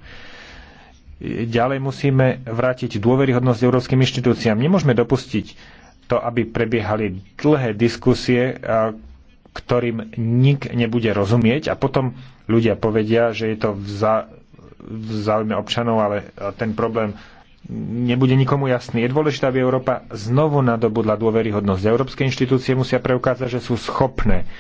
Ďalej musíme vrátiť dôveryhodnosť európskym inštitúciám. Nemôžeme dopustiť, to, aby prebiehali dlhé diskusie, ktorým nik nebude rozumieť a potom ľudia povedia, že je to v, záujme občanov, ale ten problém nebude nikomu jasný. Je dôležité, aby Európa znovu nadobudla dôveryhodnosť. Európske inštitúcie musia preukázať, že sú schopné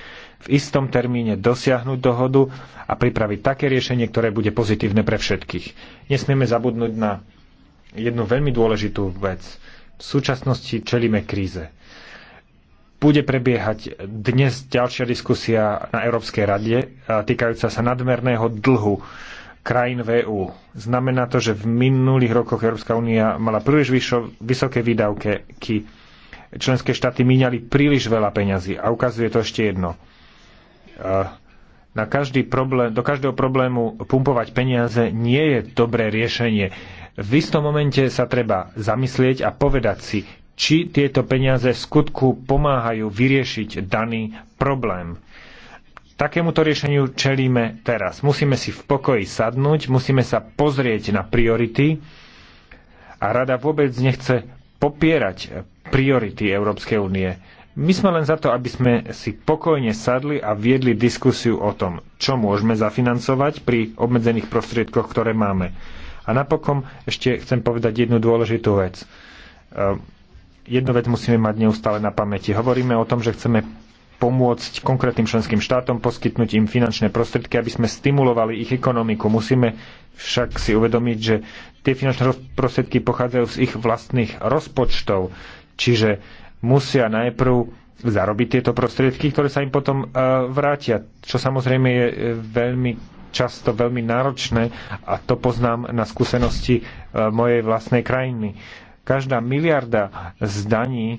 v istom termíne dosiahnuť dohodu a pripraviť také riešenie, ktoré bude pozitívne pre všetkých. Nesmieme zabudnúť na jednu veľmi dôležitú vec. V súčasnosti čelíme kríze. Bude prebiehať dnes ďalšia diskusia na Európskej rade týkajúca sa nadmerného dlhu krajín VÚ. E Znamená to, že v minulých rokoch Európska únia mala príliš vyšo, vysoké výdavky, členské štáty míňali príliš veľa peňazí a ukazuje to ešte jedno. Na každý problém, do každého problému pumpovať peniaze nie je dobré riešenie v istom momente sa treba zamyslieť a povedať si, či tieto peniaze v skutku pomáhajú vyriešiť daný problém. Takémuto riešeniu čelíme teraz. Musíme si v pokoji sadnúť, musíme sa pozrieť na priority a rada vôbec nechce popierať priority Európskej únie. My sme len za to, aby sme si pokojne sadli a viedli diskusiu o tom, čo môžeme zafinancovať pri obmedzených prostriedkoch, ktoré máme a napokon ešte chcem povedať jednu dôležitú vec. Ehm, jednu vec musíme mať neustále na pamäti. Hovoríme o tom, že chceme pomôcť konkrétnym členským štátom, poskytnúť im finančné prostriedky, aby sme stimulovali ich ekonomiku. Musíme však si uvedomiť, že tie finančné prostriedky pochádzajú z ich vlastných rozpočtov, čiže musia najprv zarobiť tieto prostriedky, ktoré sa im potom eh, vrátia, čo samozrejme je eh, veľmi často veľmi náročné a to poznám na skúsenosti e, mojej vlastnej krajiny. Každá miliarda zdaní e,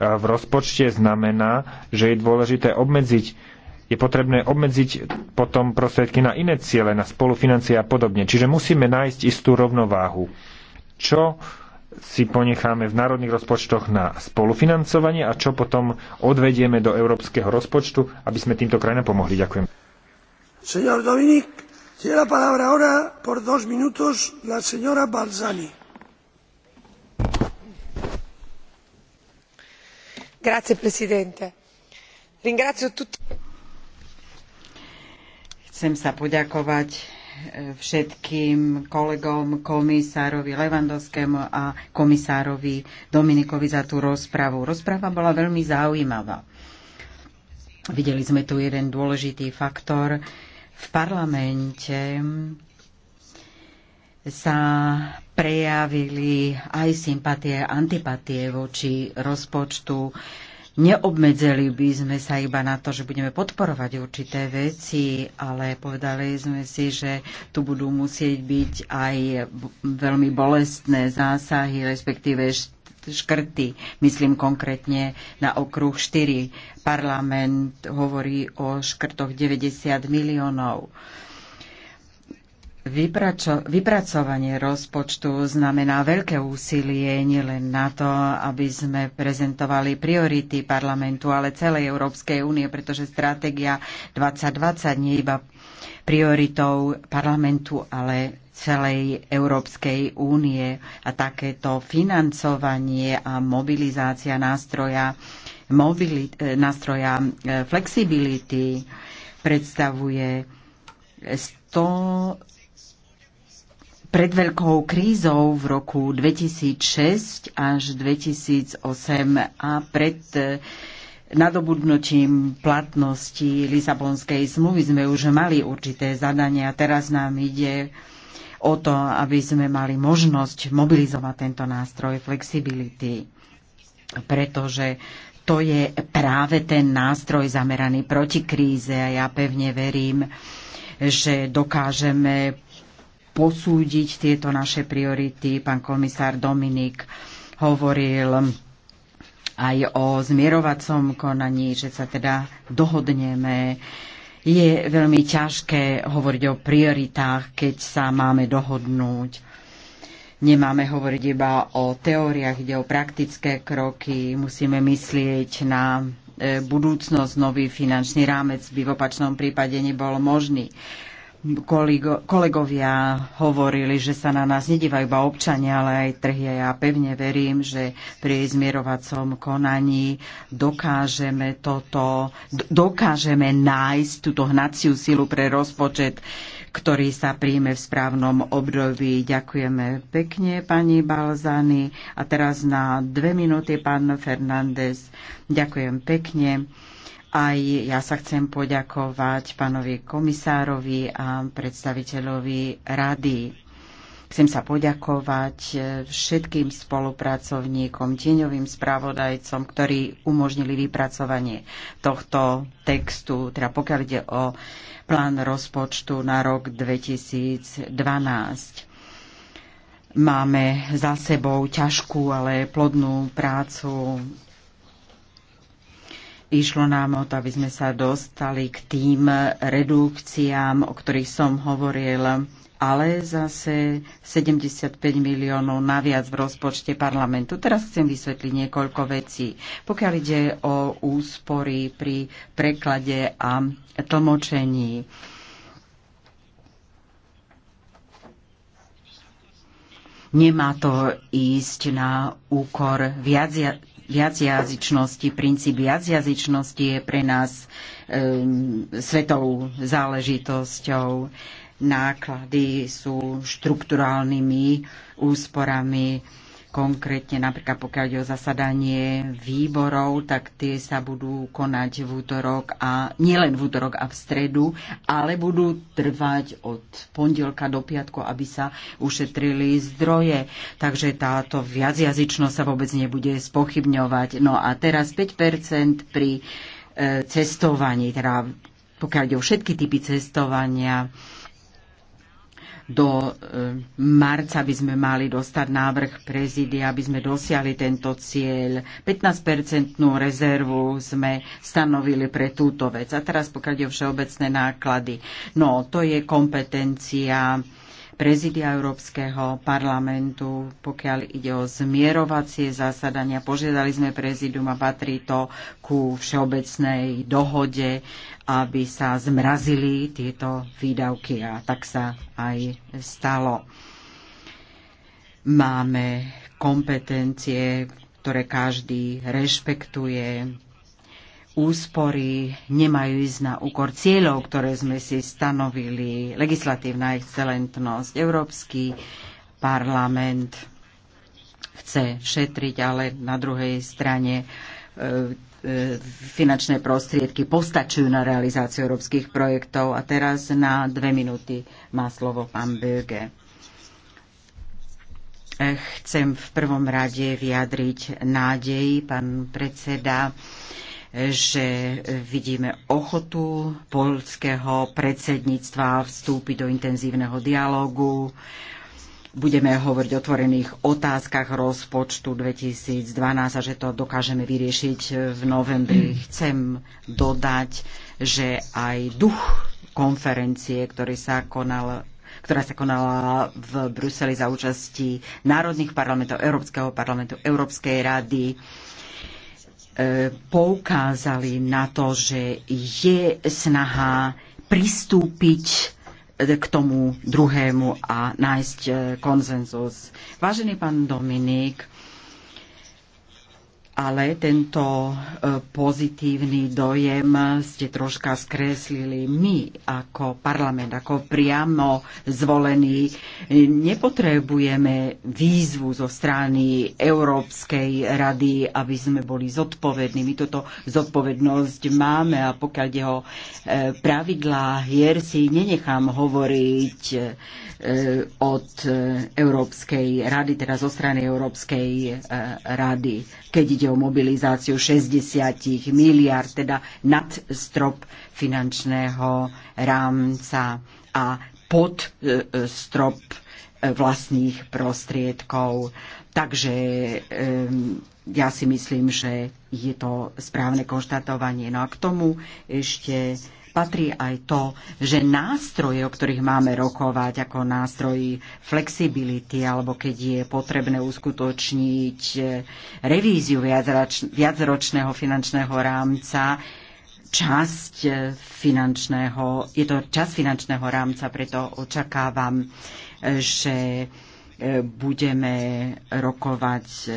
v rozpočte znamená, že je dôležité obmedziť je potrebné obmedziť potom prostriedky na iné ciele, na spolufinancie a podobne. Čiže musíme nájsť istú rovnováhu. Čo si ponecháme v národných rozpočtoch na spolufinancovanie a čo potom odvedieme do európskeho rozpočtu, aby sme týmto krajinám pomohli. Ďakujem señor dominik tiene la palabra ahora por dos minutos la señora balzani. signor presidente chcem sa poďakovať eh, všetkým kolegom, komisárovi Levandovskému a komisárovi Dominikovi za tú rozpravu. Rozprava bola veľmi zaujímavá. Videli sme tu jeden dôležitý faktor, v parlamente sa prejavili aj sympatie a antipatie voči rozpočtu. Neobmedzili by sme sa iba na to, že budeme podporovať určité veci, ale povedali sme si, že tu budú musieť byť aj veľmi bolestné zásahy, respektíve škrty. Myslím konkrétne na okruh 4. Parlament hovorí o škrtoch 90 miliónov. Vypračo- vypracovanie rozpočtu znamená veľké úsilie nielen na to, aby sme prezentovali priority parlamentu, ale celej Európskej únie, pretože stratégia 2020 nie je iba prioritou parlamentu, ale celej Európskej únie a takéto financovanie a mobilizácia nástroja mobilit, e, nástroja e, flexibility predstavuje 100 pred veľkou krízou v roku 2006 až 2008 a pred e, nadobudnutím platnosti Lisabonskej zmluvy sme už mali určité zadania. Teraz nám ide o to, aby sme mali možnosť mobilizovať tento nástroj flexibility, pretože to je práve ten nástroj zameraný proti kríze a ja pevne verím, že dokážeme posúdiť tieto naše priority. Pán komisár Dominik hovoril aj o zmierovacom konaní, že sa teda dohodneme. Je veľmi ťažké hovoriť o prioritách, keď sa máme dohodnúť. Nemáme hovoriť iba o teóriách, ide o praktické kroky, musíme myslieť na e, budúcnosť, nový finančný rámec by v opačnom prípade nebol možný. Kolego, kolegovia hovorili, že sa na nás nedívajú iba občania, ale aj trhy. ja pevne verím, že pri zmierovacom konaní dokážeme toto, dokážeme nájsť túto hnaciu silu pre rozpočet ktorý sa príjme v správnom období. Ďakujeme pekne, pani Balzany. A teraz na dve minúty pán Fernández. Ďakujem pekne. Aj ja sa chcem poďakovať pánovi komisárovi a predstaviteľovi rady. Chcem sa poďakovať e, všetkým spolupracovníkom, tieňovým spravodajcom, ktorí umožnili vypracovanie tohto textu, teda pokiaľ ide o plán rozpočtu na rok 2012. Máme za sebou ťažkú, ale plodnú prácu Išlo nám o to, aby sme sa dostali k tým redukciám, o ktorých som hovoril ale zase 75 miliónov naviac v rozpočte parlamentu. Teraz chcem vysvetliť niekoľko vecí. Pokiaľ ide o úspory pri preklade a tlmočení, Nemá to ísť na úkor viac, jazyčnosti. princíp jazyčnosti je pre nás um, svetovou záležitosťou náklady sú štrukturálnymi úsporami, konkrétne napríklad pokiaľ ide o zasadanie výborov, tak tie sa budú konať v útorok a nielen v útorok a v stredu, ale budú trvať od pondelka do piatku, aby sa ušetrili zdroje. Takže táto viacjazyčnosť sa vôbec nebude spochybňovať. No a teraz 5% pri e, cestovaní, teda pokiaľ ide o všetky typy cestovania, do e, marca by sme mali dostať návrh prezídia, aby sme dosiahli tento cieľ. 15-percentnú rezervu sme stanovili pre túto vec. A teraz pokiaľ je o všeobecné náklady. No, to je kompetencia prezidia Európskeho parlamentu, pokiaľ ide o zmierovacie zásadania. Požiadali sme prezidium a patrí to ku všeobecnej dohode aby sa zmrazili tieto výdavky a tak sa aj stalo. Máme kompetencie, ktoré každý rešpektuje. Úspory nemajú ísť na úkor cieľov, ktoré sme si stanovili. Legislatívna excelentnosť, Európsky parlament chce šetriť, ale na druhej strane e, E, finančné prostriedky postačujú na realizáciu európskych projektov. A teraz na dve minúty má slovo pán Böge. E, chcem v prvom rade vyjadriť nádej, pán predseda, že vidíme ochotu polského predsedníctva vstúpiť do intenzívneho dialogu budeme hovoriť o otvorených otázkach rozpočtu 2012 a že to dokážeme vyriešiť v novembri. Chcem dodať, že aj duch konferencie, ktorý sa konal ktorá sa konala v Bruseli za účasti národných parlamentov, Európskeho parlamentu, Európskej rady, e, poukázali na to, že je snaha pristúpiť k tomu druhému a nájsť eh, konsenzus. Vážený pán Dominik, ale tento e, pozitívny dojem ste troška skreslili my ako parlament, ako priamo zvolení. Nepotrebujeme výzvu zo strany Európskej rady, aby sme boli zodpovední. My toto zodpovednosť máme a pokiaľ jeho e, pravidlá hier si nenechám hovoriť e, od Európskej rady, teda zo strany Európskej rady, keď ide o mobilizáciu 60 miliard, teda nad strop finančného rámca a pod e, e, strop e, vlastných prostriedkov. Takže ja si myslím, že je to správne konštatovanie. No a k tomu ešte patrí aj to, že nástroje, o ktorých máme rokovať, ako nástroj flexibility, alebo keď je potrebné uskutočniť e, revíziu viacročného finančného rámca, časť e, finančného, je to časť finančného rámca, preto očakávam, e, že budeme rokovať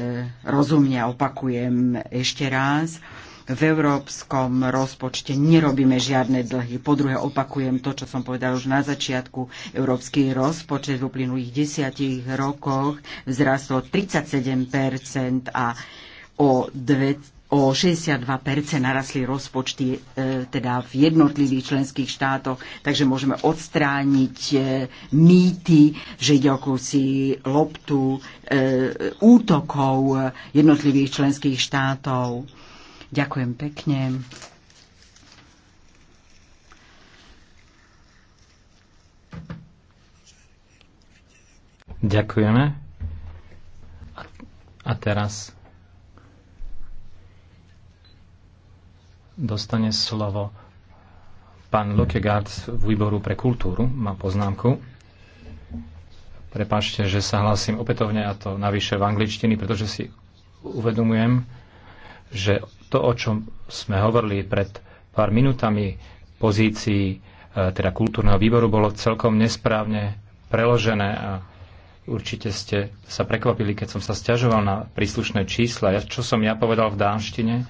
rozumne, opakujem ešte raz, v európskom rozpočte nerobíme žiadne dlhy. Po druhé, opakujem to, čo som povedal už na začiatku. Európsky rozpočet v uplynulých desiatich rokoch vzrastol 37 a o, dve, o 62 narastli rozpočty e, teda v jednotlivých členských štátoch, takže môžeme odstrániť e, mýty, že ide o loptu e, útokov jednotlivých členských štátov Ďakujem pekne. Ďakujeme. A teraz dostane slovo pán Lokegard z výboru pre kultúru. Má poznámku. Prepašte, že sa hlásim opätovne a to navyše v angličtiny, pretože si uvedomujem, že to, o čom sme hovorili pred pár minútami pozícií e, teda kultúrneho výboru, bolo celkom nesprávne preložené a určite ste sa prekvapili, keď som sa stiažoval na príslušné čísla. Ja, čo som ja povedal v dánštine,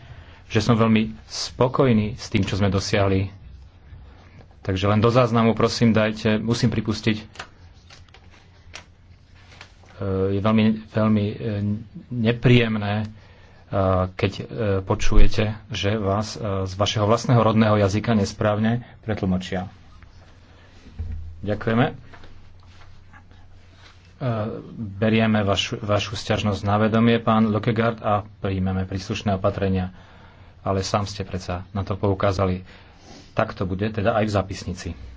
že som veľmi spokojný s tým, čo sme dosiahli. Takže len do záznamu, prosím, dajte, musím pripustiť, e, je veľmi, veľmi e, nepríjemné, keď e, počujete, že vás e, z vašeho vlastného rodného jazyka nesprávne pretlmočia. Ďakujeme. E, berieme vašu, vašu stiažnosť na vedomie, pán Lokegard, a príjmeme príslušné opatrenia. Ale sám ste predsa na to poukázali. Tak to bude teda aj v zápisnici.